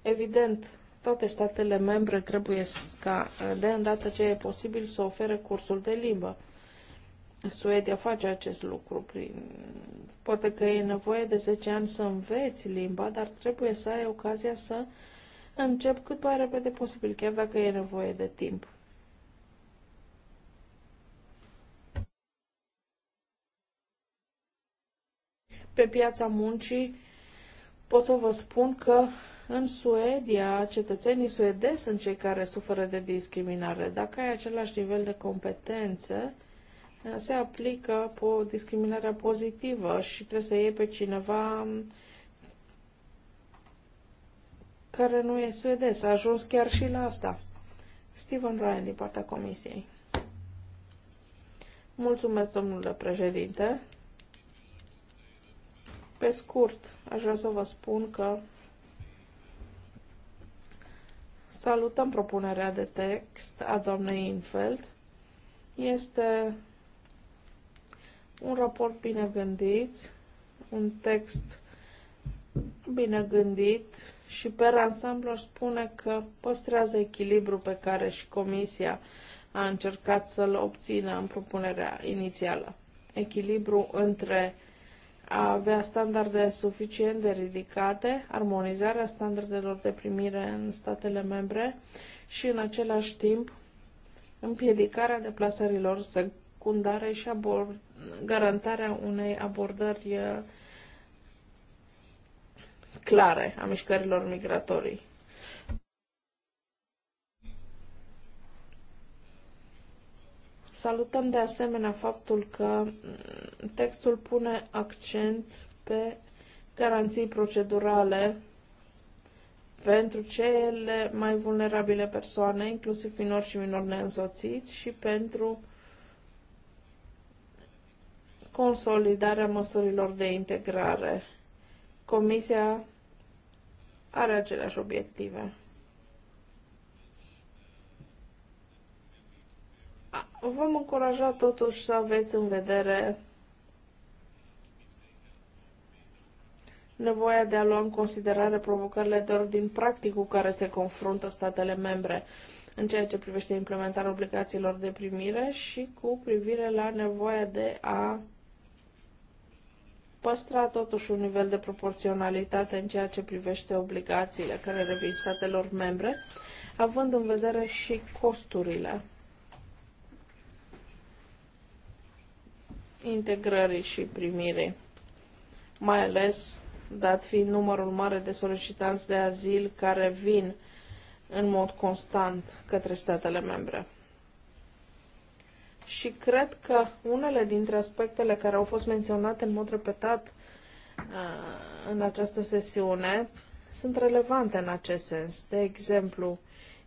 Evident, toate statele membre trebuie ca, eh, de îndată ce e posibil, să ofere cursul de limbă. Suedia face acest lucru. Prin... Poate că e nevoie de 10 ani să înveți limba, dar trebuie să ai ocazia să încep cât mai repede posibil, chiar dacă e nevoie de timp. pe piața muncii, pot să vă spun că în Suedia, cetățenii suedezi sunt cei care suferă de discriminare. Dacă ai același nivel de competențe, se aplică po discriminarea pozitivă și trebuie să iei pe cineva care nu e suedez. A ajuns chiar și la asta. Steven Ryan din partea comisiei. Mulțumesc, domnule președinte. Pe scurt, aș vrea să vă spun că salutăm propunerea de text a doamnei Infeld. Este un raport bine gândit, un text bine gândit și pe ansamblu aș spune că păstrează echilibru pe care și Comisia a încercat să-l obțină în propunerea inițială. Echilibru între a avea standarde suficient de ridicate, armonizarea standardelor de primire în statele membre și în același timp împiedicarea deplasărilor secundare și abord, garantarea unei abordări uh, clare a mișcărilor migratorii. Salutăm de asemenea faptul că mm, textul pune accent pe garanții procedurale pentru cele mai vulnerabile persoane, inclusiv minori și minori neînsoțiți, și pentru consolidarea măsurilor de integrare. Comisia are aceleași obiective. vom încuraja totuși să aveți în vedere nevoia de a lua în considerare provocările de ordin practic cu care se confruntă statele membre în ceea ce privește implementarea obligațiilor de primire și cu privire la nevoia de a păstra totuși un nivel de proporționalitate în ceea ce privește obligațiile care revin statelor membre, având în vedere și costurile integrării și primirii, mai ales dat fiind numărul mare de solicitanți de azil care vin în mod constant către statele membre. Și cred că unele dintre aspectele care au fost menționate în mod repetat uh, în această sesiune sunt relevante în acest sens. De exemplu,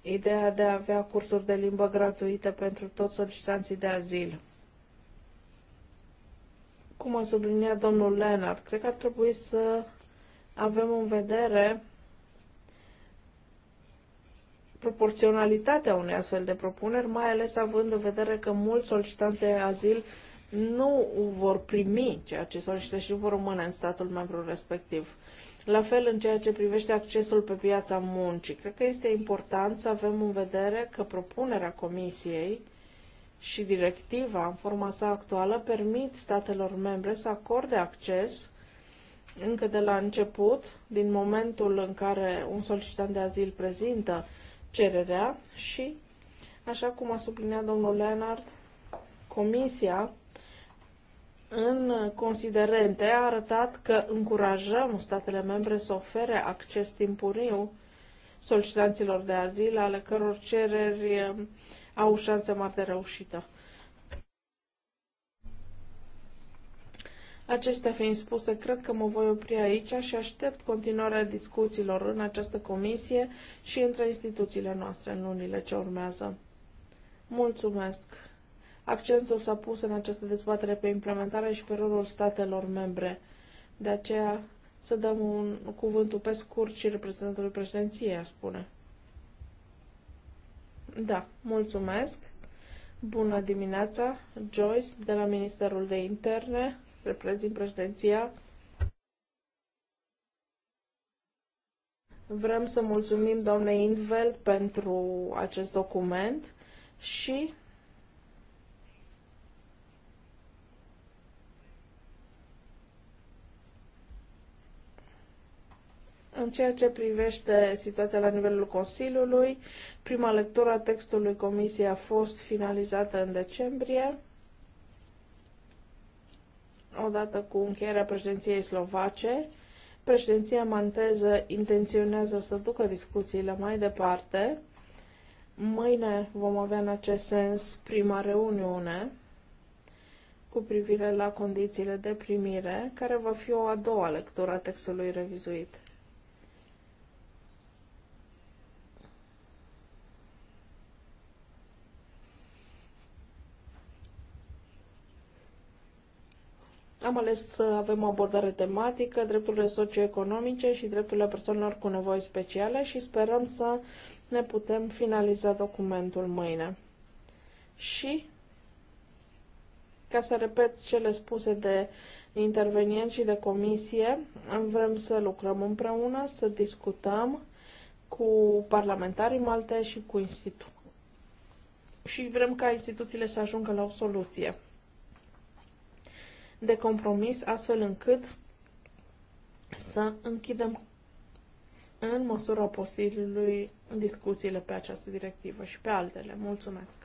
ideea de a avea cursuri de limbă gratuite pentru toți solicitanții de azil cum a subliniat domnul Leonard, cred că ar trebui să avem în vedere proporționalitatea unei astfel de propuneri, mai ales având în vedere că mulți solicitanți de azil nu vor primi ceea ce solicită și nu vor rămâne în statul membru respectiv. La fel în ceea ce privește accesul pe piața muncii. Cred că este important să avem în vedere că propunerea Comisiei și directiva, în forma sa actuală, permit statelor membre să acorde acces încă de la început, din momentul în care un solicitant de azil prezintă cererea și, așa cum a subliniat domnul Leonard, Comisia în considerente a arătat că încurajăm statele membre să ofere acces timpuriu solicitanților de azil, ale căror cereri au șansă mare de reușită. Acestea fiind spuse, cred că mă voi opri aici și aștept continuarea discuțiilor în această comisie și între instituțiile noastre în lunile ce urmează. Mulțumesc! Accentul s-a pus în această dezbatere pe implementare și pe rolul statelor membre. De aceea să dăm un cuvântul pe scurt și reprezentantului președinției, a spune. Da, mulțumesc. Bună dimineața, Joyce, de la Ministerul de Interne, reprezint președinția. Vrem să mulțumim doamnei Invel pentru acest document și în ceea ce privește situația la nivelul Consiliului, Prima lectură a textului comisiei a fost finalizată în decembrie, odată cu încheierea președinției slovace. Președinția manteză intenționează să ducă discuțiile mai departe. Mâine vom avea în acest sens prima reuniune cu privire la condițiile de primire, care va fi o a doua lectură a textului revizuit. Am ales să avem o abordare tematică, drepturile socioeconomice și drepturile persoanelor cu nevoi speciale și sperăm să ne putem finaliza documentul mâine. Și, ca să repet cele spuse de intervenient și de comisie, vrem să lucrăm împreună, să discutăm cu parlamentarii malte și cu institut. Și vrem ca instituțiile să ajungă la o soluție de compromis, astfel încât să închidem în măsura posibilului discuțiile pe această directivă și pe altele. Mulțumesc!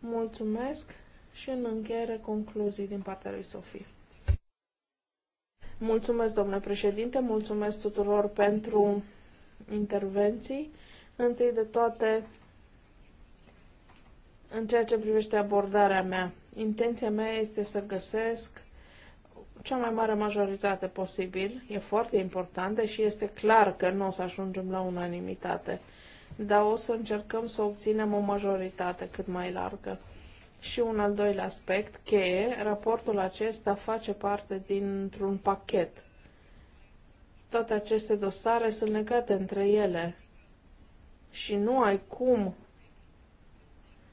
Mulțumesc și în încheiere concluzii din partea lui Sofie. Mulțumesc, domnule președinte, mulțumesc tuturor pentru intervenții. Întâi de toate, în ceea ce privește abordarea mea Intenția mea este să găsesc cea mai mare majoritate posibil. E foarte important, deși este clar că nu o să ajungem la unanimitate. Dar o să încercăm să obținem o majoritate cât mai largă. Și un al doilea aspect, cheie, raportul acesta face parte dintr-un pachet. Toate aceste dosare sunt legate între ele și nu ai cum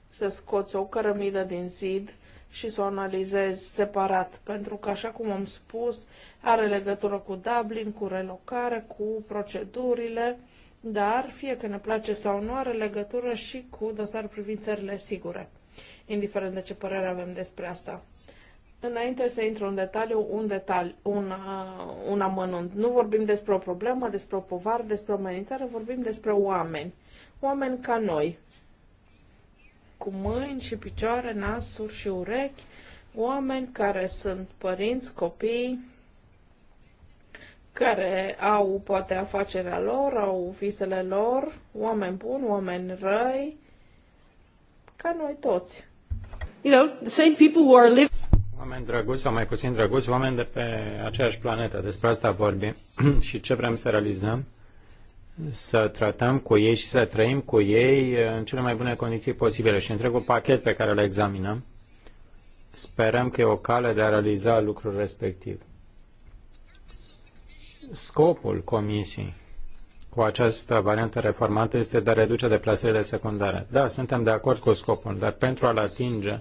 să scoți o cărămidă din zid și să o analizez separat, pentru că, așa cum am spus, are legătură cu Dublin, cu relocare, cu procedurile, dar, fie că ne place sau nu, are legătură și cu dosar privind țările sigure, indiferent de ce părere avem despre asta. Înainte să intru în detaliu, un, detaliu, un, uh, un amănunt. Nu vorbim despre o problemă, despre o povară, despre o amenințare, vorbim despre oameni. Oameni ca noi, cu mâini și picioare, nasuri și urechi, oameni care sunt părinți, copii, care au poate afacerea lor, au visele lor, oameni buni, oameni răi, ca noi toți. You know, the same people who are living oameni drăguți sau mai puțin drăguți, oameni de pe aceeași planetă. Despre asta vorbim și ce vrem să realizăm să tratăm cu ei și să trăim cu ei în cele mai bune condiții posibile. Și întregul pachet pe care îl examinăm, sperăm că e o cale de a realiza lucrul respectiv. Scopul comisiei cu această variantă reformată este de a reduce deplasările secundare. Da, suntem de acord cu scopul, dar pentru a-l atinge,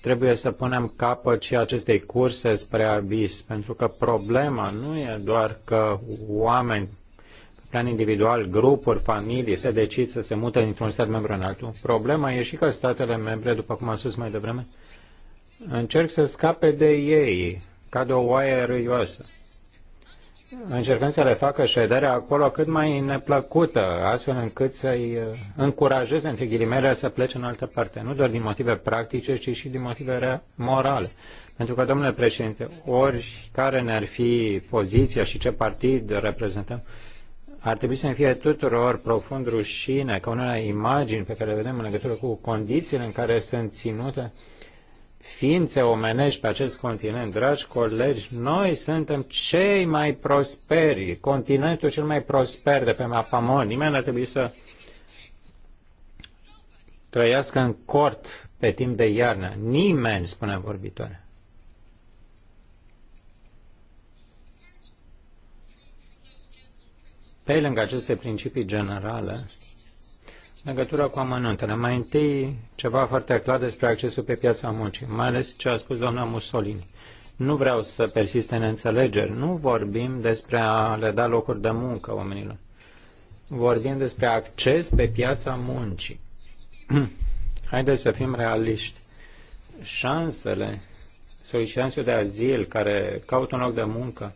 trebuie să punem capăt și acestei curse spre abis, pentru că problema nu e doar că oameni plan individual, grupuri, familii, se decid să se mută dintr-un stat membru în altul. Problema e și că statele membre, după cum am spus mai devreme, încerc să scape de ei, ca de o oaie râioasă. Încercând să le facă șederea acolo cât mai neplăcută, astfel încât să-i uh, încurajeze, între ghilimele, să plece în altă parte. Nu doar din motive practice, ci și din motive morale. Pentru că, domnule președinte, ori care ne-ar fi poziția și ce partid reprezentăm, ar trebui să ne fie tuturor profund rușine că unele imagini pe care le vedem în legătură cu condițiile în care sunt ținute ființe omenești pe acest continent. Dragi colegi, noi suntem cei mai prosperi, continentul cel mai prosper de pe Mapamon. Nimeni ar trebui să trăiască în cort pe timp de iarnă. Nimeni, spune vorbitoare. Pe lângă aceste principii generale, în legătură cu amănuntele, mai întâi ceva foarte clar despre accesul pe piața muncii, mai ales ce a spus doamna Mussolini. Nu vreau să persiste în înțelegeri, nu vorbim despre a le da locuri de muncă oamenilor. Vorbim despre acces pe piața muncii. Haideți să fim realiști. Șansele solicitanților de azil care caută un loc de muncă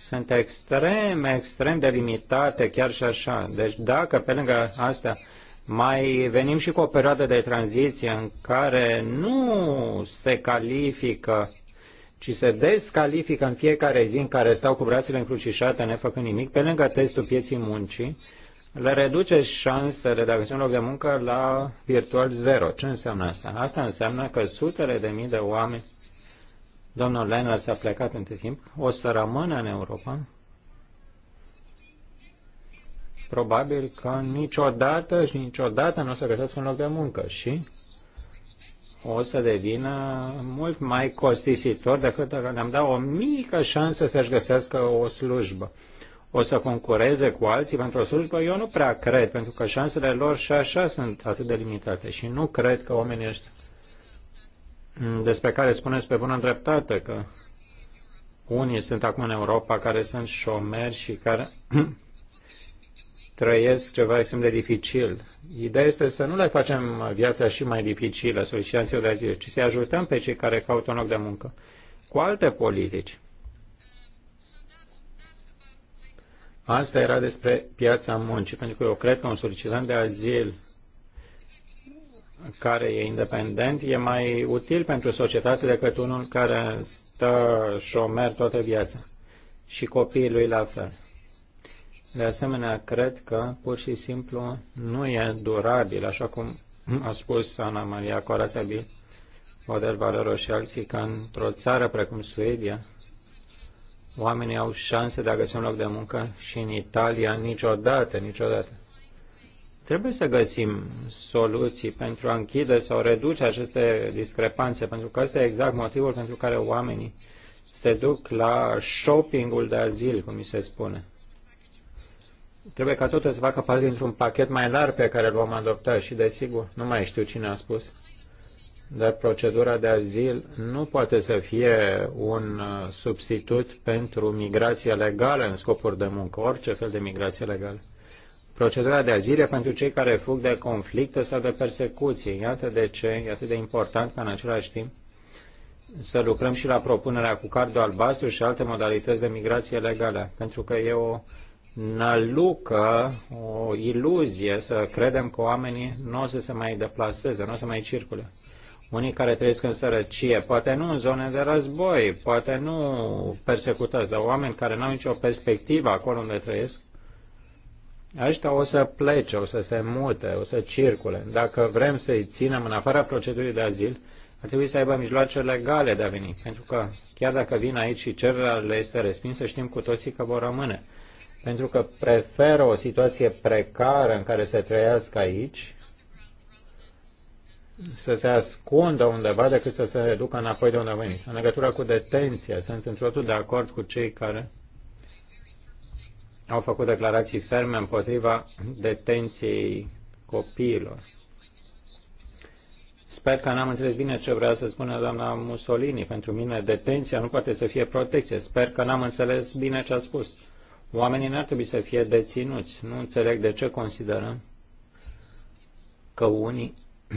sunt extrem, extrem de limitate chiar și așa. Deci dacă pe lângă asta mai venim și cu o perioadă de tranziție în care nu se califică, ci se descalifică în fiecare zi în care stau cu brațele încrucișate, nefăcând nimic, pe lângă testul pieții muncii, le reduce șansele, dacă sunt loc de muncă, la virtual zero. Ce înseamnă asta? Asta înseamnă că sutele de mii de oameni Domnul Lenner s-a plecat între timp. O să rămână în Europa? Probabil că niciodată și niciodată nu o să găsească un loc de muncă și o să devină mult mai costisitor decât dacă ne-am dat o mică șansă să-și găsească o slujbă. O să concureze cu alții pentru o slujbă? Eu nu prea cred, pentru că șansele lor și așa sunt atât de limitate și nu cred că oamenii ăștia despre care spuneți pe bună dreptate că unii sunt acum în Europa care sunt șomeri și care trăiesc ceva extrem de dificil. Ideea este să nu le facem viața și mai dificilă solicitanții de azil, ci să ajutăm pe cei care caută un loc de muncă cu alte politici. Asta era despre piața muncii, pentru că eu cred că un solicitant de azil care e independent e mai util pentru societate decât unul care stă șomer toată viața și copiii lui la fel. De asemenea, cred că pur și simplu nu e durabil, așa cum a spus Ana Maria Corațabil, Odel Valero și alții, că într-o țară precum Suedia, oamenii au șanse de a găsi un loc de muncă și în Italia niciodată, niciodată. Trebuie să găsim soluții pentru a închide sau reduce aceste discrepanțe, pentru că ăsta e exact motivul pentru care oamenii se duc la shoppingul de azil, cum mi se spune. Trebuie ca totul să facă parte dintr-un pachet mai larg pe care îl vom adopta și, desigur, nu mai știu cine a spus, dar procedura de azil nu poate să fie un uh, substitut pentru migrația legală în scopuri de muncă, orice fel de migrație legală procedura de azile pentru cei care fug de conflicte sau de persecuții. Iată de ce e atât de important ca în același timp să lucrăm și la propunerea cu cardul albastru și alte modalități de migrație legale, pentru că e o nalucă, o iluzie să credem că oamenii nu o să se mai deplaseze, nu o să mai circule. Unii care trăiesc în sărăcie, poate nu în zone de război, poate nu persecutați, dar oameni care nu au nicio perspectivă acolo unde trăiesc, Aștia o să plece, o să se mute, o să circule. Dacă vrem să-i ținem în afara procedurii de azil, ar trebui să aibă mijloace legale de a veni, pentru că chiar dacă vin aici și cererea le este respinsă, știm cu toții că vor rămâne. Pentru că preferă o situație precară în care se trăiască aici, să se ascundă undeva decât să se reducă înapoi de unde a venit. În legătură cu detenția, sunt într o de acord cu cei care au făcut declarații ferme împotriva detenției copiilor. Sper că n-am înțeles bine ce vrea să spună doamna Mussolini. Pentru mine detenția nu poate să fie protecție. Sper că n-am înțeles bine ce a spus. Oamenii n-ar trebui să fie deținuți. Nu înțeleg de ce considerăm că unii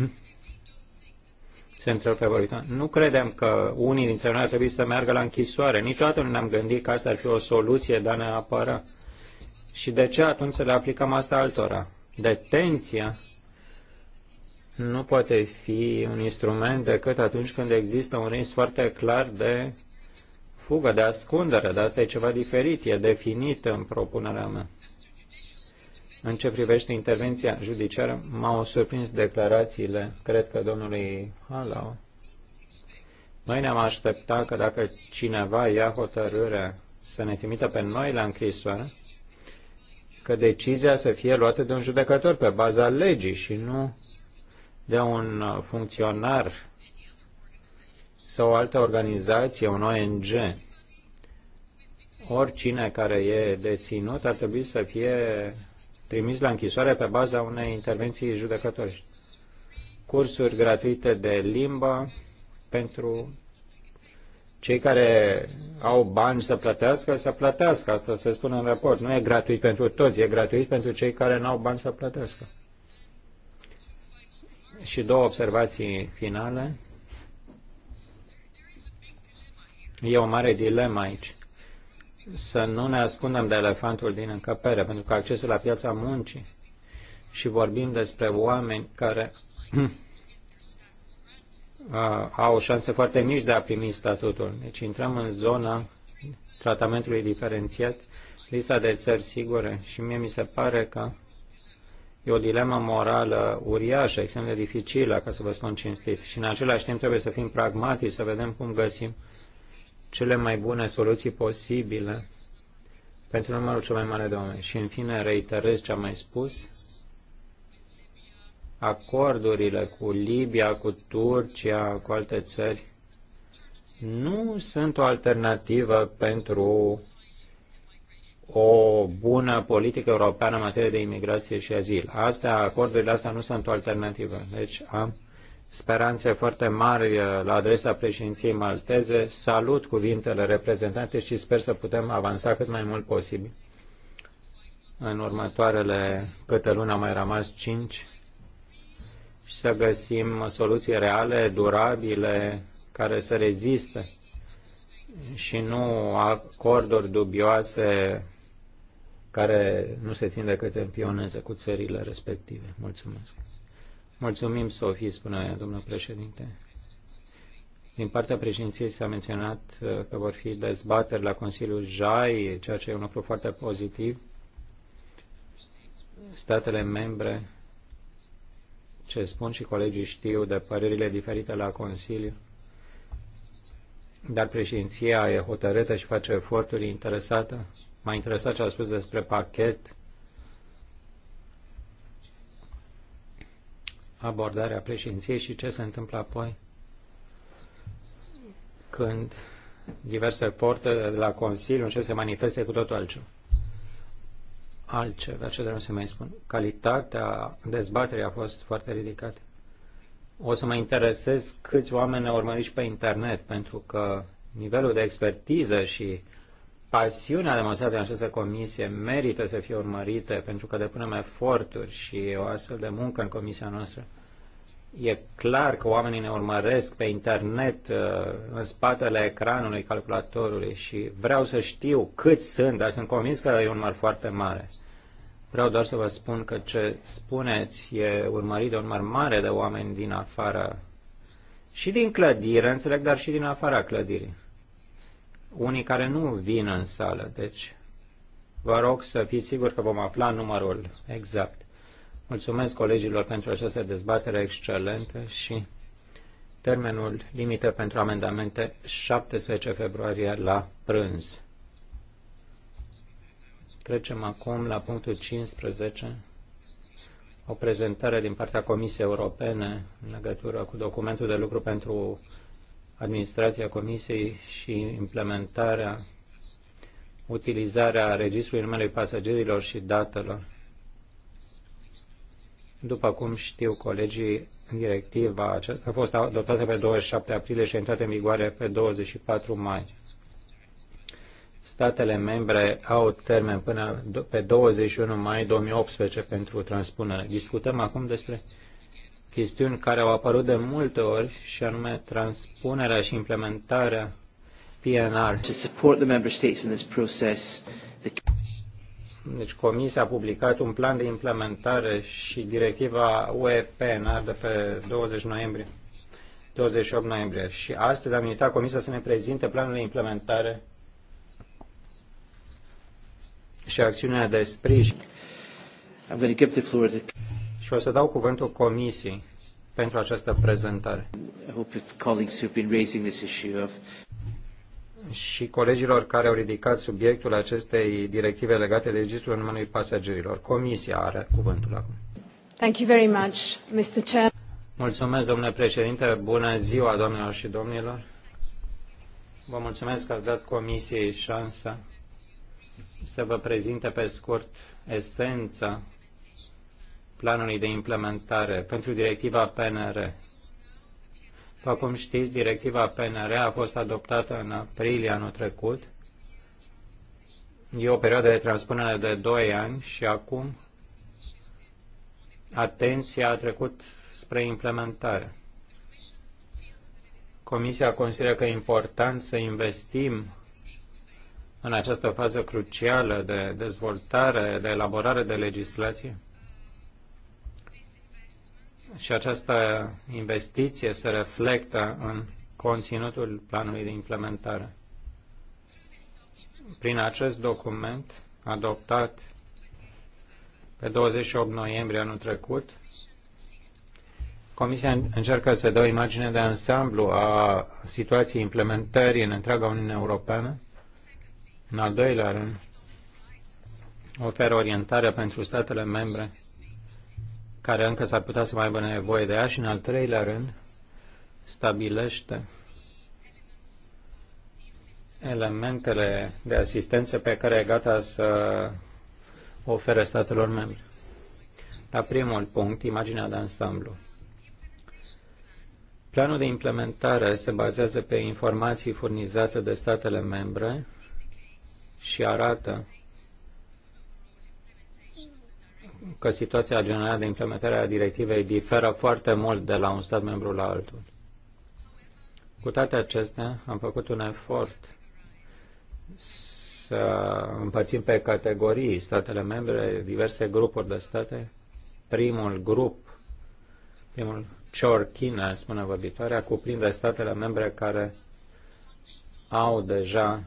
se întrerupe vorbitor. Nu credem că unii dintre noi ar trebui să meargă la închisoare. Niciodată nu ne-am gândit că asta ar fi o soluție de a ne apăra. Și de ce atunci să le aplicăm asta altora? Detenția nu poate fi un instrument decât atunci când există un risc foarte clar de fugă, de ascundere, dar asta e ceva diferit, e definit în propunerea mea. În ce privește intervenția judiciară, m-au surprins declarațiile, cred că domnului Halau. Noi ne-am așteptat că dacă cineva ia hotărârea să ne trimită pe noi la închisoare, că decizia să fie luată de un judecător pe baza legii și nu de un funcționar sau o altă organizație, un ONG. Oricine care e deținut ar trebui să fie trimis la închisoare pe baza unei intervenții judecătorești. Cursuri gratuite de limbă pentru cei care au bani să plătească, să plătească. Asta se spune în raport. Nu e gratuit pentru toți, e gratuit pentru cei care nu au bani să plătească. Și două observații finale. E o mare dilemă aici. Să nu ne ascundem de elefantul din încăpere, pentru că accesul la piața muncii și vorbim despre oameni care au o șanse foarte mici de a primi statutul. Deci intrăm în zona tratamentului diferențiat, lista de țări sigure și mie mi se pare că e o dilemă morală uriașă, extrem de dificilă, ca să vă spun cinstit. Și în același timp trebuie să fim pragmatici, să vedem cum găsim cele mai bune soluții posibile pentru numărul cel mai mare de oameni. Și în fine reiterez ce am mai spus, acordurile cu Libia, cu Turcia, cu alte țări, nu sunt o alternativă pentru o bună politică europeană în materie de imigrație și azil. Astea, acordurile astea nu sunt o alternativă. Deci am speranțe foarte mari uh, la adresa președinției malteze. Salut cuvintele reprezentante și sper să putem avansa cât mai mult posibil. În următoarele câte luni au mai rămas 5 și să găsim soluții reale, durabile, care să reziste și nu acorduri dubioase care nu se țin decât în pioneze cu țările respective. Mulțumesc. Mulțumim, Sofie, spune domnul președinte. Din partea președinției s-a menționat uh, că vor fi dezbateri la Consiliul JAI, ceea ce e un lucru foarte pozitiv. Statele membre ce spun și colegii știu de părerile diferite la Consiliu, dar președinția e hotărâtă și face eforturi interesată. M-a interesat ce a spus despre pachet, abordarea președinției și ce se întâmplă apoi când diverse forțe de la Consiliu încep să se manifeste cu totul altceva altceva ce vreau să mai spun. Calitatea dezbaterii a fost foarte ridicată. O să mă interesez câți oameni ne urmăriți pe internet, pentru că nivelul de expertiză și pasiunea demonstrată în această comisie merită să fie urmărite, pentru că depunem eforturi și o astfel de muncă în comisia noastră. E clar că oamenii ne urmăresc pe internet, uh, în spatele ecranului, calculatorului și vreau să știu câți sunt, dar sunt convins că e un număr foarte mare. Vreau doar să vă spun că ce spuneți e urmărit de un număr mare de oameni din afara și din clădire, înțeleg, dar și din afara clădirii. Unii care nu vin în sală, deci vă rog să fiți siguri că vom afla numărul exact. Mulțumesc colegilor pentru această dezbatere excelentă și termenul limită pentru amendamente 17 februarie la prânz. Trecem acum la punctul 15, o prezentare din partea Comisiei Europene în legătură cu documentul de lucru pentru administrația Comisiei și implementarea, utilizarea registrului numelui pasagerilor și datelor. După cum știu colegii, directiva aceasta a fost adoptată pe 27 aprilie și a intrat în vigoare pe 24 mai statele membre au termen până pe 21 mai 2018 pentru transpunere. Discutăm acum despre chestiuni care au apărut de multe ori și anume transpunerea și implementarea PNR. Deci Comisia a publicat un plan de implementare și directiva UE PNR de pe 20 noiembrie. 28 noiembrie. Și astăzi am invitat Comisia să ne prezinte planul de implementare și acțiunea de sprijin. I'm going to give the floor to... Și o să dau cuvântul comisiei pentru această prezentare. I hope colleagues who've been raising this issue of și colegilor care au ridicat subiectul acestei directive legate de registrul numărului pasagerilor. Comisia are cuvântul acum. Thank you very much, Mr. Chair. Mulțumesc, domnule președinte. Bună ziua, doamnelor și domnilor. Vă mulțumesc că ați dat comisiei șansa să vă prezinte pe scurt esența planului de implementare pentru directiva PNR. După cum știți, directiva PNR a fost adoptată în aprilie anul trecut. E o perioadă de transpunere de 2 ani și acum atenția a trecut spre implementare. Comisia consideră că e important să investim în această fază crucială de dezvoltare, de elaborare de legislație? Și această investiție se reflectă în conținutul planului de implementare. Prin acest document adoptat pe 28 noiembrie anul trecut, Comisia încearcă să dă o imagine de ansamblu a situației implementării în întreaga Uniune Europeană în al doilea rând, oferă orientare pentru statele membre care încă s-ar putea să mai aibă nevoie de ea și, în al treilea rând, stabilește elementele de asistență pe care e gata să ofere statelor membre. La primul punct, imaginea de ansamblu. Planul de implementare se bazează pe informații furnizate de statele membre și arată că situația generală de implementare a directivei diferă foarte mult de la un stat membru la altul. Cu toate acestea, am făcut un efort să împărțim pe categorii statele membre, diverse grupuri de state. Primul grup, primul ciorchină, spune vorbitoarea, cuprinde statele membre care au deja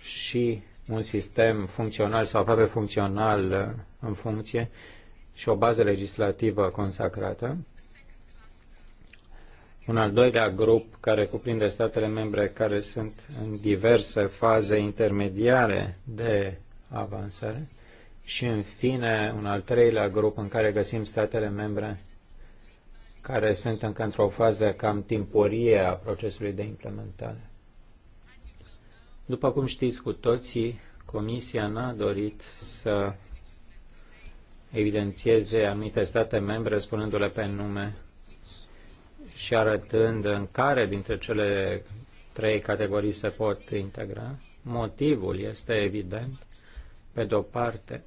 și un sistem funcțional sau aproape funcțional uh, în funcție și o bază legislativă consacrată. Un al doilea grup care cuprinde statele membre care sunt în diverse faze intermediare de avansare și, în fine, un al treilea grup în care găsim statele membre care sunt încă într-o fază cam timpurie a procesului de implementare. După cum știți cu toții, Comisia n-a dorit să evidențieze anumite state membre spunându-le pe nume și arătând în care dintre cele trei categorii se pot integra. Motivul este evident. Pe de-o parte,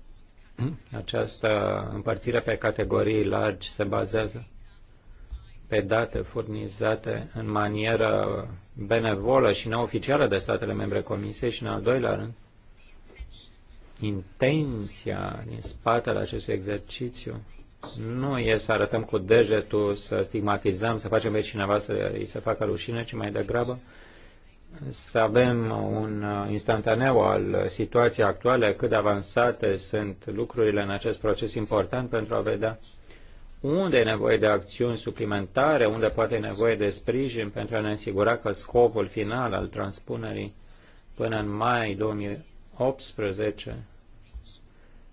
această împărțire pe categorii largi se bazează pe date furnizate în manieră benevolă și neoficială de statele membre Comisiei și, în al doilea rând, intenția din spatele acestui exercițiu nu e să arătăm cu degetul, să stigmatizăm, să facem pe cineva să îi se facă rușine, ci mai degrabă să avem un instantaneu al situației actuale, cât de avansate sunt lucrurile în acest proces important pentru a vedea unde e nevoie de acțiuni suplimentare, unde poate e nevoie de sprijin pentru a ne asigura că scopul final al transpunerii până în mai 2018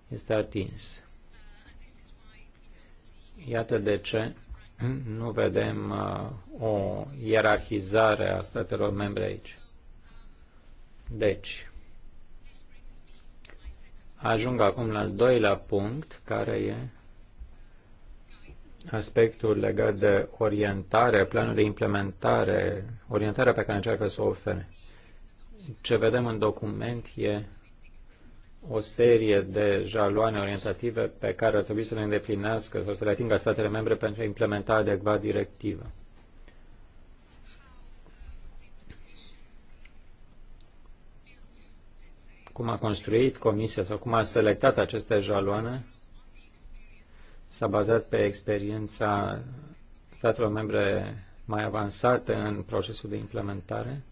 este atins. Iată de ce nu vedem uh, o ierarhizare a statelor membre aici. Deci, ajung acum la al doilea punct, care e aspectul legat de orientare, planul de implementare, orientarea pe care încearcă să o ofere. Ce vedem în document e o serie de jaloane orientative pe care ar trebui să le îndeplinească sau să le atingă statele membre pentru a implementa adecvat directivă. Cum a construit Comisia sau cum a selectat aceste jaloane s-a bazat pe experiența statelor membre mai avansate în procesul de implementare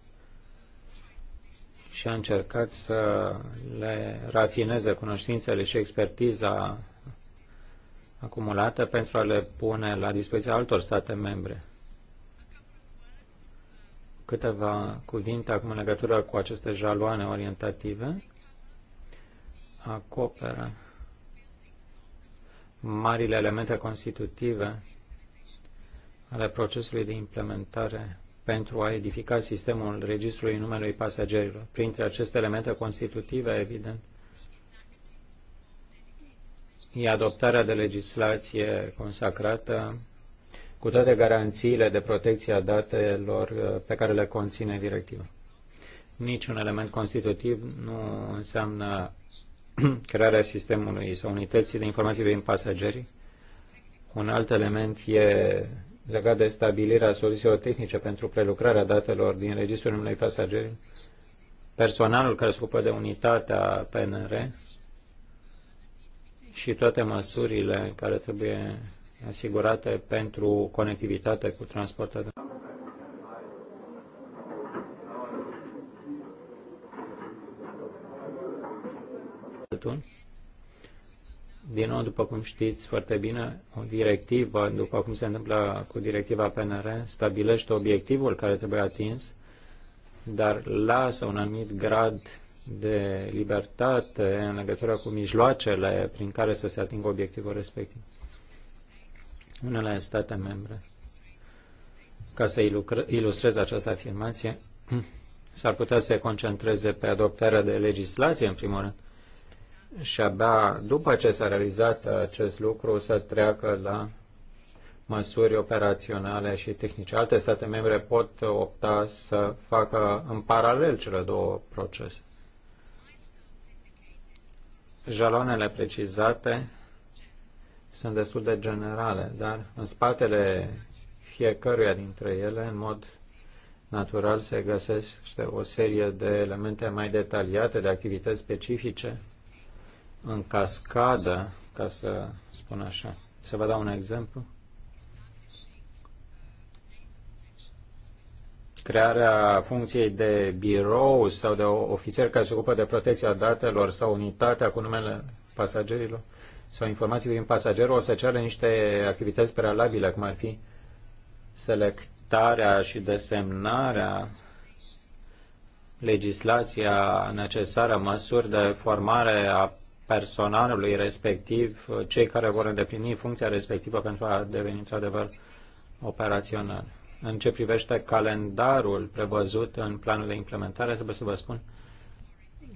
și a încercat să le rafineze cunoștințele și expertiza acumulată pentru a le pune la dispoziția altor state membre. Câteva cuvinte acum în legătură cu aceste jaloane orientative acoperă marile elemente constitutive ale procesului de implementare pentru a edifica sistemul registrului numelui pasagerilor. Printre aceste elemente constitutive, evident, e adoptarea de legislație consacrată cu toate garanțiile de protecție a datelor uh, pe care le conține directiva. Niciun element constitutiv nu înseamnă crearea sistemului sau unității de informații privind pasageri. Un alt element e legat de stabilirea soluțiilor tehnice pentru prelucrarea datelor din registrul unui pasageri. Personalul care se ocupă de unitatea PNR și toate măsurile care trebuie asigurate pentru conectivitate cu transportul. tutun. Din nou, după cum știți foarte bine, o directivă, după cum se întâmplă cu directiva PNR, stabilește obiectivul care trebuie atins, dar lasă un anumit grad de libertate în legătură cu mijloacele prin care să se atingă obiectivul respectiv. Unele state membre, ca să ilustrez această afirmație, s-ar putea să se concentreze pe adoptarea de legislație, în primul rând, și abia după ce s-a realizat acest lucru să treacă la măsuri operaționale și tehnice. Alte state membre pot opta să facă în paralel cele două procese. Jaloanele precizate sunt destul de generale, dar în spatele fiecăruia dintre ele, în mod natural, se găsește o serie de elemente mai detaliate, de activități specifice în cascadă, ca să spun așa. Să vă dau un exemplu. crearea funcției de birou sau de ofițer care se ocupă de protecția datelor sau unitatea cu numele pasagerilor sau informații din pasagerul o să ceară niște activități prealabile, cum ar fi selectarea și desemnarea, legislația necesară, măsuri de formare a personalului respectiv, cei care vor îndeplini funcția respectivă pentru a deveni într-adevăr operațional. În ce privește calendarul prevăzut în planul de implementare, trebuie să vă spun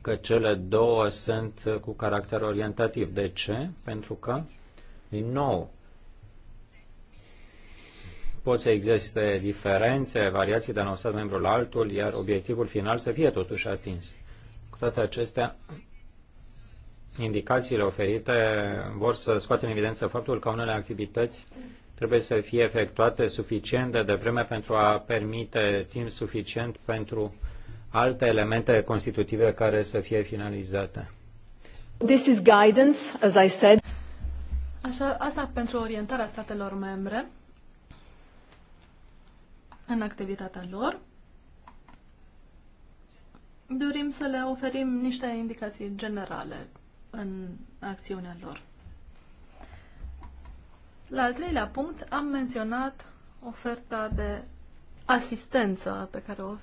că cele două sunt cu caracter orientativ. De ce? Pentru că, din nou, pot să existe diferențe, variații de la un stat membru la altul, iar obiectivul final să fie totuși atins. Cu toate acestea, indicațiile oferite vor să scoată în evidență faptul că unele activități trebuie să fie efectuate suficient de devreme pentru a permite timp suficient pentru alte elemente constitutive care să fie finalizate. This is guidance, as I said. Așa, asta pentru orientarea statelor membre în activitatea lor. Dorim să le oferim niște indicații generale în acțiunea lor. La al treilea punct am menționat oferta de asistență pe care o,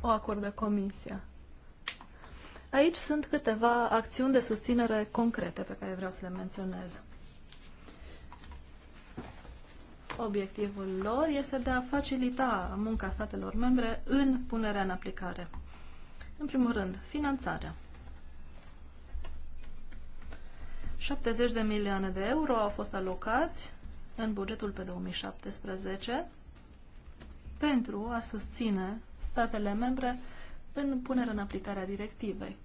o acordă Comisia. Aici sunt câteva acțiuni de susținere concrete pe care vreau să le menționez. Obiectivul lor este de a facilita munca statelor membre în punerea în aplicare. În primul rând, finanțarea. 70 de milioane de euro au fost alocați în bugetul pe 2017 pentru a susține statele membre în punerea în aplicare a directivei.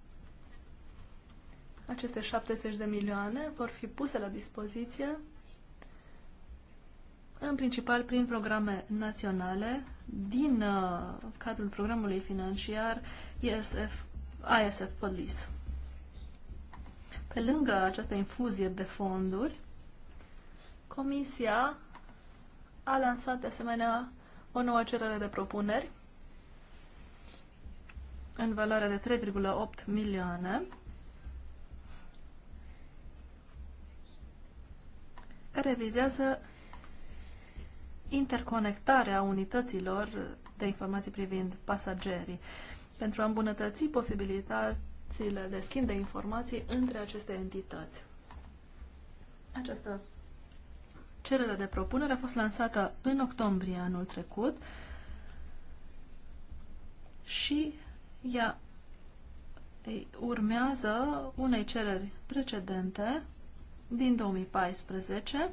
Aceste 70 de milioane vor fi puse la dispoziție în principal prin programe naționale din uh, cadrul programului financiar ISF, ISF Police. Pe lângă această infuzie de fonduri, Comisia a lansat de asemenea o nouă cerere de propuneri în valoare de 3,8 milioane care vizează interconectarea unităților de informații privind pasagerii pentru a îmbunătăți posibilitatea relațiile de schimb de informații între aceste entități. Această cerere de propunere a fost lansată în octombrie anul trecut și ea urmează unei cereri precedente din 2014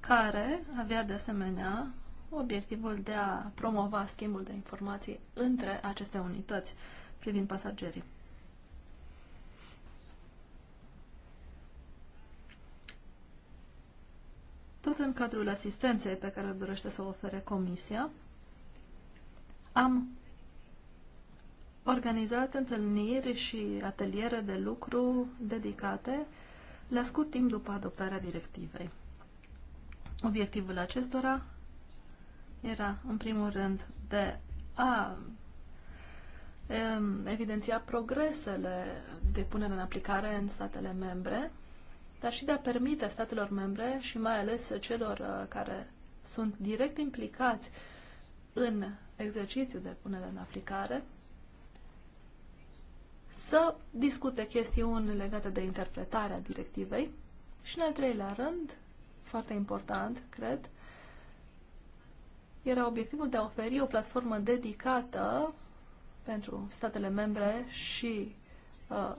care avea de asemenea obiectivul de a promova schimbul de informații între aceste unități privind pasagerii. Tot în cadrul asistenței pe care dorește să o ofere Comisia, am organizat întâlniri și ateliere de lucru dedicate la scurt timp după adoptarea directivei. Obiectivul acestora era, în primul rând, de a Ehm, evidenția progresele de punere în aplicare în statele membre, dar și de a permite statelor membre și mai ales celor uh, care sunt direct implicați în exercițiul de punere în aplicare să discute chestiuni legate de interpretarea directivei și, în al treilea rând, foarte important, cred, era obiectivul de a oferi o platformă dedicată pentru statele membre și uh,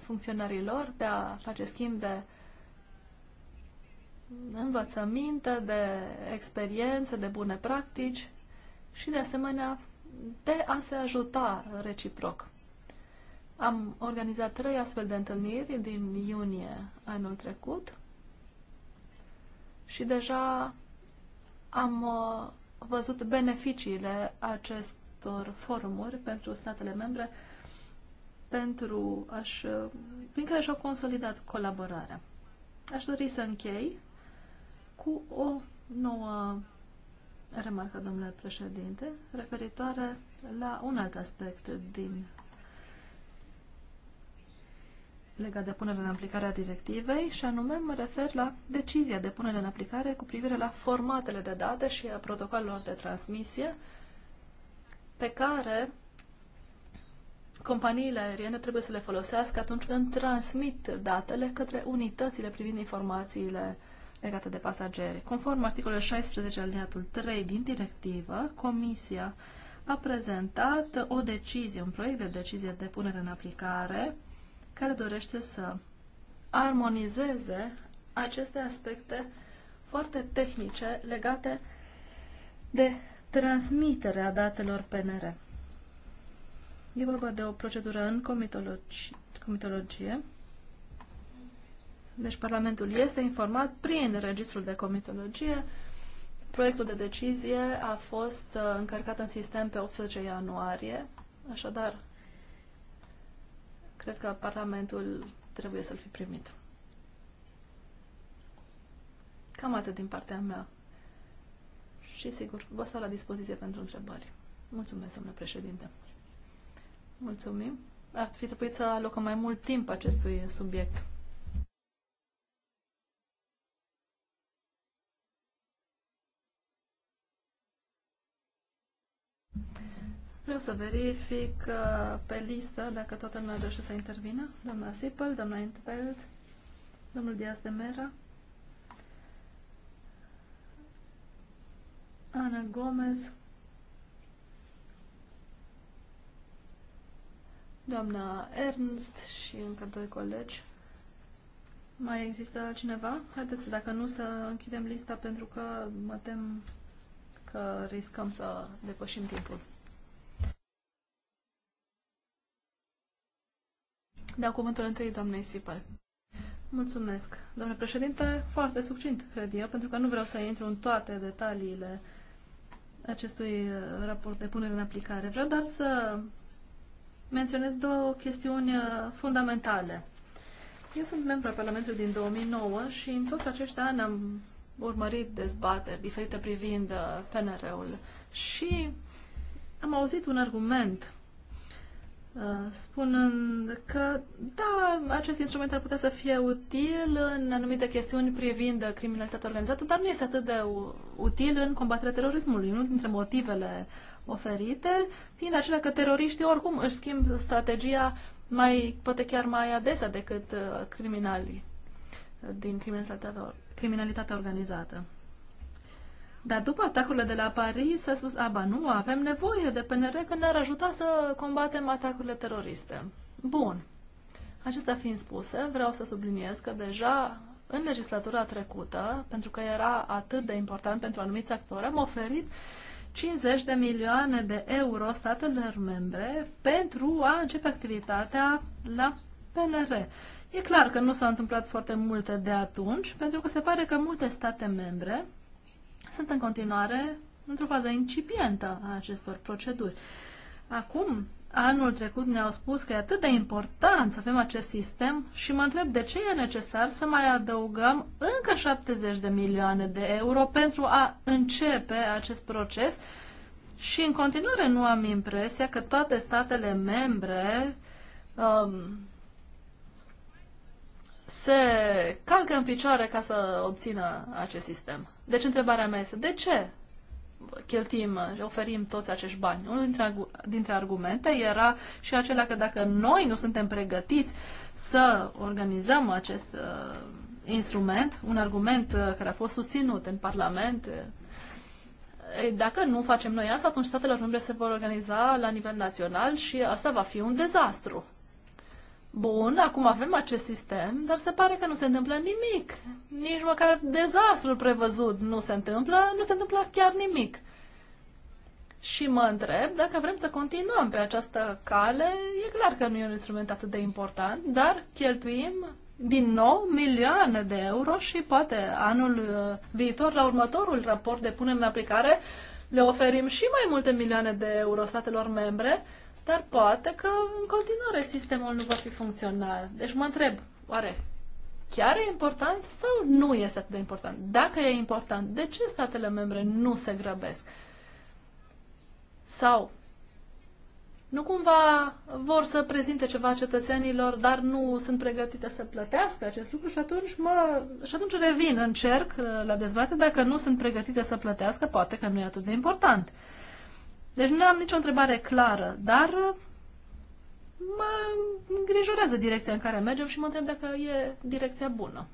funcționarilor de a face schimb de învățăminte, de experiențe, de bune practici și, de asemenea, de a se ajuta reciproc. Am organizat trei astfel de întâlniri din iunie anul trecut și deja am uh, văzut beneficiile acest, acestor forumuri pentru statele membre pentru aș, uh, prin care și-au consolidat colaborarea. Aș dori să închei cu o nouă remarcă, domnule președinte, referitoare la un alt aspect din legat de punerea în aplicare a directivei și anume mă refer la decizia de punere în aplicare cu privire la formatele de date și a protocolelor de transmisie uh, pe care companiile aeriene trebuie să le folosească atunci când transmit datele către unitățile privind informațiile legate de pasageri. Conform articolului 16 aliniatul 3 din directivă, Comisia a prezentat o decizie, un proiect de decizie de punere în aplicare care dorește să armonizeze aceste aspecte foarte tehnice legate de transmiterea datelor PNR. E vorba de o procedură în comitologi comitologie. Deci Parlamentul este informat prin registrul de comitologie. Proiectul de decizie a fost uh, încărcat în sistem pe 18 ianuarie, așadar cred că Parlamentul trebuie să-l fi primit. Cam atât din partea mea și, sigur, vă stau la dispoziție pentru întrebări. Mulțumesc, domnule președinte. Mulțumim. Ar fi trebuit să alocăm mai mult timp acestui subiect. Vreau să verific uh, pe listă dacă toată lumea dorește să intervină. Doamna Sipel, doamna Intveld, domnul Diaz de Mera. Ana Gomez, doamna Ernst și încă doi colegi. Mai există cineva? Haideți, dacă nu, să închidem lista pentru că mă tem că riscăm să depășim timpul. Dau cuvântul întâi doamnei Sipal. Mulțumesc. Domnule președinte, foarte succint, cred eu, pentru că nu vreau să intru în toate detaliile uh, acestui uh, raport de punere în aplicare. Vreau doar să menționez două chestiuni uh, fundamentale. Eu sunt membru al Parlamentului din 2009 și în toți acești ani am urmărit dezbateri diferite privind uh, PNR-ul și am auzit un argument Uh, spunând că, da, acest instrument ar putea să fie util în anumite chestiuni privind criminalitatea organizată, dar nu este atât de util în combaterea terorismului. Unul dintre motivele oferite fiind acela că teroriștii oricum își schimb strategia mai, poate chiar mai adesea decât uh, criminalii uh, din criminalitatea, criminalitatea organizată. Dar după atacurile de la Paris s-a spus, aba nu, avem nevoie de PNR că ne-ar ajuta să combatem atacurile teroriste. Bun. Acestea fiind spuse, vreau să subliniez că deja în legislatura trecută, pentru că era atât de important pentru anumiți actori, am oferit 50 de milioane de euro statelor membre pentru a începe activitatea la PNR. E clar că nu s-au întâmplat foarte multe de atunci, pentru că se pare că multe state membre sunt în continuare într-o fază incipientă a acestor proceduri. Acum, anul trecut ne-au spus că e atât de important să avem acest sistem și mă întreb de ce e necesar să mai adăugăm încă 70 de milioane de euro pentru a începe acest proces și în continuare nu am impresia că toate statele membre um, se calcă în picioare ca să obțină acest sistem. Deci întrebarea mea este, de ce cheltuim, oferim toți acești bani? Unul dintre, dintre argumente era și acela că dacă noi nu suntem pregătiți să organizăm acest uh, instrument, un argument uh, care a fost susținut în Parlament, uh, dacă nu facem noi asta, atunci statele membre se vor organiza la nivel național și asta va fi un dezastru. Bun, acum avem acest sistem, dar se pare că nu se întâmplă nimic. Nici măcar dezastrul prevăzut nu se întâmplă, nu se întâmplă chiar nimic. Și mă întreb dacă vrem să continuăm pe această cale. E clar că nu e un instrument atât de important, dar cheltuim din nou milioane de euro și poate anul uh, viitor, la următorul raport de punere în aplicare, le oferim și mai multe milioane de euro statelor membre dar poate că în continuare sistemul nu va fi funcțional. Deci mă întreb, oare chiar e important sau nu este atât de important? Dacă e important, de ce statele membre nu se grăbesc? Sau nu cumva vor să prezinte ceva cetățenilor, dar nu sunt pregătite să plătească acest lucru și atunci, mă, și atunci revin, încerc uh, la dezbatere, dacă nu sunt pregătite să plătească, poate că nu e atât de important. Deci nu am nicio întrebare clară, dar uh, mă îngrijorează direcția în care mergem și mă întreb dacă e direcția bună.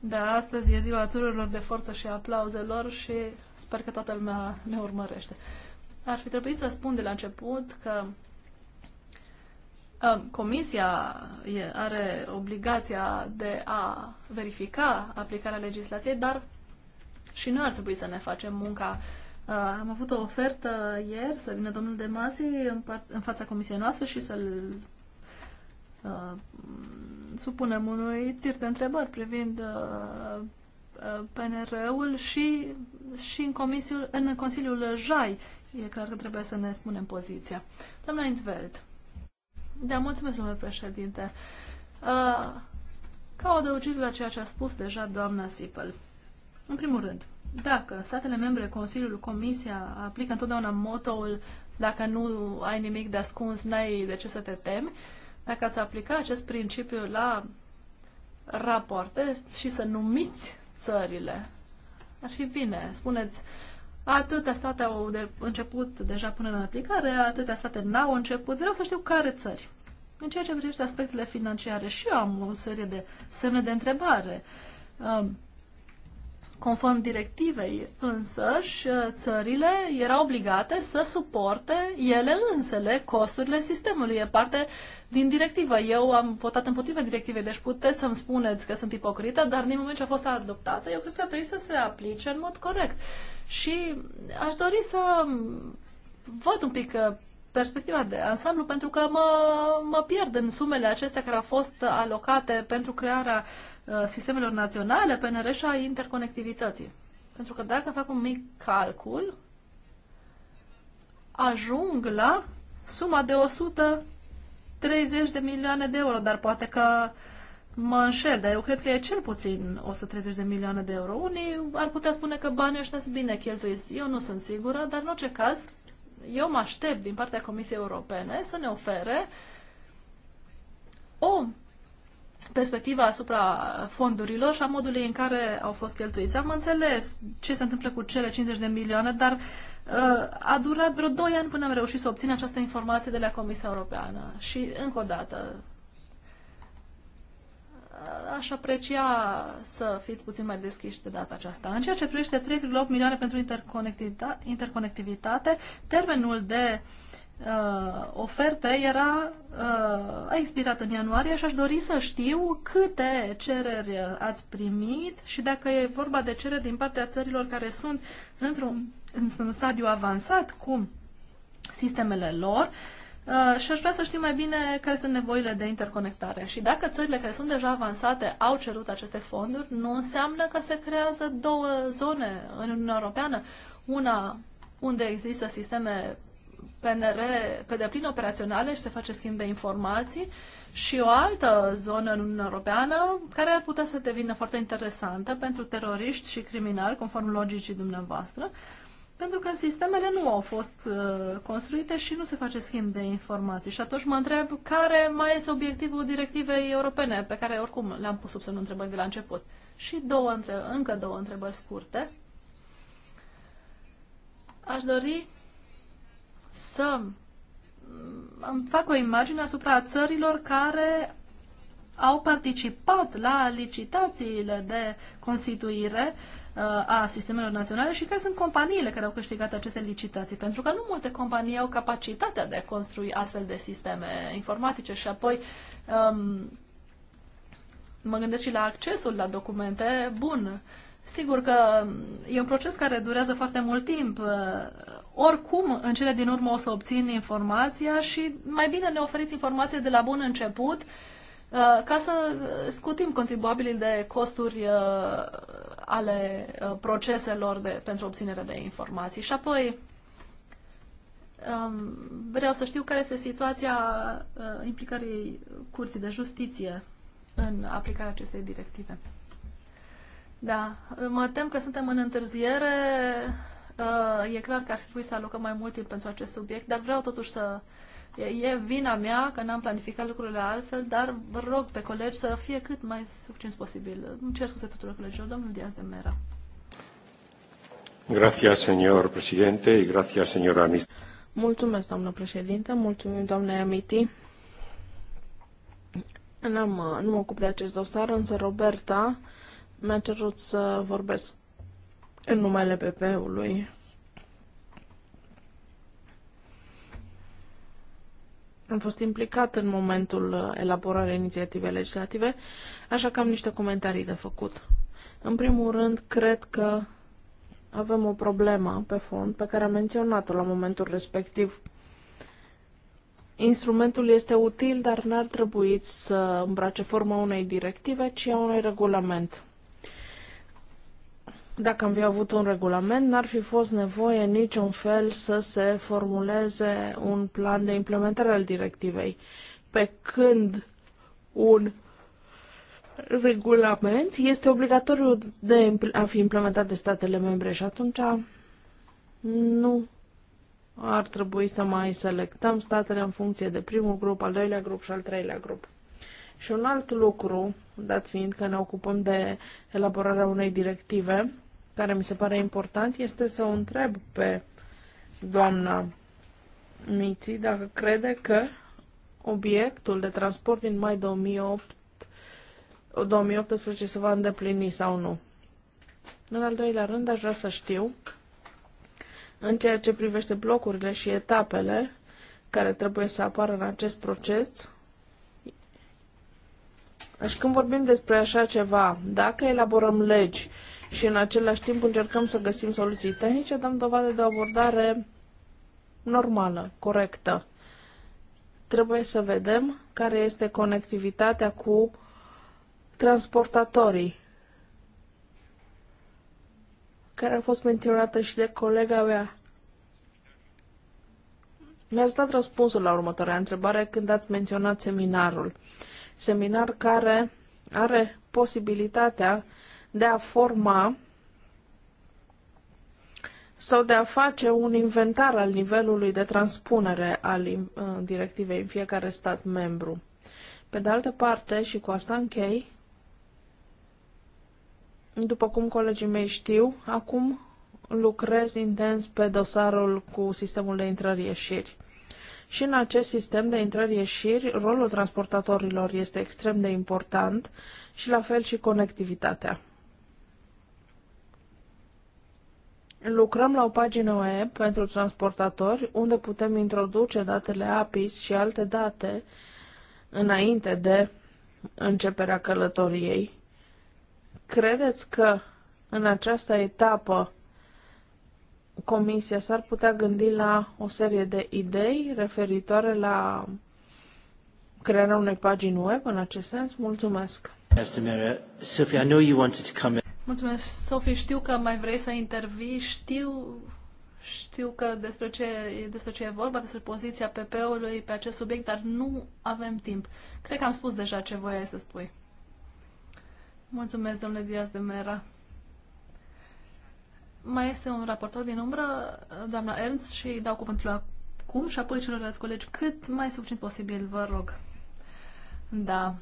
Da, astăzi e ziua tururilor de forță și aplauzelor și sper că toată lumea ne urmărește. Ar fi trebuit să spun de la început că Comisia are obligația de a verifica aplicarea legislației, dar și noi ar trebui să ne facem munca. Uh, am avut o ofertă ieri să vină domnul Demasi în, în fața comisiei noastre și să-l uh, supunem unui tir de întrebări privind uh, PNR-ul și, și în, comisiul, în Consiliul JAI. E clar că trebuie să ne spunem poziția. Doamna Intveld, da, mulțumesc, domnule președinte. Uh, ca o adăugire la ceea ce a spus deja doamna Sipel. În primul rând, dacă statele membre, Consiliul, Comisia aplică întotdeauna motoul dacă nu ai nimic de ascuns, n-ai de ce să te temi, dacă ați aplica acest principiu la rapoarte și să numiți țările, ar fi bine. Spuneți, uh, Atâtea state au de început deja până în aplicare, atâtea state n-au început. Vreau să știu care țări. În ceea ce privește aspectele financiare, și eu am o serie de semne de întrebare. Um, Conform directivei însăși, țările erau obligate să suporte ele însele costurile sistemului. E parte din directivă. Eu am votat împotriva directivei, deci puteți să-mi spuneți că sunt ipocrită, dar din moment ce a fost adoptată, eu cred că trebuie să se aplice în mod corect. Și aș dori să văd un pic uh, perspectiva de ansamblu, pentru că mă, mă pierd în sumele acestea care au fost alocate pentru crearea uh, Uh, sistemelor naționale PNR și a interconectivității. Pentru că dacă fac un mic calcul, ajung la suma de 130 de milioane de euro, dar poate că mă înșel, dar eu cred că e cel puțin 130 de milioane de euro. Unii ar putea spune că banii ăștia sunt bine cheltuiți. Eu nu sunt sigură, dar în orice caz, eu mă aștept din partea Comisiei Europene să ne ofere o perspectiva asupra fondurilor și a modului în care au fost cheltuiți. Am înțeles ce se întâmplă cu cele 50 de milioane, dar uh, a durat vreo 2 ani până am reușit să obțin această informație de la Comisia Europeană. Și încă o dată, uh, aș aprecia să fiți puțin mai deschiși de data aceasta. În ceea ce privește 3,8 milioane pentru interconectivitate, termenul de uh, uh, oferte era, uh, a expirat în ianuarie și aș dori să știu câte cereri ați primit și dacă e vorba de cereri din partea țărilor care sunt într-un, într-un stadiu avansat cu sistemele lor uh, și aș vrea să știu mai bine care sunt nevoile de interconectare. Și dacă țările care sunt deja avansate au cerut aceste fonduri, nu înseamnă că se creează două zone în Uniunea Europeană. Una unde există sisteme PNR pe deplin operaționale și se face schimb de informații și o altă zonă în Uniunea Europeană care ar putea să devină foarte interesantă pentru teroriști și criminali, conform logicii dumneavoastră, pentru că sistemele nu au fost uh, construite și nu se face schimb de informații. Și atunci mă întreb care mai este obiectivul directivei europene, pe care oricum le-am pus sub semnul întrebări de la început. Și două între- încă două întrebări scurte. Aș dori să îmi fac o imagine asupra țărilor care au participat la licitațiile de constituire uh, a sistemelor naționale și care sunt companiile care au câștigat aceste licitații, pentru că nu multe companii au capacitatea de a construi astfel de sisteme informatice și apoi um, mă gândesc și la accesul la documente. Bun, uh, Sigur că e un proces care durează foarte mult timp. Oricum, în cele din urmă o să obțin informația și mai bine ne oferiți informație de la bun început uh, ca să scutim contribuabilii de costuri uh, ale uh, proceselor de, pentru obținerea de informații. Și apoi um, vreau să știu care este situația implicării Curții de Justiție în aplicarea acestei directive. Da, mă tem că suntem în întârziere. Uh, e clar că ar trebuit să alocăm mai mult timp pentru acest subiect, dar vreau totuși să... E vina mea că n-am planificat lucrurile altfel, dar vă rog pe colegi să fie cât mai succinți posibil. Nu cer scuze tuturor colegilor. Domnul Diaz de Mera. Gracias, señor presidente, y gracias, señora Amist. Mulțumesc, doamnă președinte, mulțumim, doamne Amiti. N-am, uh, nu mă ocup de acest dosar, însă Roberta mi-a cerut să vorbesc în numele PP-ului. Am fost implicat în momentul elaborării inițiativei legislative, așa că am niște comentarii de făcut. În primul rând, cred că avem o problemă pe fond pe care am menționat-o la momentul respectiv. Instrumentul este util, dar n-ar trebui să îmbrace forma unei directive, ci a unui regulament. Dacă am fi avut un regulament, n-ar fi fost nevoie în niciun fel să se formuleze un plan de implementare al directivei. Pe când un regulament este obligatoriu de a fi implementat de statele membre și atunci nu ar trebui să mai selectăm statele în funcție de primul grup, al doilea grup și al treilea grup. Și un alt lucru, dat fiind că ne ocupăm de elaborarea unei directive, care mi se pare important este să o întreb pe doamna Miți dacă crede că obiectul de transport din mai 2008, 2018 se va îndeplini sau nu. În al doilea rând, aș vrea să știu, în ceea ce privește blocurile și etapele care trebuie să apară în acest proces, și când vorbim despre așa ceva, dacă elaborăm legi, uh, și în același timp încercăm să găsim soluții tehnice, dăm dovadă de o abordare normală, corectă. Trebuie să vedem care este conectivitatea cu transportatorii, care a fost menționată și de colega mea. Mi-ați dat răspunsul la următoarea întrebare când ați menționat seminarul. Seminar care are posibilitatea de a forma sau de a face un inventar al nivelului de transpunere al uh, directivei în fiecare stat membru. Pe de altă parte, și cu asta închei, după cum colegii mei știu, acum lucrez intens pe dosarul cu sistemul de intrări-ieșiri. Și în acest sistem de intrări-ieșiri, rolul transportatorilor este extrem de important și la fel și conectivitatea. Lucrăm la o pagină web pentru transportatori unde putem introduce datele APIS și alte date înainte de începerea călătoriei. Credeți că în această etapă Comisia s-ar putea gândi la o serie de idei referitoare la crearea unei pagini web în acest sens? Mulțumesc! Sofia, I know you wanted to come in. Mulțumesc, Sofie. Știu că mai vrei să intervii. Știu, știu că despre ce, despre ce e vorba, despre poziția PP-ului pe acest subiect, dar nu avem timp. Cred că am spus deja ce voiai să spui. Mulțumesc, domnule Diaz de Mera. Mai este un raportor din umbră, doamna Ernst, și dau cuvântul acum și apoi celorlalți colegi cât mai suficient posibil, vă rog. Da,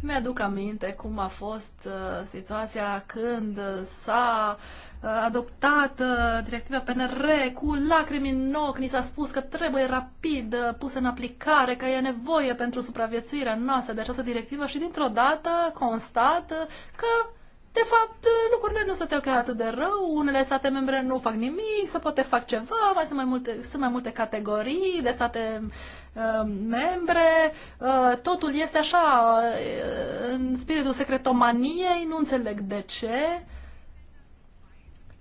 mi-aduc aminte cum a fost uh, situația când uh, s-a uh, adoptat uh, directiva PNR cu lacrimi în ochi, ni s-a spus că trebuie rapid pusă în aplicare, că e nevoie pentru supraviețuirea noastră de această directivă și dintr-o dată constat că de fapt, lucrurile nu stăteau chiar atât de rău, unele state membre nu fac nimic, se poate fac ceva, mai sunt mai multe, sunt mai multe categorii de state uh, membre, uh, totul este așa, uh, în spiritul secretomaniei, nu înțeleg de ce.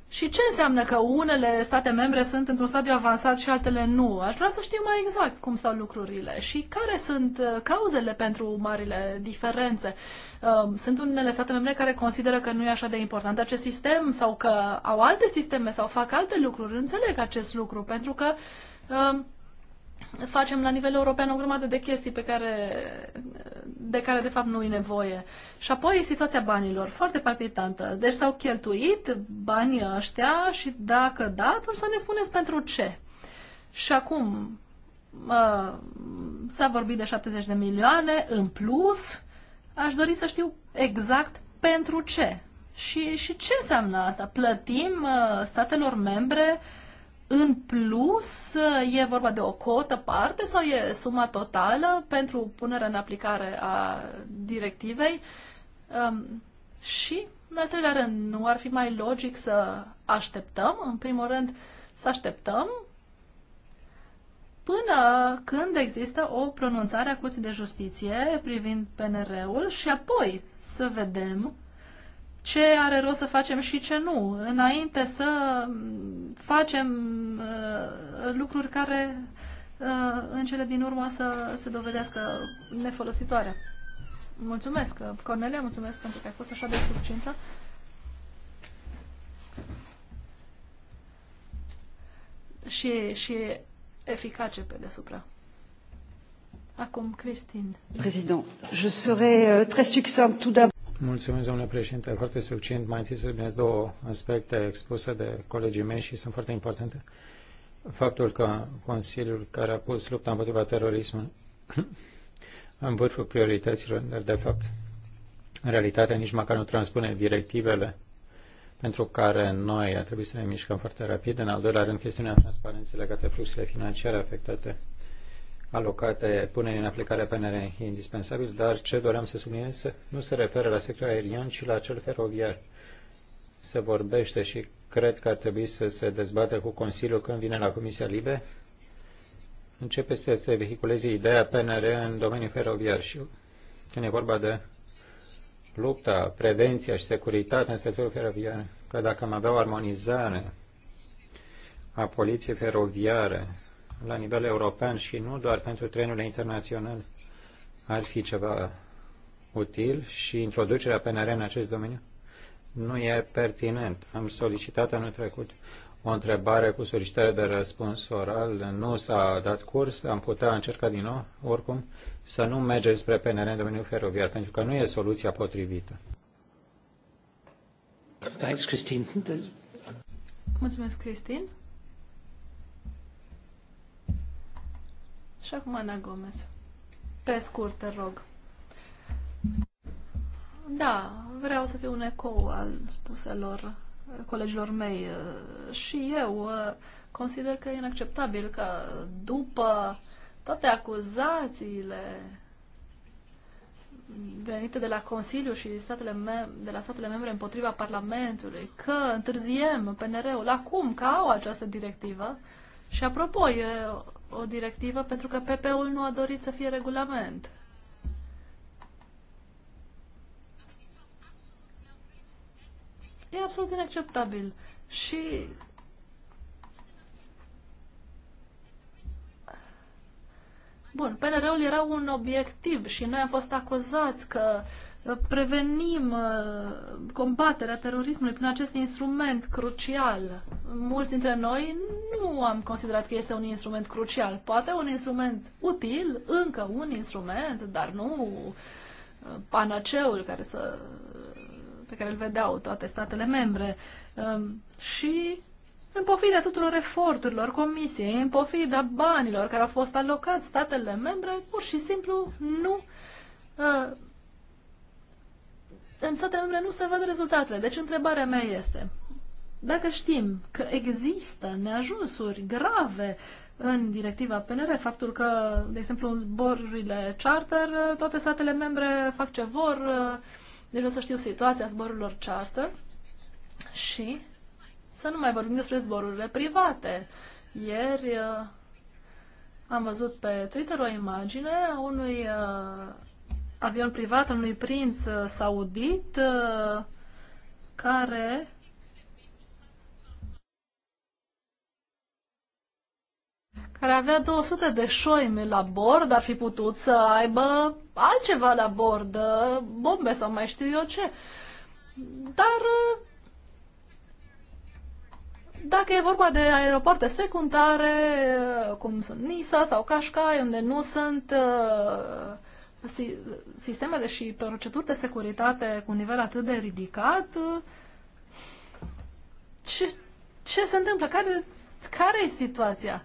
Și ce înseamnă că unele state membre sunt într-un stadiu avansat și altele nu? Aș vrea să știu mai exact cum stau lucrurile și care sunt uh, cauzele pentru marile diferențe. Um, sunt unele state membre care consideră că nu e așa de important acest sistem sau că au alte sisteme sau fac alte lucruri. Înțeleg acest lucru pentru că um, facem la nivel european o grămadă de chestii pe care, de care de fapt nu e nevoie. Și apoi situația banilor, foarte palpitantă. Deci s-au cheltuit banii ăștia și dacă da, atunci să ne spuneți pentru ce. Și acum s-a vorbit de 70 de milioane în plus. Aș dori să știu exact pentru ce. Și, și ce înseamnă asta? Plătim uh, statelor membre uh, în plus, e vorba de o cotă parte sau e suma totală pentru punerea în aplicare a directivei? Um, și, în al treilea rând, nu ar fi mai logic să așteptăm, în primul rând, să așteptăm până când există o pronunțare a Curții de Justiție privind PNR-ul și apoi să vedem ce are rost să facem și ce nu, înainte să facem uh, lucruri care uh, în cele din urmă să se dovedească nefolositoare. Mulțumesc, uh, Cornelia, mulțumesc pentru că ai fost așa de succintă. Și, și eficace pe deasupra. Acum, Christine. Président, je serai euh, très succinct tout d'abord. Mulțumesc, domnule președinte. Foarte succint. Mai întâi să două aspecte expuse de colegii mei și sunt foarte importante. Faptul că Consiliul care a pus lupta împotriva terorismului în vârful priorităților, dar de fapt în realitate nici măcar nu transpune directivele pentru care noi a trebuit să ne mișcăm foarte rapid. În al doilea rând, chestiunea transparenței legate de fluxurile financiare afectate alocate punerii în aplicare a PNR e indispensabil, dar ce doream să subliniez nu se referă la sectorul aerian, ci la cel feroviar. Se vorbește și cred că ar trebui să se dezbată cu Consiliul când vine la Comisia Libe. Începe să se vehiculeze ideea PNR în domeniul feroviar și când e vorba de lupta, prevenția și securitatea în sectorul feroviar, că dacă am avea o armonizare a poliției feroviare la nivel european și nu doar pentru trenurile internaționale ar fi ceva util și introducerea PNR în acest domeniu nu e pertinent. Am solicitat anul trecut o întrebare cu solicitare de răspuns oral, nu s-a dat curs, am putea încerca din nou, oricum, să nu mergem spre PNR în domeniul feroviar, pentru că nu e soluția potrivită. Thanks, Christine. Mulțumesc, Cristin. Și acum Ana Gomez. Pe scurt, te rog. Da, vreau să fiu un ecou al spuselor colegilor mei uh, și eu uh, consider că e inacceptabil că după toate acuzațiile venite de la Consiliu și statele mem- de la statele membre împotriva Parlamentului, că întârziem PNR-ul acum că au această directivă. Și apropo, e o directivă pentru că PP-ul nu a dorit să fie regulament. E absolut inacceptabil. Și Bun, PNR-ul era un obiectiv și noi am fost acuzați că uh, prevenim uh, combaterea terorismului prin acest instrument crucial. Mulți dintre noi nu am considerat că este un instrument crucial. Poate un instrument util, încă un instrument, dar nu uh, panaceul care să, pe care îl vedeau toate statele membre. Um, și în pofida tuturor eforturilor comisiei, în pofida banilor care au fost alocați statele membre, pur și simplu nu uh, în statele membre nu se văd rezultatele. Deci întrebarea mea este, dacă știm că există neajunsuri grave în directiva PNR, faptul că, de exemplu, în zborurile charter, toate statele membre fac ce vor, deci o să știu situația zborurilor charter și să nu mai vorbim despre zborurile private. Ieri am văzut pe Twitter o imagine a unui avion privat al unui prinț uh, saudit uh, care care avea 200 de șoimi la bord, ar fi putut să aibă altceva la bord, uh, bombe sau mai știu eu ce. Dar dacă e vorba de aeroporte secundare, cum sunt Nisa sau Cașcai, unde nu sunt uh, sistemele și proceduri de securitate cu nivel atât de ridicat, ce, ce se întâmplă? Care, care e situația?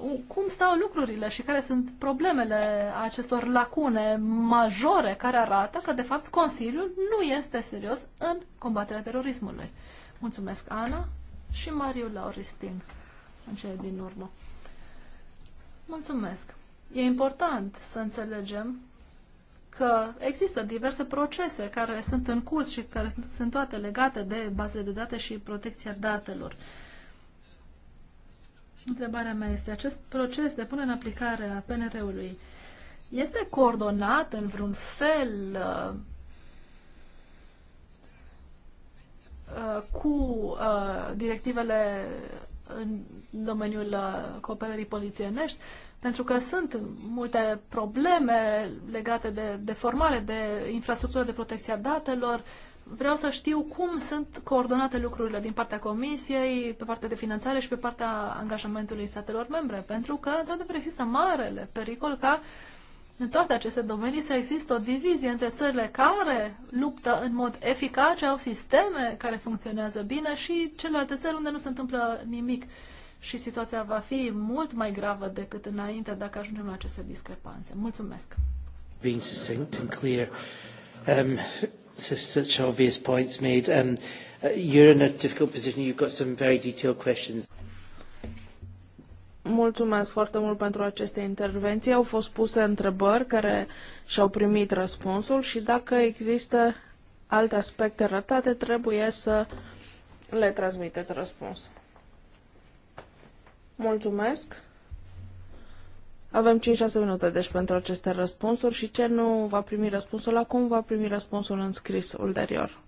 Uh, cum stau lucrurile și care sunt problemele acestor lacune majore care arată că, de fapt, Consiliul nu este serios în combaterea terorismului? Mulțumesc, Ana și Mariu Lauristin, în cele din urmă. Mulțumesc! E important să înțelegem că există diverse procese care sunt în curs și care sunt toate legate de baze de date și protecția datelor. Întrebarea mea este, acest proces de punere în aplicare a PNR-ului este coordonat în vreun fel uh, cu uh, directivele în domeniul uh, cooperării polițienești? Uh, pentru că sunt multe probleme legate de, de formare, de infrastructură de protecție a datelor. Vreau să știu cum sunt coordonate lucrurile din partea Comisiei, pe partea de finanțare și pe partea angajamentului statelor membre. Pentru că, într-adevăr, există marele pericol ca în toate aceste domenii să există o divizie între țările care luptă în mod eficace, au sisteme care funcționează bine și celelalte țări unde nu se întâmplă nimic și situația va fi mult mai gravă decât înainte dacă ajungem la aceste discrepanțe. Mulțumesc! Being succinct and clear, um, such obvious points made. Um, uh, you're in a difficult position. You've got some very detailed questions. Mulțumesc foarte mult pentru aceste intervenții. Au fost puse întrebări care și-au primit răspunsul și dacă există alte aspecte ratate, trebuie să le transmiteți răspuns. Mulțumesc. Avem 5-6 minute, deci, pentru aceste răspunsuri și ce nu va primi răspunsul acum, va primi răspunsul în scris ulterior.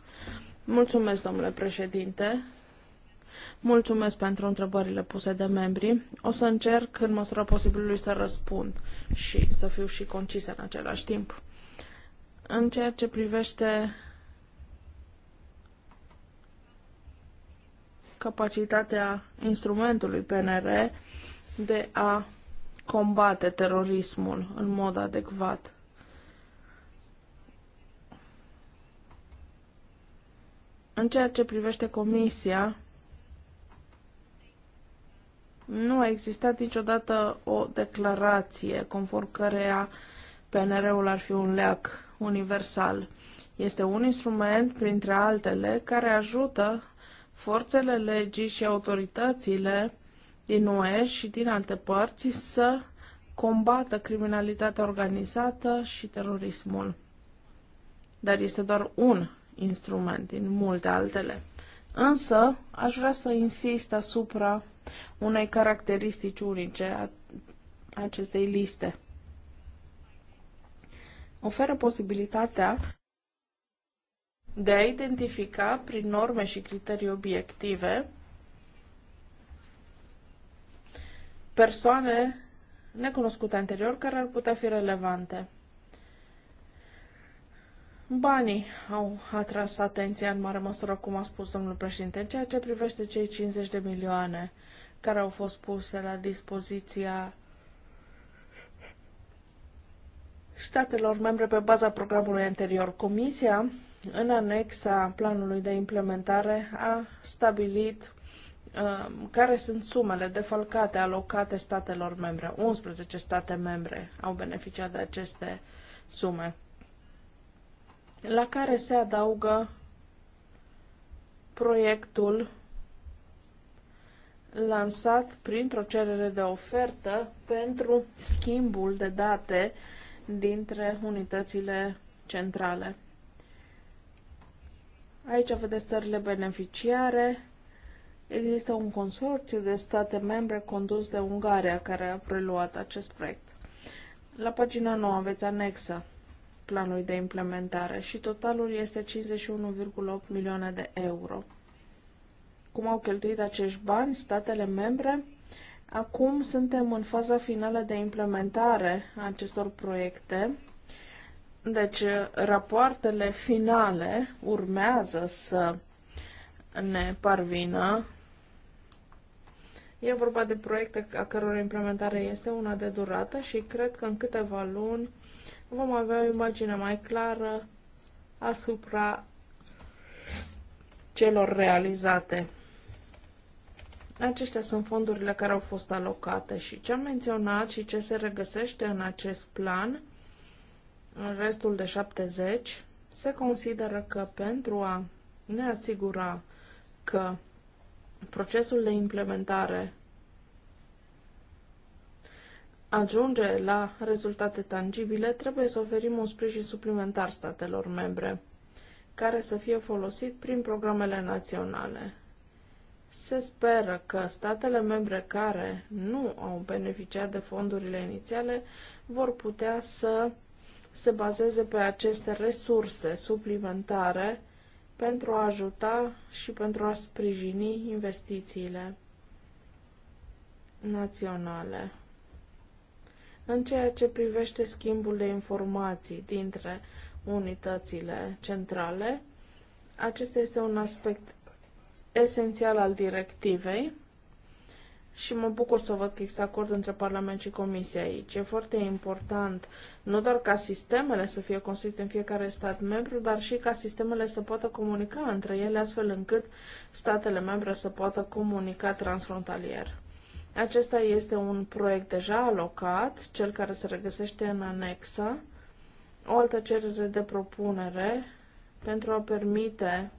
Mulțumesc, domnule președinte. Mulțumesc pentru întrebările puse de membri. O să încerc, în măsura posibilului, să răspund și să fiu și concis în același timp. În ceea ce privește capacitatea instrumentului PNR de a combate terorismul în mod adecvat. În ceea ce privește Comisia, nu a existat niciodată o declarație conform căreia PNR-ul ar fi un leac universal. Este un instrument, printre altele, care ajută forțele legii și autoritățile din UE și din alte părți să combată criminalitatea organizată și terorismul. Dar este doar un instrument din multe altele. Însă, aș vrea să insist asupra unei caracteristici unice a acestei liste. Oferă posibilitatea de a identifica prin norme și criterii obiective persoane necunoscute anterior care ar putea fi relevante. Banii au atras atenția în mare măsură, cum a spus domnul președinte, în ceea ce privește cei 50 de milioane care au fost puse la dispoziția statelor membre pe baza programului anterior. Comisia în anexa planului de implementare a stabilit um, care sunt sumele defalcate, alocate statelor membre. 11 state membre au beneficiat de aceste sume, la care se adaugă proiectul lansat printr-o cerere de ofertă pentru schimbul de date dintre unitățile centrale. Aici vedeți țările beneficiare. Există un consorțiu de state membre condus de Ungaria care a preluat acest proiect. La pagina 9 aveți anexa planului de implementare și totalul este 51,8 milioane de euro. Cum au cheltuit acești bani statele membre? Acum suntem în faza finală de implementare a acestor proiecte deci, rapoartele finale urmează să ne parvină. E vorba de proiecte a căror implementare este una de durată și cred că în câteva luni vom avea o imagine mai clară asupra celor realizate. Aceștia sunt fondurile care au fost alocate și ce am menționat și ce se regăsește în acest plan în restul de 70 se consideră că pentru a ne asigura că procesul de implementare ajunge la rezultate tangibile, trebuie să oferim un sprijin suplimentar statelor membre, care să fie folosit prin programele naționale. Se speră că statele membre care nu au beneficiat de fondurile inițiale vor putea să se bazeze pe aceste resurse suplimentare pentru a ajuta și pentru a sprijini investițiile naționale. În ceea ce privește schimbul de informații dintre unitățile centrale, acesta este un aspect esențial al directivei și mă bucur să văd că există acord între Parlament și Comisie aici. E foarte important nu doar ca sistemele să fie construite în fiecare stat membru, dar și ca sistemele să poată comunica între ele, astfel încât statele membre să poată comunica transfrontalier. Acesta este un proiect deja alocat, cel care se regăsește în anexă. O altă cerere de propunere pentru a permite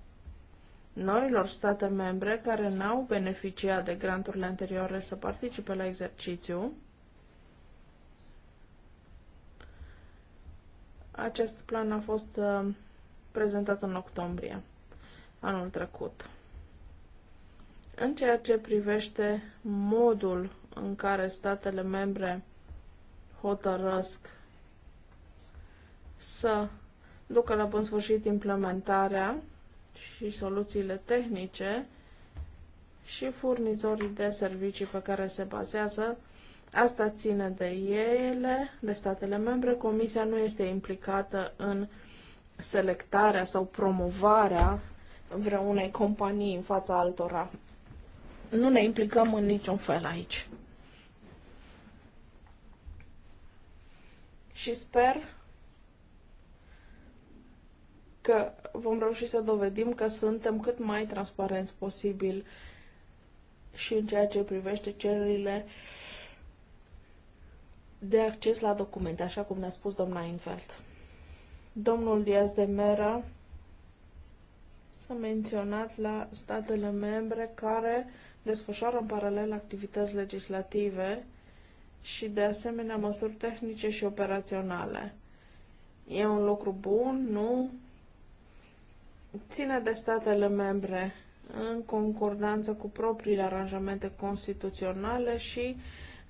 noilor state membre care n-au beneficiat de granturile anterioare să participe la exercițiu. Acest plan a fost uh, prezentat în octombrie anul trecut. În ceea ce privește modul în care statele membre hotărăsc să ducă la bun sfârșit implementarea, și soluțiile tehnice și furnizorii de servicii pe care se bazează. Asta ține de ele, de statele membre. Comisia nu este implicată în selectarea sau promovarea vreunei companii în fața altora. Nu ne implicăm în niciun fel aici. Și sper că vom reuși să dovedim că suntem cât mai transparenți posibil și în ceea ce privește cererile de acces la documente, așa cum ne-a spus doamna Infeld. Domnul Diaz de Mera s-a menționat la statele membre care desfășoară în paralel activități legislative și de asemenea măsuri tehnice și operaționale. E un lucru bun, nu? ține de statele membre în concordanță cu propriile aranjamente constituționale și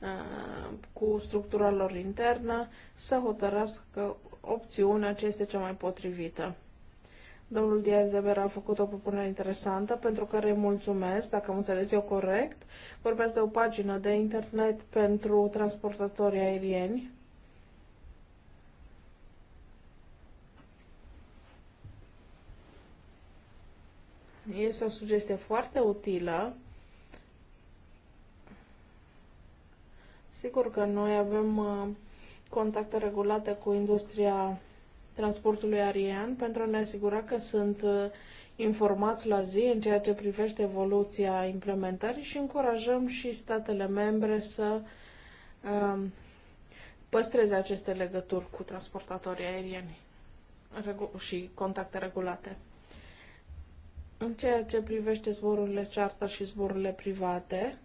uh, cu structura lor internă să hotărască opțiunea ce este cea mai potrivită. Domnul Diaz de Vera a făcut o propunere interesantă pentru care îi mulțumesc, dacă am înțeles eu corect. Vorbesc de o pagină de internet pentru transportatorii aerieni Este o sugestie foarte utilă. Sigur că noi avem uh, contacte regulate cu industria transportului aerian pentru a ne asigura că sunt uh, informați la zi în ceea ce privește evoluția implementării și încurajăm și statele membre să um, păstreze aceste legături cu transportatorii aerieni și contacte regulate. În ceea ce privește zborurile charter și zborurile private,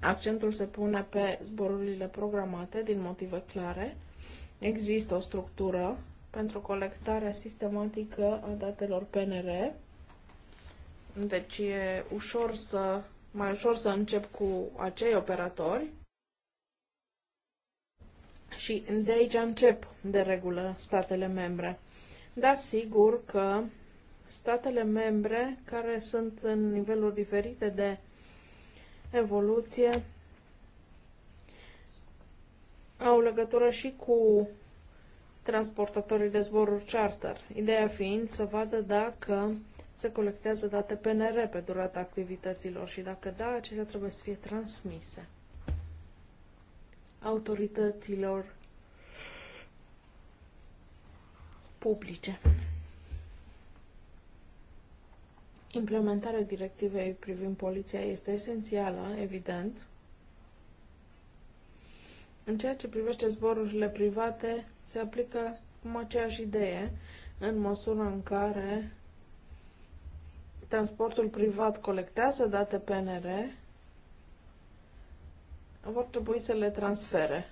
accentul se pune pe zborurile programate din motive clare. Există o structură pentru colectarea sistematică a datelor PNR, deci e ușor să, mai ușor să încep cu acei operatori și de aici încep de regulă statele membre. Dar sigur că statele membre care sunt în niveluri diferite de evoluție au legătură și cu transportatorii de zboruri charter, ideea fiind să vadă dacă se colectează date PNR pe durata activităților și dacă da, acestea trebuie să fie transmise autorităților publice. Implementarea directivei privind poliția este esențială, evident. În ceea ce privește zborurile private, se aplică cum aceeași idee, în măsura în care transportul privat colectează date PNR, vor trebui să le transfere.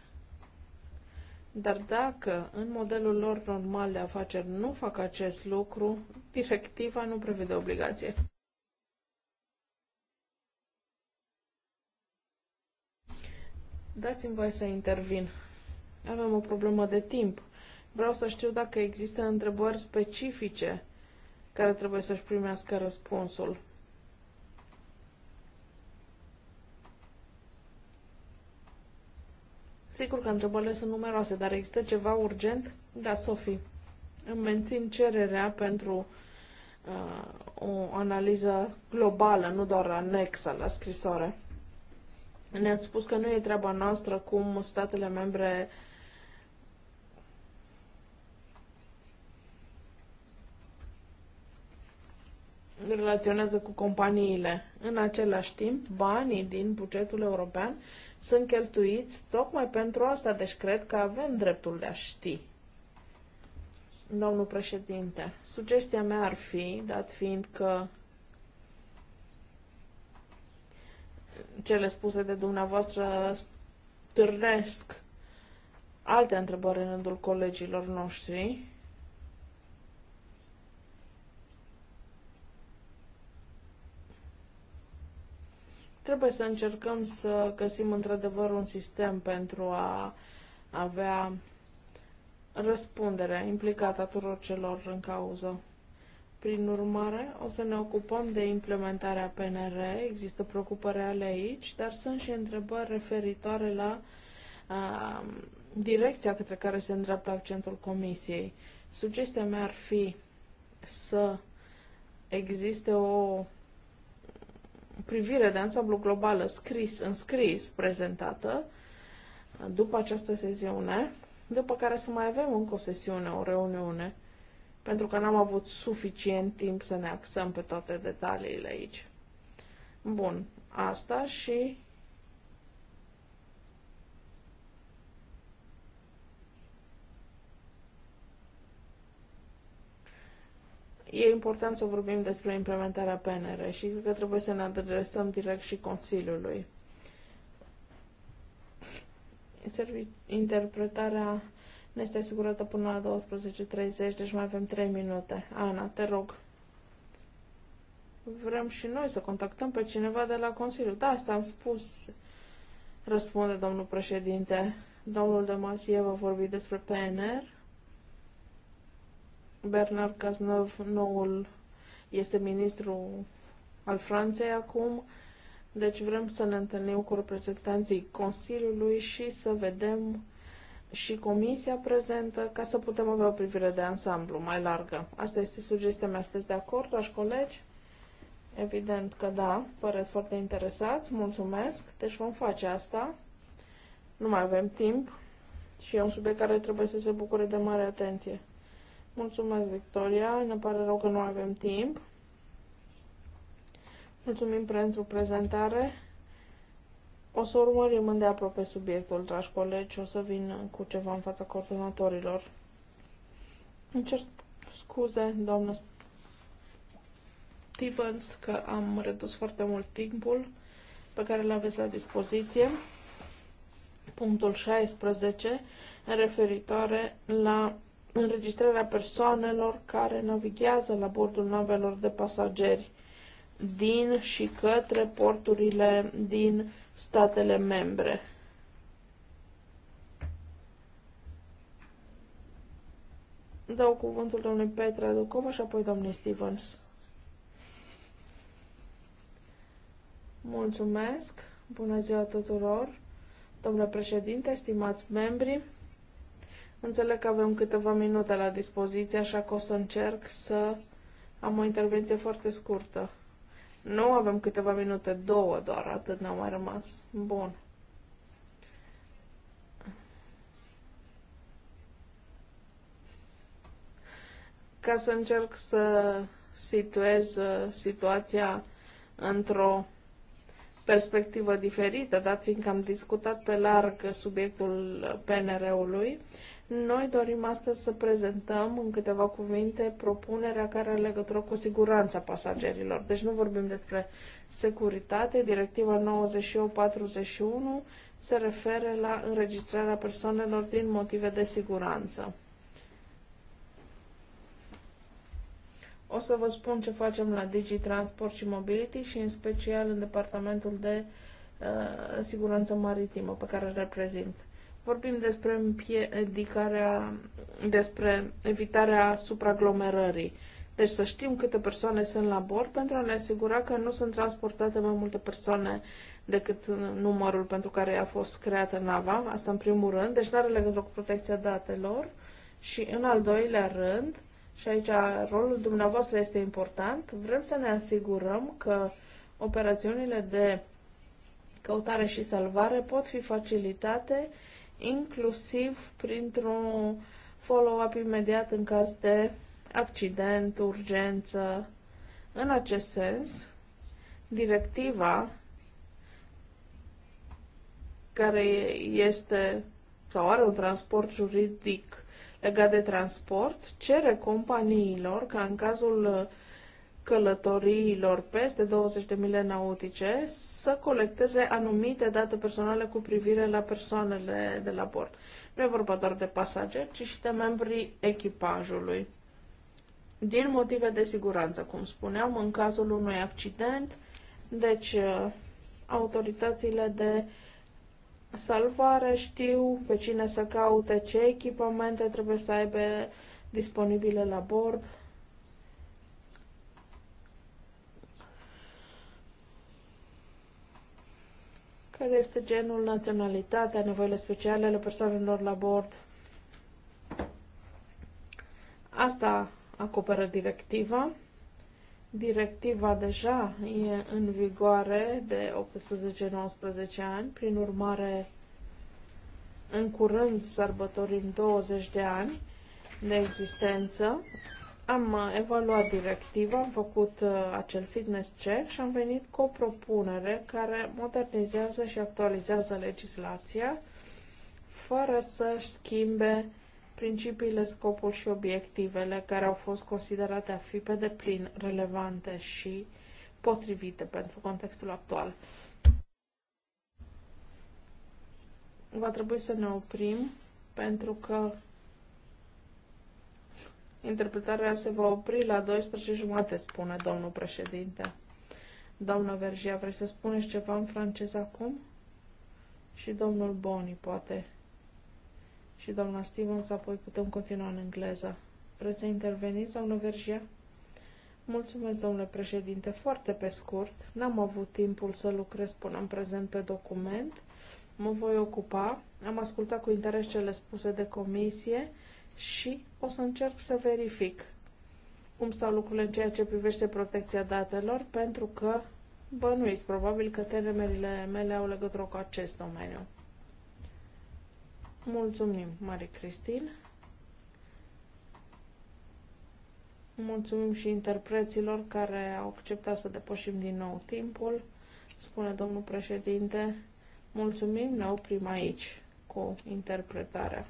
Dar dacă în modelul lor normal de afaceri nu fac acest lucru, directiva nu prevede obligație. Dați-mi voi să intervin. Avem o problemă de timp. Vreau să știu dacă există întrebări specifice care trebuie să-și primească răspunsul. Sigur că întrebările sunt numeroase, dar există ceva urgent? Da, Sofie. Îmi mențin cererea pentru uh, o analiză globală, nu doar anexă la scrisoare. Ne-ați spus că nu e treaba noastră cum statele membre relaționează cu companiile. În același timp, banii din bugetul european uh, sunt cheltuiți tocmai pentru asta, deci cred că avem dreptul de a ști. Domnul președinte, sugestia mea ar fi, dat fiind că cele spuse de dumneavoastră târnesc alte întrebări în rândul colegilor noștri, Trebuie să încercăm să găsim într-adevăr un sistem pentru a avea răspundere implicată a tuturor celor în cauză. Prin urmare, o să ne ocupăm de implementarea PNR. Există preocupări ale aici, dar sunt și întrebări referitoare la a, direcția către care se îndreaptă accentul Comisiei. Sugestia mea ar fi să existe o privire de ansamblu globală scris, în scris, prezentată după această sesiune, după care să mai avem încă o sesiune, o reuniune, pentru că n-am avut suficient timp să ne axăm pe toate detaliile aici. Bun, asta și E important să vorbim despre implementarea PNR și cred că trebuie să ne adresăm direct și Consiliului. Interpretarea ne este asigurată până la 12.30, deci mai avem 3 minute. Ana, te rog. Vrem și noi să contactăm pe cineva de la Consiliu. Da, asta am spus, răspunde domnul președinte. Domnul Demasie va vorbi despre PNR Bernard Cazeneuve, noul, este ministru al Franței acum, deci vrem să ne întâlnim cu reprezentanții Consiliului și să vedem și comisia prezentă ca să putem avea o privire de ansamblu mai largă. Asta este sugestia mea. Sunteți de acord, dragi colegi? Evident că da, păreți foarte interesați, mulțumesc. Deci vom face asta. Nu mai avem timp și e un subiect care trebuie să se bucure de mare atenție. Mulțumesc, Victoria. Ne pare rău că nu avem timp. Mulțumim pentru prezentare. O să urmărim îndeaproape subiectul, dragi colegi. O să vin cu ceva în fața coordonatorilor. Încerc scuze, doamnă Stevens, că am redus foarte mult timpul pe care l aveți la dispoziție. Punctul 16, referitoare la înregistrarea persoanelor care navighează la bordul navelor de pasageri din și către porturile din statele membre. Dau cuvântul domnului Petra Ducova și apoi domnului Stevens. Mulțumesc! Bună ziua tuturor! Domnule președinte, stimați membri, Înțeleg că avem câteva minute la dispoziție, așa că o să încerc să am o intervenție foarte scurtă. Nu avem câteva minute, două doar, atât ne-au mai rămas. Bun. Ca să încerc să situez uh, situația într-o perspectivă diferită, dat fiindcă am discutat pe larg subiectul PNR-ului, noi dorim astăzi să prezentăm în câteva cuvinte propunerea care are legătură cu siguranța pasagerilor. Deci nu vorbim despre securitate. Directiva 9841 se referă la înregistrarea persoanelor din motive de siguranță. O să vă spun ce facem la Digi Transport și Mobility și în special în departamentul de uh, siguranță maritimă pe care îl reprezint. Vorbim despre împiedicarea, despre evitarea supraaglomerării. Deci să știm câte persoane sunt la bord pentru a ne asigura că nu sunt transportate mai multe persoane decât numărul pentru care a fost creată nava, asta în primul rând, deci nu are legătură cu protecția datelor și în al doilea rând, și aici rolul dumneavoastră este important, vrem să ne asigurăm că operațiunile de căutare și salvare pot fi facilitate uh, inclusiv printr-un follow-up imediat în caz de accident, urgență. În acest sens, directiva care este sau are un transport juridic legat de transport, cere companiilor ca în cazul uh, călătoriilor peste 20 de mile nautice să colecteze anumite date personale cu privire la persoanele de la bord. Nu e vorba doar de pasageri, ci și de membrii echipajului. Din motive de siguranță, cum spuneam, în cazul unui accident, deci uh, autoritățile de salvare știu pe cine să caute, ce echipamente trebuie să aibă disponibile la bord, care este genul, naționalitatea, nevoile speciale ale persoanelor la bord. Asta acoperă directiva. Directiva deja e în vigoare de 18-19 ani, prin urmare în curând sărbătorim 20 de ani de existență am uh, evaluat directiva, am făcut uh, acel fitness check și am venit cu o propunere care modernizează și actualizează legislația fără să schimbe principiile, scopul și obiectivele care au fost considerate a fi pe deplin relevante și potrivite pentru contextul actual. Va trebui să ne oprim pentru că Interpretarea se va opri la 12 jumate, spune domnul președinte. Doamna Vergia, vrei să spuneți ceva în francez acum? Și domnul Boni, poate. Și doamna Stevens, apoi putem continua în engleză. Vreți să interveniți, doamna Vergia? Mulțumesc, domnule președinte. Foarte pe scurt, n-am avut timpul să lucrez până în prezent pe document. Mă voi ocupa. Am ascultat cu interes cele spuse de comisie și o să încerc să verific cum stau lucrurile în ceea ce privește protecția datelor, pentru că bănuiți, probabil că temerile mele au legătură cu acest domeniu. Mulțumim, Marie Cristin. Mulțumim și interpreților care au acceptat să depășim din nou timpul. Spune domnul președinte, mulțumim, ne oprim aici cu interpretarea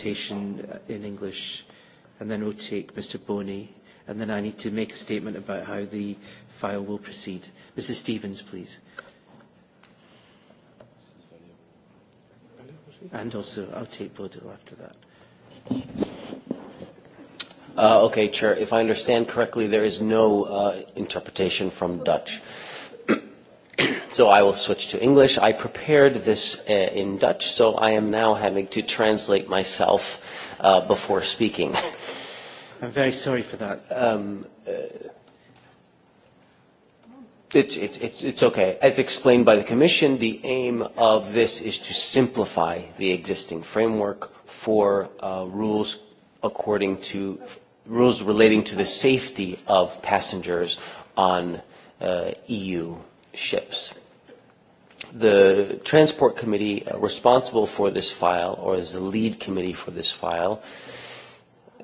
presentation uh, in English, and then we'll take Mr. Boney, and then I need to make a statement about how the file will proceed. Mrs. Stevens, please. And also, I'll take Bodil after that. Uh, okay, Chair. If I understand correctly, there is no uh, interpretation from Dutch so I will switch to English. I prepared this uh, in Dutch, so I am now having to translate myself uh, before speaking. I'm very sorry for that. Um, uh, it, it, it, it's okay. As explained by the Commission, the aim of this is to simplify the existing framework for uh, rules according to rules relating to the safety of passengers on uh, EU ships the Transport Committee uh, responsible for this file, or as the lead committee for this file,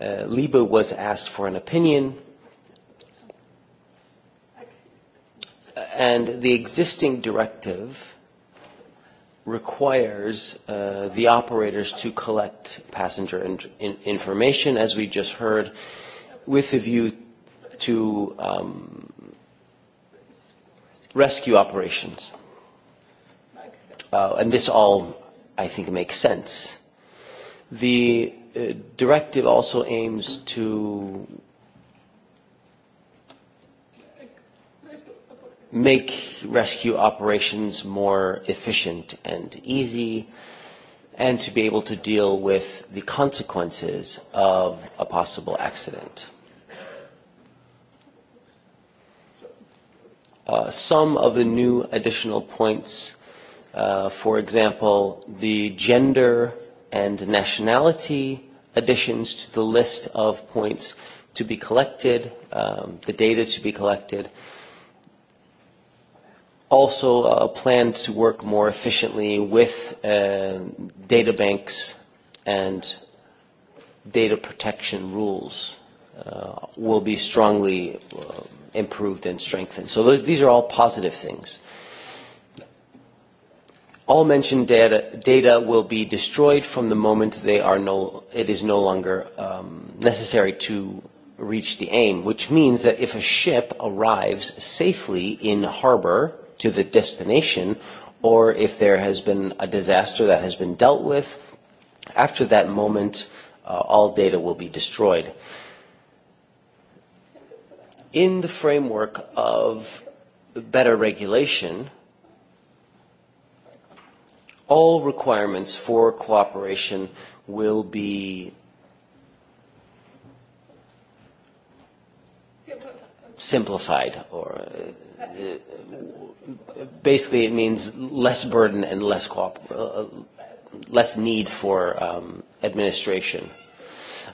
uh, Liba was asked for an opinion, and the existing directive requires uh, the operators to collect passenger in in information, as we just heard, with a view to um, rescue operations. Uh, and this all, I think, makes sense. The uh, directive also aims to make rescue operations more efficient and easy and to be able to deal with the consequences of a possible accident. Uh, some of the new additional points Uh, for example, the gender and nationality additions to the list of points to be collected, um, the data to be collected. Also, uh, a plan to work more efficiently with uh, data banks and data protection rules uh, will be strongly uh, improved and strengthened. So th these are all positive things. Uh, All mentioned data, data will be destroyed from the moment they are no, it is no longer um, necessary to reach the aim, which means that if a ship arrives safely in harbor to the destination, or if there has been a disaster that has been dealt with, after that moment, uh, all data will be destroyed. In the framework of better regulation, all requirements for cooperation will be simplified or uh, basically it means less burden and less coop- uh, less need for um, administration.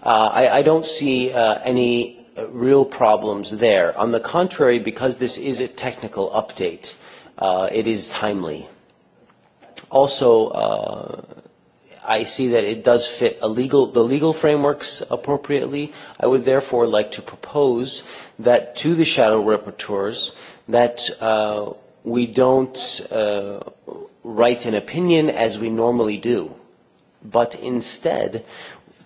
Uh, I, I don't see uh, any uh, real problems there. On the contrary, because this is a technical update, uh, it is timely also, uh, I see that it does fit a legal, the legal frameworks appropriately. I would therefore like to propose that to the shadow rapporteurs that uh, we don't uh, write an opinion as we normally do, but instead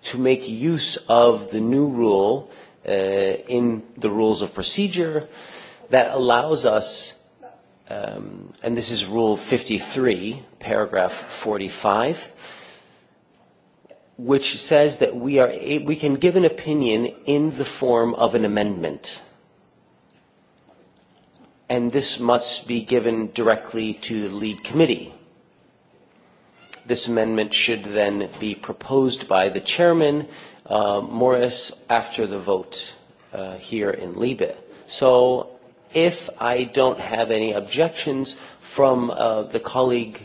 to make use of the new rule uh, in the rules of procedure that allows us um, and this is Rule 53, paragraph 45, which says that we, are, we can give an opinion in the form of an amendment. And this must be given directly to the lead committee. This amendment should then be proposed by the chairman, uh, Morris, after the vote uh, here in Liebe. So if I don't have any objections from uh, the colleague,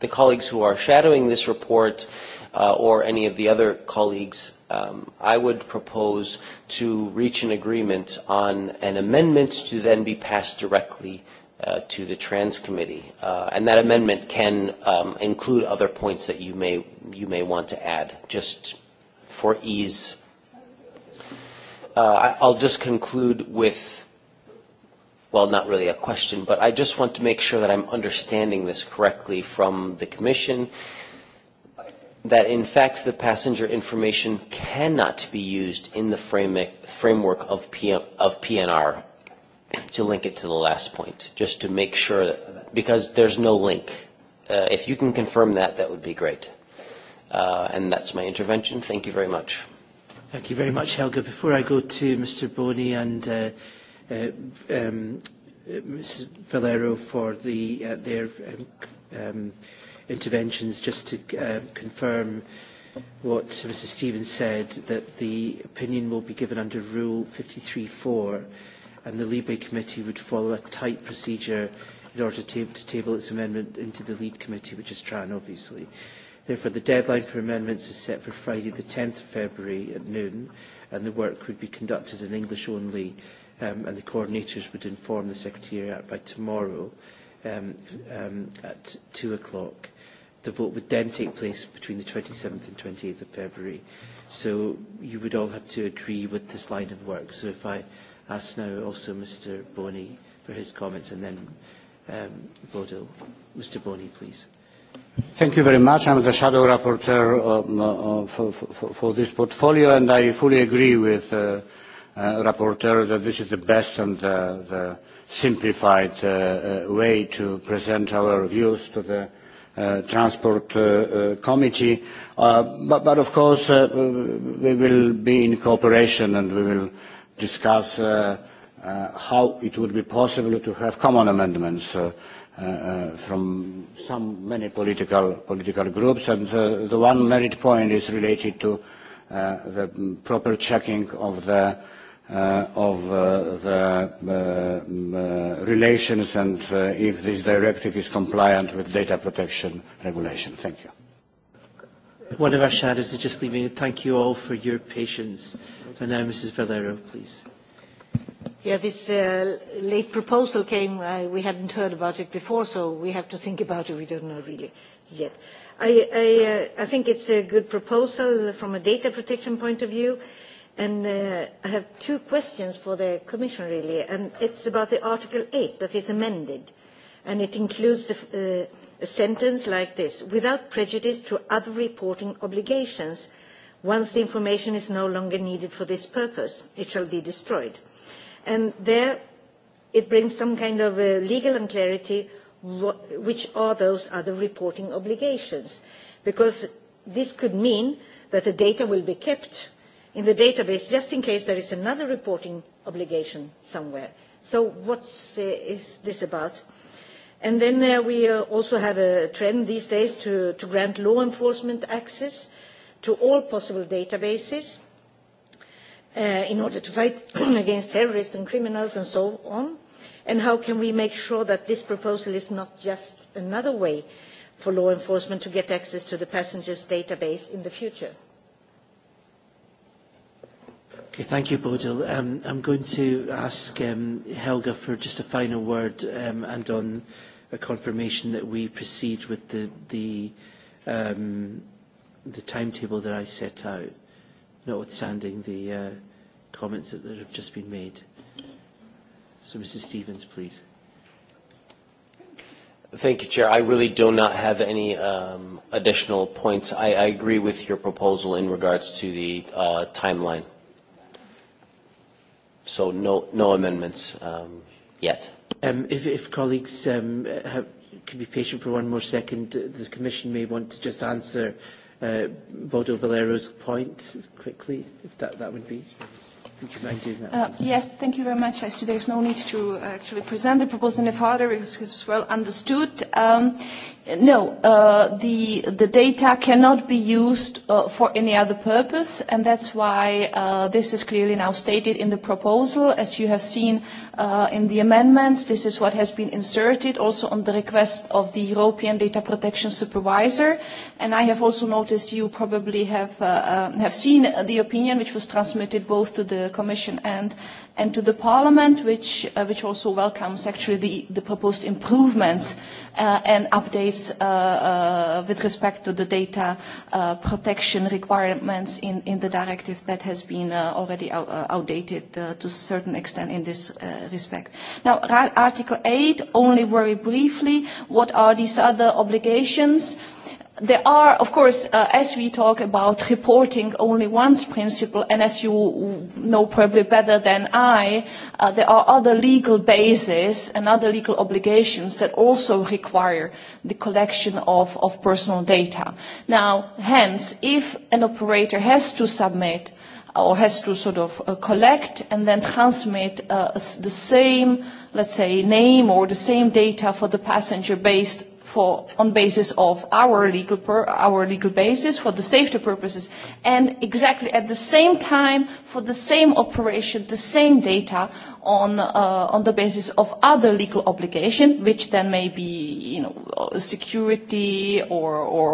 the colleagues who are shadowing this report, uh, or any of the other colleagues, um, I would propose to reach an agreement on an amendment to then be passed directly uh, to the Trans Committee, uh, and that amendment can um, include other points that you may you may want to add, just for ease. Uh, I'll just conclude with well, not really a question, but I just want to make sure that I'm understanding this correctly from the Commission, that in fact the passenger information cannot be used in the framework of, PM, of PNR to link it to the last point, just to make sure, that, because there's no link. Uh, if you can confirm that, that would be great. Uh, and that's my intervention. Thank you very much. Thank you very much, Helga. Before I go to Mr. Boney and uh, uh, um, Mrs. Valero for the, uh, their um, um, interventions. Just to uh, confirm what Mrs. Stevens said, that the opinion will be given under Rule 53.4 and the Libe Committee would follow a tight procedure in order to, to table its amendment into the lead committee, which is Tran, obviously. Therefore, the deadline for amendments is set for Friday, the 10th of February at noon, and the work would be conducted in English only um, and the coordinators would inform the Secretariat by tomorrow um, um, at 2 o'clock. The vote would then take place between the 27th and 28th of February. So you would all have to agree with this line of work. So if I ask now also Mr Boney for his comments and then um, Bodil. Mr Boney, please. Thank you very much. I'm the shadow rapporteur um, uh, for, for, for this portfolio and I fully agree with uh, uh, rapporteur that this is the best and the, the simplified uh, uh, way to present our views to the uh, Transport uh, uh, Committee. Uh, but, but of course, uh, we will be in cooperation and we will discuss uh, uh, how it would be possible to have common amendments uh, uh, uh from some many political, political groups. And uh, the one merit point is related to uh, the proper checking of the Uh, of uh, the uh, uh relations and uh, if this directive is compliant with data protection regulation. Thank you. One of our shadows is just leaving. Thank you all for your patience. And now Mrs. Valero, please. Yeah, this uh, late proposal came. Uh, we hadn't heard about it before, so we have to think about it. We don't know really yet. I, I, uh, I think it's a good proposal from a data protection point of view. Uh, Uh, I have two questions for the Commission, really, and it's about the Article 8 that is amended, and it includes the, uh, a sentence like this, without prejudice to other reporting obligations, once the information is no longer needed for this purpose, it shall be destroyed. And there it brings some kind of uh, legal unclarity, which are those other reporting obligations, because this could mean that the data will be kept in the database just in case there is another reporting obligation somewhere. So what uh, is this about? And then uh, we uh, also have a trend these days to, to grant law enforcement access to all possible databases uh, in order to fight against terrorists and criminals and so on. And how can we make sure that this proposal is not just another way for law enforcement to get access to the passengers' database in the future? Okay, thank you, Bodil. Um, I'm going to ask um, Helga for just a final word um, and on a confirmation that we proceed with the, the, um, the timetable that I set out, notwithstanding the uh, comments that, that have just been made. So, Mrs. Stevens, please. Thank you, Chair. I really do not have any um, additional points. I, I agree with your proposal in regards to the uh, timeline so no, no amendments um, yet. Um, if, if colleagues um, have, could be patient for one more second, the Commission may want to just answer uh, Bodo Valero's point quickly, if that, that would be. That, uh, yes, thank you very much. I see there's no need to uh, actually present the proposal any further because it's well understood. Um, No, uh, the, the data cannot be used uh, for any other purpose, and that's why uh, this is clearly now stated in the proposal. As you have seen uh, in the amendments, this is what has been inserted also on the request of the European Data Protection Supervisor. And I have also noticed you probably have, uh, uh have seen the opinion which was transmitted both to the Commission and and to the Parliament, which, uh, which also welcomes actually the, the proposed improvements uh, and updates uh, uh, with respect to the data uh, protection requirements in, in the directive that has been uh, already out, uh, outdated uh, to a certain extent in this uh, respect. Now, Article 8, only very briefly, what are these other obligations? there are, of course, uh, as we talk about reporting only once principle, and as you know probably better than I, uh, there are other legal bases and other legal obligations that also require the collection of, of personal data. Now, hence, if an operator has to submit uh, or has to sort of uh, collect and then transmit uh, the same, let's say, name or the same data for the passenger based for on basis of our legal per, our legal basis for the safety purposes and exactly at the same time for the same operation the same data on uh, on the basis of other legal obligation which then may be you know security or or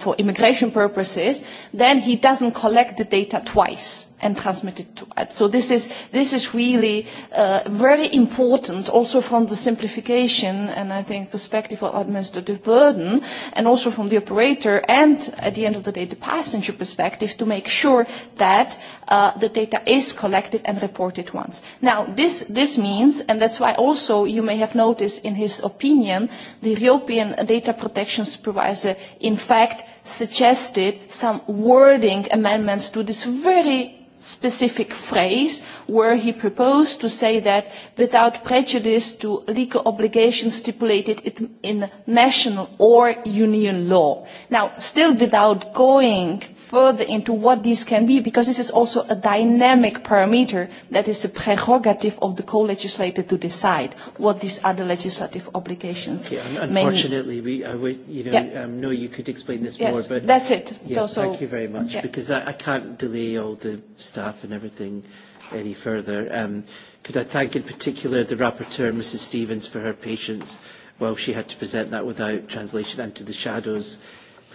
for immigration purposes then he doesn't collect the data twice and transmit it to So this is, this is really uh, very important also from the simplification and I think perspective of administrative the, burden and also from the operator and at the end of the day the passenger perspective to make sure that uh, the data is collected and reported once. Now this, this means, and that's why also you may have noticed in his opinion, the European data protection supervisor in fact suggested some wording amendments to this very specific phrase where he proposed to say that without prejudice to legal obligations stipulated in national or union law. Now, still without going further into what this can be, because this is also a dynamic parameter that is a prerogative of the co-legislator to decide what these other legislative obligations okay, un Unfortunately, we, I uh, would, you know, yeah. um, know you could explain this yes, more. But that's it. Yeah, also, thank you very much, yeah. because I, I can't delay all the staff and everything any further. Um, could I thank in particular the rapporteur, Mrs Stevens, for her patience while she had to present that without translation and to the shadows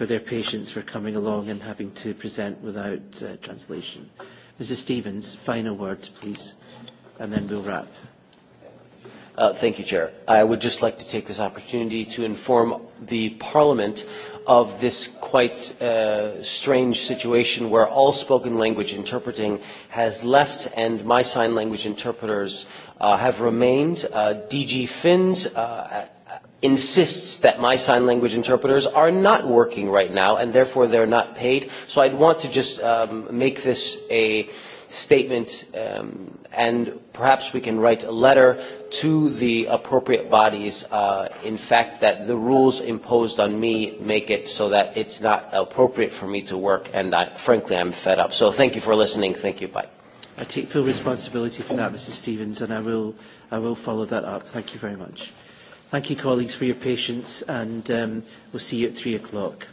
for their patience for coming along and having to present without uh, translation. Mrs. Stevens, final word, please, and then we'll wrap. Uh, thank you, Chair. I would just like to take this opportunity to inform the Parliament of this quite uh, strange situation where all spoken language interpreting has left and my sign language interpreters uh, have remained. Uh, DG Finns uh, insists that my sign language interpreters are not working right now and therefore they're not paid. So I'd want to just um, make this a statement um, and perhaps we can write a letter to the appropriate bodies uh, in fact that the rules imposed on me make it so that it's not appropriate for me to work and I, frankly I'm fed up. So thank you for listening. Thank you. Bye. I take full responsibility for that, Mrs. Stevens, and I will, I will follow that up. Thank you very much. Thank you, colleagues, for your patience, and um, we'll see you at three o'clock.